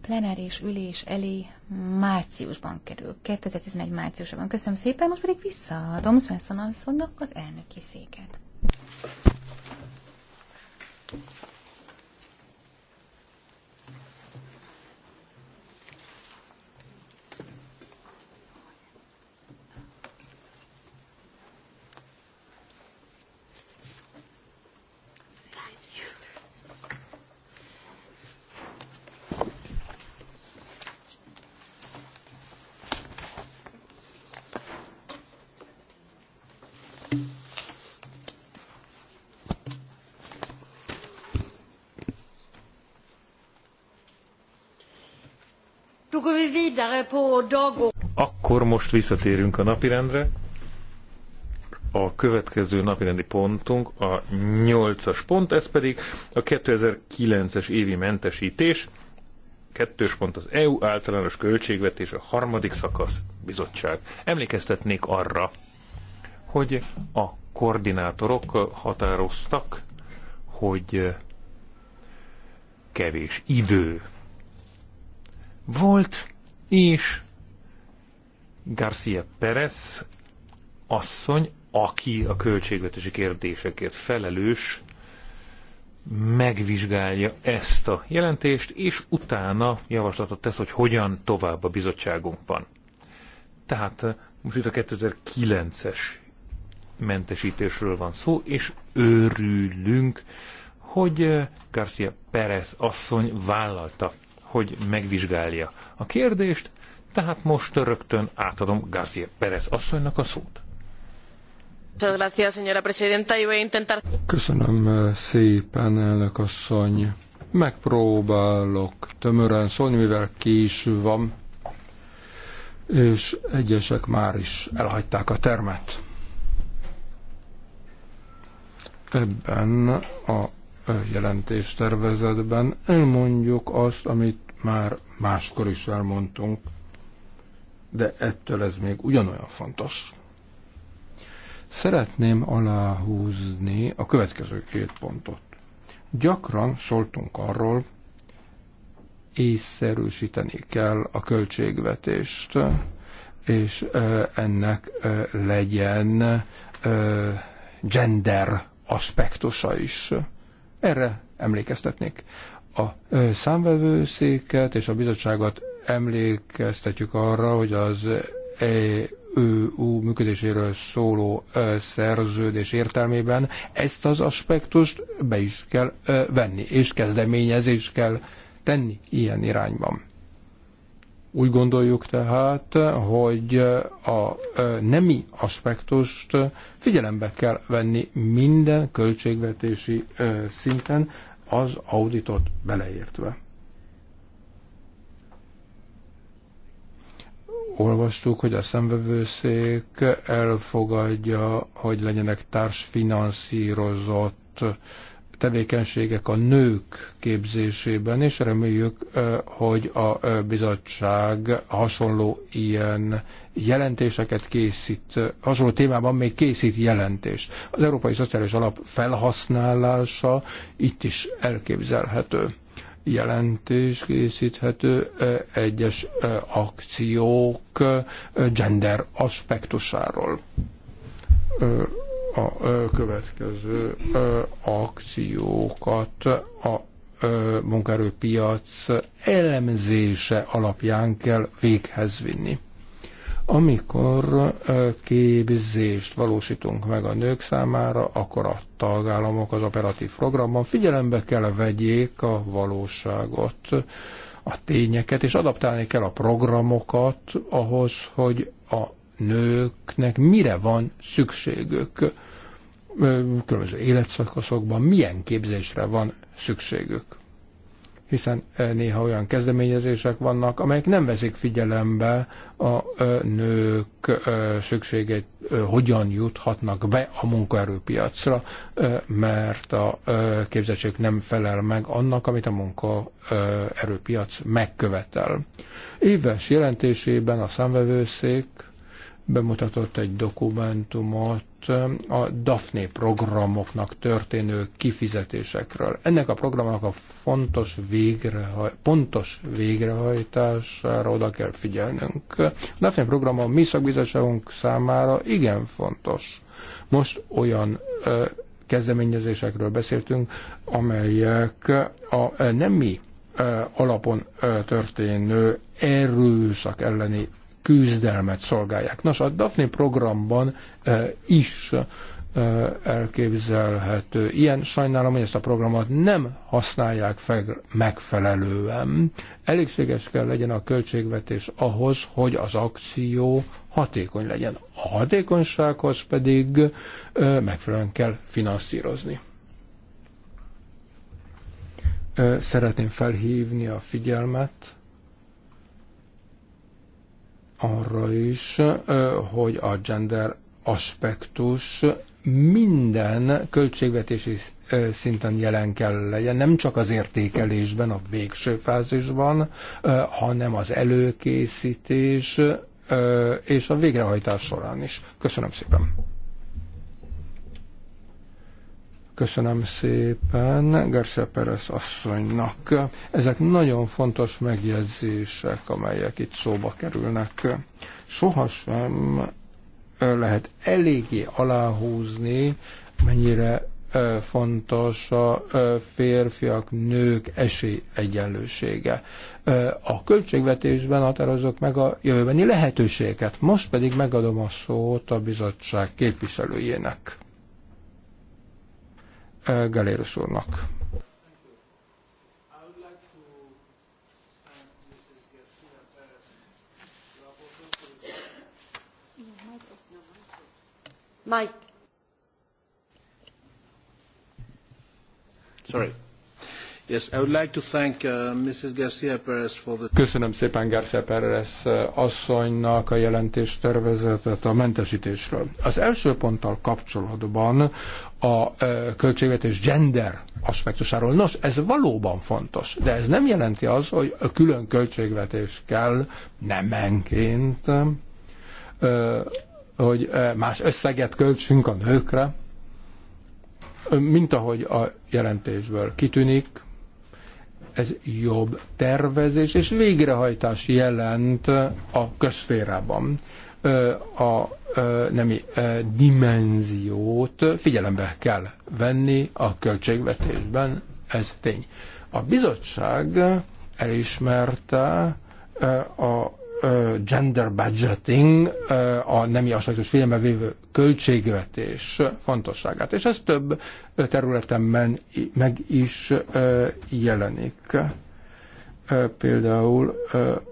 plenáris ülés elé márciusban kerül, 2011 márciusban. Köszönöm szépen, most pedig visszaadom Svensson asszonynak az elnöki széket. Akkor most visszatérünk a napirendre. A következő napirendi pontunk a 8-as pont, ez pedig a 2009-es évi mentesítés. Kettős pont az EU általános költségvetés, a harmadik szakasz bizottság. Emlékeztetnék arra, hogy a koordinátorok határoztak, hogy kevés idő volt, és Garcia Perez asszony, aki a költségvetési kérdésekért felelős, megvizsgálja ezt a jelentést, és utána javaslatot tesz, hogy hogyan tovább a bizottságunkban. Tehát eh, most itt a 2009-es mentesítésről van szó, és örülünk, hogy eh, Garcia Perez asszony vállalta hogy megvizsgálja a kérdést, tehát most rögtön átadom García Pérez asszonynak a szót. Köszönöm eh, szépen, elnök asszony. Megpróbálok tömören szólni, mivel késő van, és egyesek már is elhagyták a termet. Ebben a jelentéstervezetben elmondjuk azt, amit már máskor is elmondtunk, de ettől ez még ugyanolyan fontos. Szeretném aláhúzni a következő két pontot. Gyakran szóltunk arról, észszerűsíteni kell a költségvetést, és ennek legyen gender aspektusa is erre emlékeztetnék. A számvevőszéket és a bizottságot emlékeztetjük arra, hogy az EU működéséről szóló szerződés értelmében ezt az aspektust be is kell venni, és kezdeményezést kell tenni ilyen irányban. Úgy gondoljuk tehát, hogy a nemi aspektust figyelembe kell venni minden költségvetési szinten, az auditot beleértve. olvastuk, hogy a szemvevőszék elfogadja, hogy legyenek társfinanszírozott tevékenységek a nők képzésében, és reméljük, hogy a bizottság hasonló ilyen jelentéseket készít, hasonló témában még készít jelentést. Az Európai Szociális Alap felhasználása itt is elképzelhető jelentés készíthető egyes akciók gender aspektusáról a következő akciókat a munkaerőpiac elemzése alapján kell véghez vinni. Amikor képzést valósítunk meg a nők számára, akkor a tagállamok az operatív programban figyelembe kell vegyék a valóságot, a tényeket, és adaptálni kell a programokat ahhoz, hogy a nőknek mire van szükségük különböző életszakaszokban, milyen képzésre van szükségük. Hiszen néha olyan kezdeményezések vannak, amelyek nem veszik figyelembe a nők szükségét, hogyan juthatnak be a munkaerőpiacra, mert a képzettség nem felel meg annak, amit a munkaerőpiac megkövetel. Éves jelentésében a számvevőszék bemutatott egy dokumentumot a DAFNE programoknak történő kifizetésekről. Ennek a programnak a fontos végrehaj, pontos végrehajtására oda kell figyelnünk. A DAFNE program a mi szakbizottságunk számára igen fontos. Most olyan ö, kezdeményezésekről beszéltünk, amelyek a nem mi alapon történő erőszak elleni küzdelmet szolgálják. Nos, a Daphne programban eh, is eh, elképzelhető. Ilyen sajnálom, hogy ezt a programot nem használják fel megfelelően. Elégséges kell legyen a költségvetés ahhoz, hogy az akció hatékony legyen. A hatékonysághoz pedig eh, megfelelően kell finanszírozni. Szeretném felhívni a figyelmet arra is, hogy a gender aspektus minden költségvetési szinten jelen kell legyen, nem csak az értékelésben, a végső fázisban, hanem az előkészítés és a végrehajtás során is. Köszönöm szépen! Köszönöm szépen Gerse Perez asszonynak. Ezek nagyon fontos megjegyzések, amelyek itt szóba kerülnek. Sohasem lehet eléggé aláhúzni, mennyire fontos a férfiak, nők egyenlősége. A költségvetésben határozok meg a jövőbeni lehetőséget. Most pedig megadom a szót a bizottság képviselőjének. Galérus úrnak. Mike. Sorry. Yes, I would like to thank uh, Mrs. Garcia Perez for the... Köszönöm szépen Garcia Perez uh, asszonynak a jelentés tervezetet a mentesítésről. Az első ponttal kapcsolatban a költségvetés gender aspektusáról. Nos, ez valóban fontos, de ez nem jelenti az, hogy a külön költségvetés kell nemenként, hogy más összeget költsünk a nőkre, mint ahogy a jelentésből kitűnik, ez jobb tervezés és végrehajtás jelent a közférában a nemi dimenziót figyelembe kell venni a költségvetésben, ez tény. A bizottság elismerte a gender budgeting, a nemi aspektus figyelembe vévő költségvetés fontosságát, és ez több területen meg is jelenik például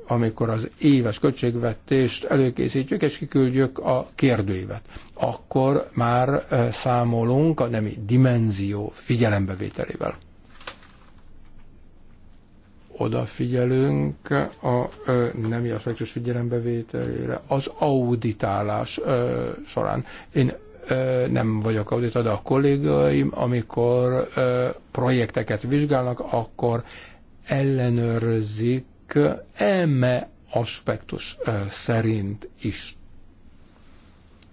amikor az éves költségvetést előkészítjük és kiküldjük a kérdőívet, akkor már számolunk a nemi dimenzió figyelembevételével. Odafigyelünk a nemi aspektus figyelembevételére az auditálás során. Én nem vagyok auditor, de a kollégaim, amikor projekteket vizsgálnak, akkor ellenőrzik eme aspektus szerint is.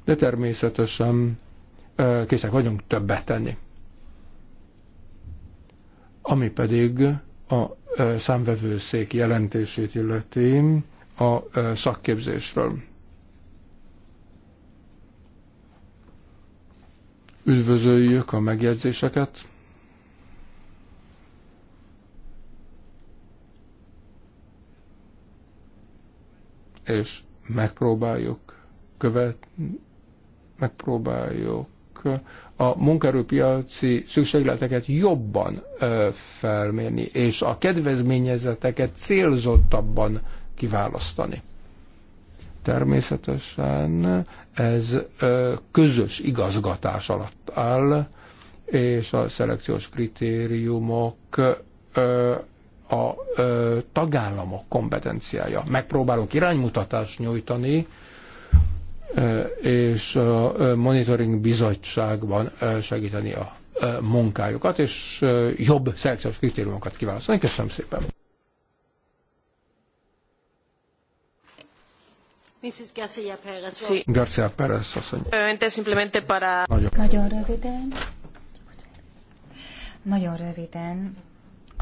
De természetesen készek vagyunk többet tenni. Ami pedig a számvevőszék jelentését illeti a szakképzésről. Üdvözöljük a megjegyzéseket! és megpróbáljuk követni, megpróbáljuk a munkerőpiaci szükségleteket jobban felmérni, és a kedvezményezeteket célzottabban kiválasztani. Természetesen ez közös igazgatás alatt áll, és a szelekciós kritériumok a ö, tagállamok kompetenciája. Megpróbálok iránymutatást nyújtani, és a monitoring bizottságban segíteni a munkájukat, és jobb szelekciós kritériumokat kiválasztani. Köszönöm szépen! Mrs. Garcia Pérez. Sí. Garcia Pérez, asszony. simplemente para... Nagyon röviden. Nagyon röviden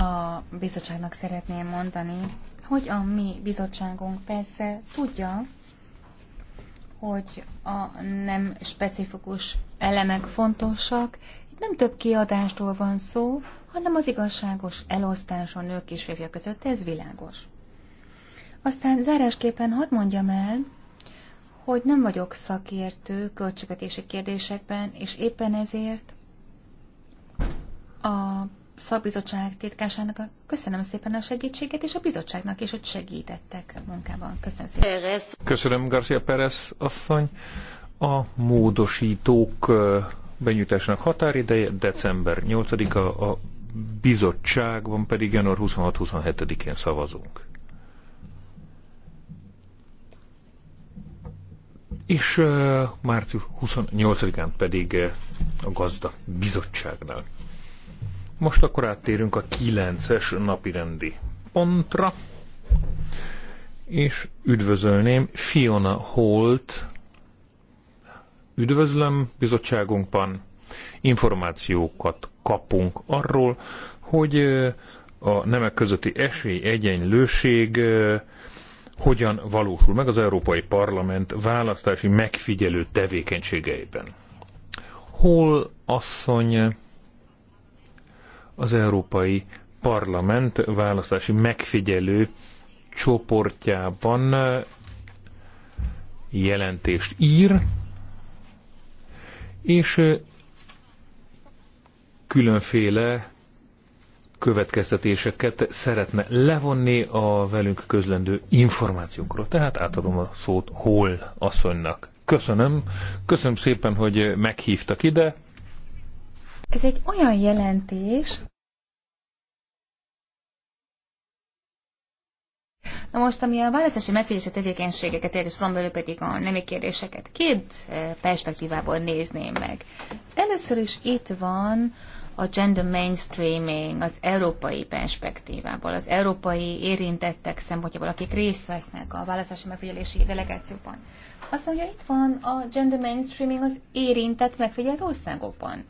a bizottságnak szeretném mondani, hogy a mi bizottságunk persze tudja, hogy a nem specifikus elemek fontosak. Itt nem több kiadástól van szó, hanem az igazságos elosztás a nők és férfiak között, ez világos. Aztán zárásképpen hadd mondjam el, hogy nem vagyok szakértő költségvetési kérdésekben, és éppen ezért a szakbizottság titkásának köszönöm szépen a segítséget, és a bizottságnak is, hogy segítettek a munkában. Köszönöm szépen. Köszönöm, Garcia Perez asszony. A módosítók benyújtásnak határideje december 8-a, a bizottságban pedig január 26-27-én szavazunk. És uh, március 28-án pedig uh, a gazda bizottságnál. Most akkor áttérünk a 9-es napirendi pontra, és üdvözölném Fiona Holt. Üdvözlöm bizottságunkban. Információkat kapunk arról, hogy a nemek közötti esélyegyenlőség hogyan valósul meg az Európai Parlament választási megfigyelő tevékenységeiben. Hol asszony az Európai Parlament választási megfigyelő csoportjában eh, jelentést ír, és eh, különféle következtetéseket szeretne levonni a velünk közlendő információkról. Tehát átadom a szót Hol asszonynak. Köszönöm. Köszönöm szépen, hogy meghívtak ide. Ez egy olyan jelentés, Na most, ami a választási megfigyelési tevékenységeket ér, és azon belül pedig a nemi kérdéseket, két e, perspektívából nézném meg. Először is itt van a gender mainstreaming az európai perspektívából, az európai érintettek szempontjából, akik részt vesznek a választási megfigyelési delegációban. Azt mondja, itt van a gender mainstreaming az érintett megfigyelt országokban.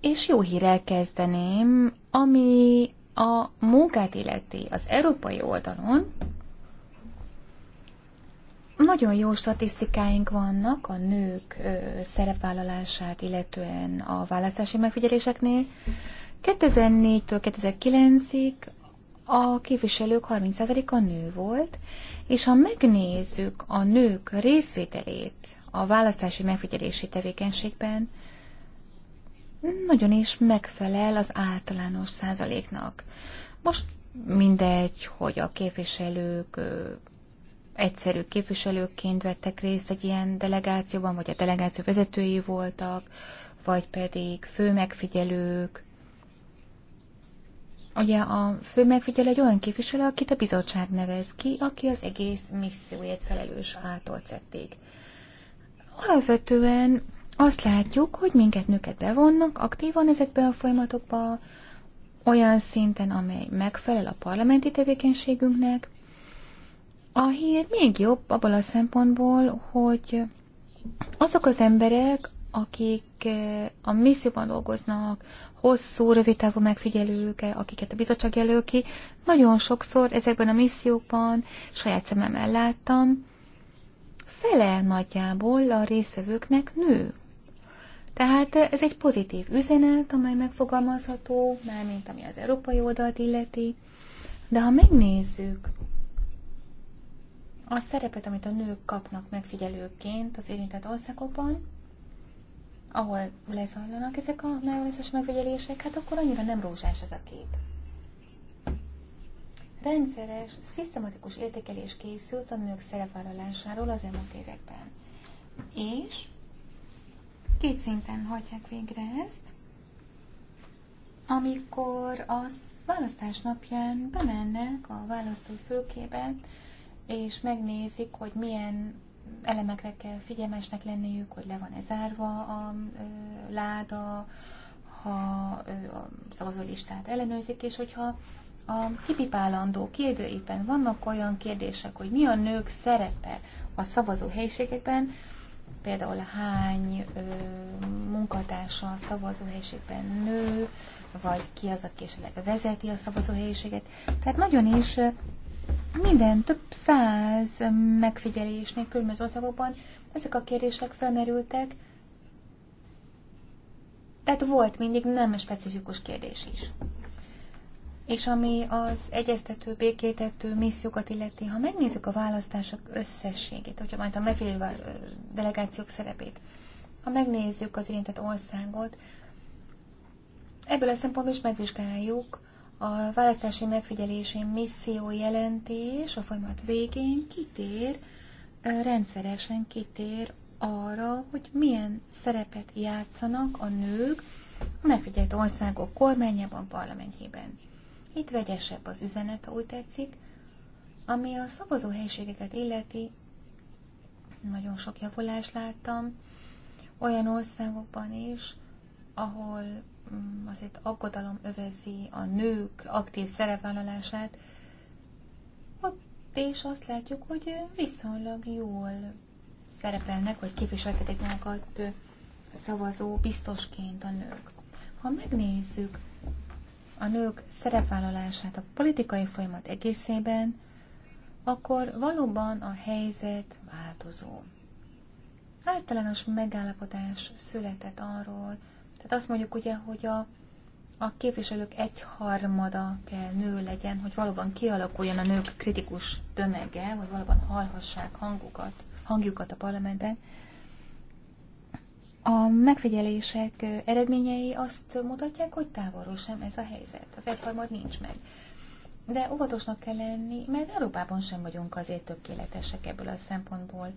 És jó hírrel kezdeném, ami a munkát illeti az európai oldalon, nagyon jó statisztikáink vannak a nők szerepvállalását, illetően a választási megfigyeléseknél. 2004-től 2009-ig a képviselők 30%-a nő volt, és ha megnézzük a nők részvételét a választási megfigyelési tevékenységben, nagyon is megfelel az általános százaléknak. Most mindegy, hogy a képviselők egyszerű képviselőként vettek részt egy ilyen delegációban, vagy a delegáció vezetői voltak, vagy pedig főmegfigyelők. Ugye a főmegfigyelő egy olyan képviselő, akit a bizottság nevez ki, aki az egész misszióért felelős által szedték. Alapvetően azt látjuk, hogy minket nőket bevonnak aktívan ezekbe a folyamatokba, olyan szinten, amely megfelel a parlamenti tevékenységünknek. A hír még jobb abban a szempontból, hogy azok az emberek, akik eh, a misszióban dolgoznak, hosszú, rövid távú megfigyelők, eh, akiket a bizottság jelöl ki, nagyon sokszor ezekben a missziókban saját szememmel láttam, fele nagyjából a részvevőknek nő. Tehát eh, ez egy pozitív üzenet, amely megfogalmazható, mármint ami az európai oldalt illeti. De ha megnézzük a szerepet, amit a nők kapnak megfigyelőként az érintett országokban, ahol lezajlanak ezek a nájoleszes megfigyelések, hát akkor annyira nem rózsás ez a kép. Rendszeres, szisztematikus értékelés készült a nők szerepvállalásáról az elmúlt években. És Két szinten hagyják végre ezt. Amikor az választás napján bemennek a választói főkébe, és megnézik, hogy milyen elemekre kell figyelmesnek lenniük, hogy le van-e zárva a ö, láda, ha ö, a szavazólistát ellenőrzik, és hogyha a kipipálandó kérdőiben vannak olyan kérdések, hogy mi a nők szerepe a szavazó helyiségekben, például hány ö, munkatársa a szavazóhelyiségben nő, vagy ki az, aki esetleg vezeti a szavazóhelyiséget. Tehát nagyon is minden több száz megfigyelésnél különböző országokban ezek a kérdések felmerültek, tehát volt mindig nem specifikus kérdés is. És ami az egyeztető, békétető missziókat illeti, ha megnézzük a választások összességét, hogyha majd a megfélve delegációk szerepét, ha megnézzük az érintett országot, ebből a szempontból is megvizsgáljuk a választási megfigyelési misszió jelentés a folyamat végén kitér, rendszeresen kitér arra, hogy milyen szerepet játszanak a nők a megfigyelt országok kormányában, parlamentjében. Itt vegyesebb az üzenet, ha úgy tetszik. Ami a szavazó helységeket illeti, nagyon sok javulást láttam, olyan országokban is, ahol mm, azért aggodalom övezi a nők aktív szerepvállalását, ott is azt látjuk, hogy viszonylag jól szerepelnek, vagy képviseltetik magukat szavazó biztosként a nők. Ha megnézzük a nők szerepvállalását a politikai folyamat egészében, akkor valóban a helyzet változó. Általános megállapodás született arról, tehát azt mondjuk ugye, hogy a, a képviselők egyharmada kell nő legyen, hogy valóban kialakuljon a nők kritikus tömege, hogy valóban hallhassák hangukat, hangjukat a parlamentben. A megfigyelések eredményei azt mutatják, hogy távolról sem ez a helyzet. Az egyharmad nincs meg. De óvatosnak kell lenni, mert Európában sem vagyunk azért tökéletesek ebből a szempontból.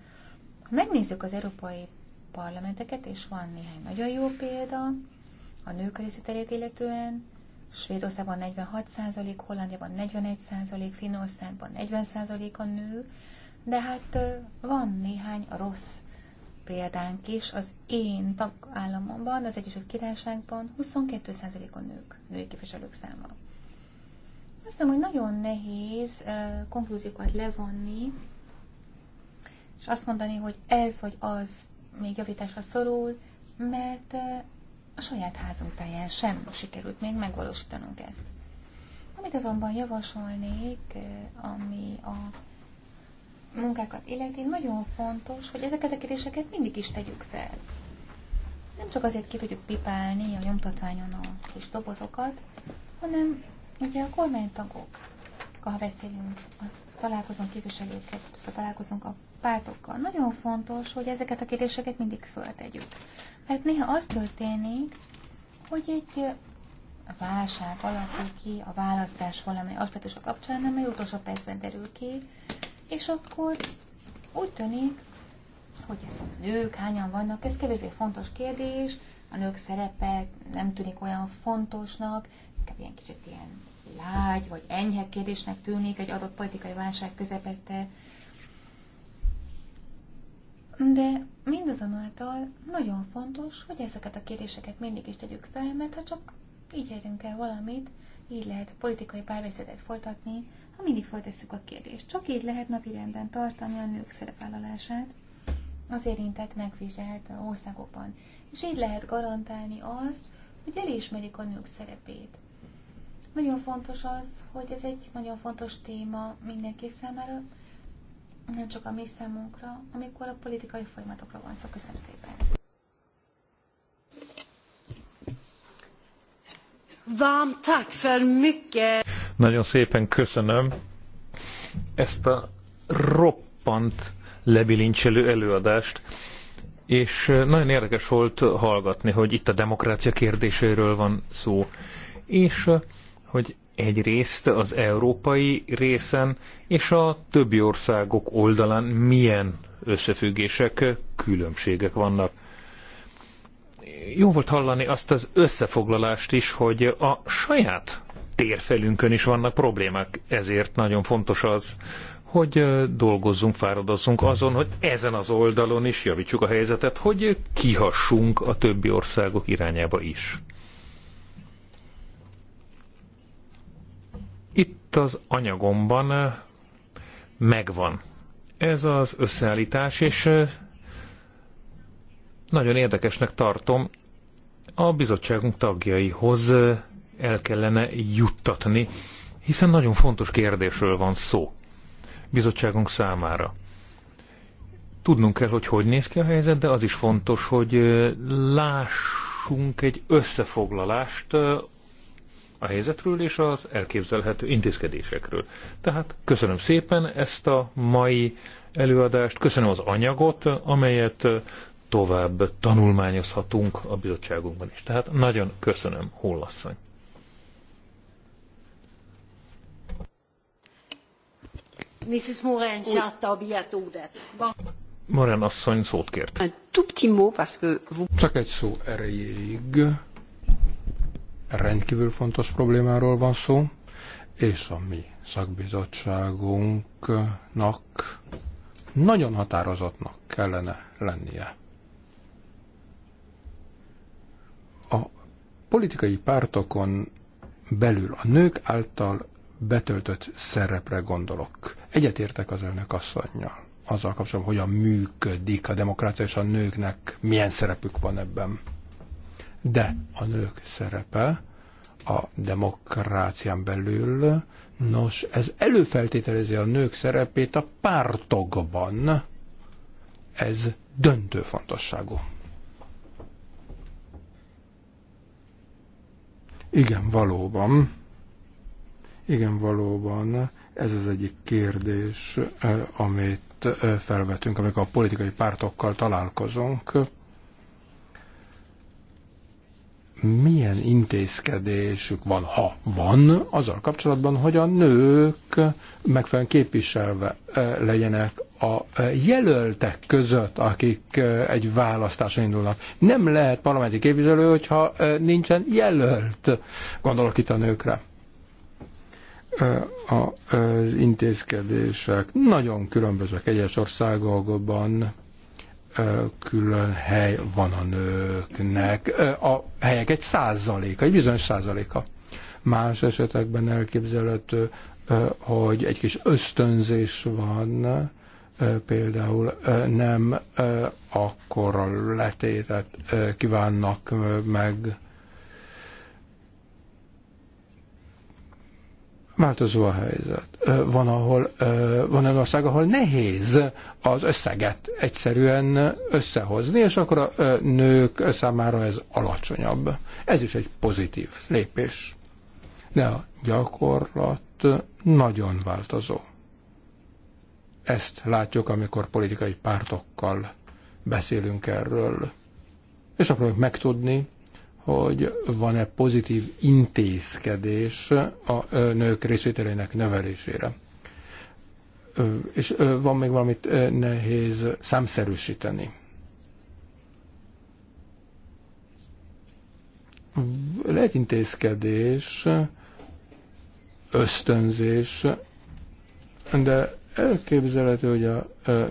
Ha megnézzük az európai parlamenteket, és van néhány nagyon jó példa, a nők részvételét illetően, Svédországban 46%, Hollandiában 41%, Finnországban 40% a nő, de hát van néhány rossz példánk is, az én tagállamomban, az Egyesült Királyságban 22%-on nők, női képviselők száma. Azt hiszem, hogy nagyon nehéz konklúziókat levonni, és azt mondani, hogy ez vagy az még javításra szorul, mert a saját házunk táján sem sikerült még megvalósítanunk ezt. Amit azonban javasolnék, ami a munkákat illeti, nagyon fontos, hogy ezeket a kérdéseket mindig is tegyük fel. Nem csak azért ki tudjuk pipálni a nyomtatványon a kis dobozokat, hanem ugye a kormánytagok, ha beszélünk, találkozunk képviselőket, szóval találkozunk a pártokkal, nagyon fontos, hogy ezeket a kérdéseket mindig föltegyük. Mert néha az történik, hogy egy válság alakul ki a választás valami aspektusa kapcsán, amely utolsó percben derül ki, és akkor úgy tűnik, hogy ez a nők hányan vannak, ez kevésbé fontos kérdés, a nők szerepe nem tűnik olyan fontosnak, inkább ilyen kicsit ilyen lágy vagy enyhe kérdésnek tűnik egy adott politikai válság közepette. De mindazonáltal nagyon fontos, hogy ezeket a kérdéseket mindig is tegyük fel, mert ha csak így érünk el valamit, így lehet politikai párbeszédet folytatni ha mindig feltesszük a kérdést. Csak így lehet napirenden tartani a nők szerepvállalását az érintett megvizsgált országokban. És így lehet garantálni azt, hogy elismerik a nők szerepét. Nagyon fontos az, hogy ez egy nagyon fontos téma mindenki számára, nem csak a mi számunkra, amikor a politikai folyamatokra van szó. köszönöm szépen! Vám, tak, för mycket! Nagyon szépen köszönöm ezt a roppant lebilincselő előadást, és nagyon érdekes volt hallgatni, hogy itt a demokrácia kérdéséről van szó, és hogy egyrészt az európai részen és a többi országok oldalán milyen összefüggések, különbségek vannak. Jó volt hallani azt az összefoglalást is, hogy a saját térfelünkön is vannak problémák, ezért nagyon fontos az, hogy dolgozzunk, fáradozzunk azon, hogy ezen az oldalon is javítsuk a helyzetet, hogy kihassunk a többi országok irányába is. Itt az anyagomban megvan ez az összeállítás, és nagyon érdekesnek tartom a bizottságunk tagjaihoz el kellene juttatni, hiszen nagyon fontos kérdésről van szó bizottságunk számára. Tudnunk kell, hogy hogy néz ki a helyzet, de az is fontos, hogy lássunk egy összefoglalást a helyzetről és az elképzelhető intézkedésekről. Tehát köszönöm szépen ezt a mai előadást, köszönöm az anyagot, amelyet tovább tanulmányozhatunk a bizottságunkban is. Tehát nagyon köszönöm, Hollasszony. Mrs. Morin Sátta bírt ordet. Morin asszony szót kért. Csak egy szó erejéig. Rendkívül fontos problémáról van szó, és a mi szakbizottságunknak nagyon határozottnak kellene lennie. A politikai pártokon belül a nők által betöltött szerepre gondolok. Egyetértek az önök asszonyja azzal kapcsolatban, hogyan működik a demokrácia, és a nőknek milyen szerepük van ebben. De a nők szerepe a demokrácián belül, nos, ez előfeltételezi a nők szerepét a pártokban. Ez döntő fontosságú. Igen, valóban igen, valóban ez az egyik kérdés, eh, amit eh, felvetünk, amikor a politikai pártokkal találkozunk. Milyen intézkedésük van, ha van, azzal kapcsolatban, hogy a nők megfelelően képviselve eh, legyenek a jelöltek között, akik egy választáson indulnak. Nem lehet parlamenti képviselő, hogyha nincsen jelölt, gondolok itt a nőkre az intézkedések nagyon különbözőek egyes országokban külön hely van a nőknek. A helyek egy százaléka, egy bizonyos százaléka. Más esetekben elképzelhető, hogy egy kis ösztönzés van, például nem a letétet kívánnak meg Változó a helyzet. Van, ahol, van olyan ország, ahol nehéz az összeget egyszerűen összehozni, és akkor a nők számára ez alacsonyabb. Ez is egy pozitív lépés. De a gyakorlat nagyon változó. Ezt látjuk, amikor politikai pártokkal beszélünk erről, és akkor megtudni, hogy van-e pozitív intézkedés a nők részvételének növelésére. És van még valamit nehéz számszerűsíteni. Lehet intézkedés, ösztönzés, de elképzelhető, hogy a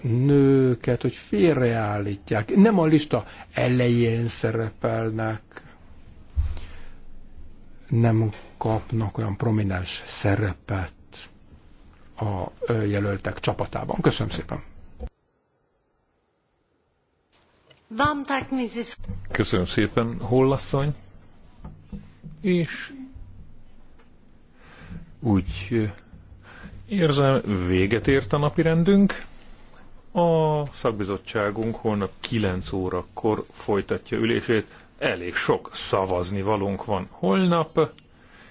nőket, hogy félreállítják. Nem a lista elején szerepelnek, nem kapnak olyan prominens szerepet a jelöltek csapatában. Köszönöm szépen! Köszönöm szépen, Hollasszony. És úgy érzem, véget ért a napirendünk. A szakbizottságunk holnap 9 órakor folytatja ülését elég sok szavazni valunk van holnap,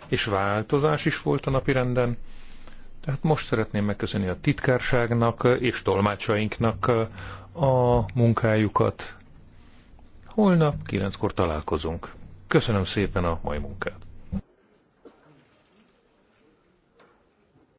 és változás is volt a renden. Tehát most szeretném megköszönni a titkárságnak és tolmácsainknak a munkájukat. Holnap kilenckor találkozunk. Köszönöm szépen a mai munkát.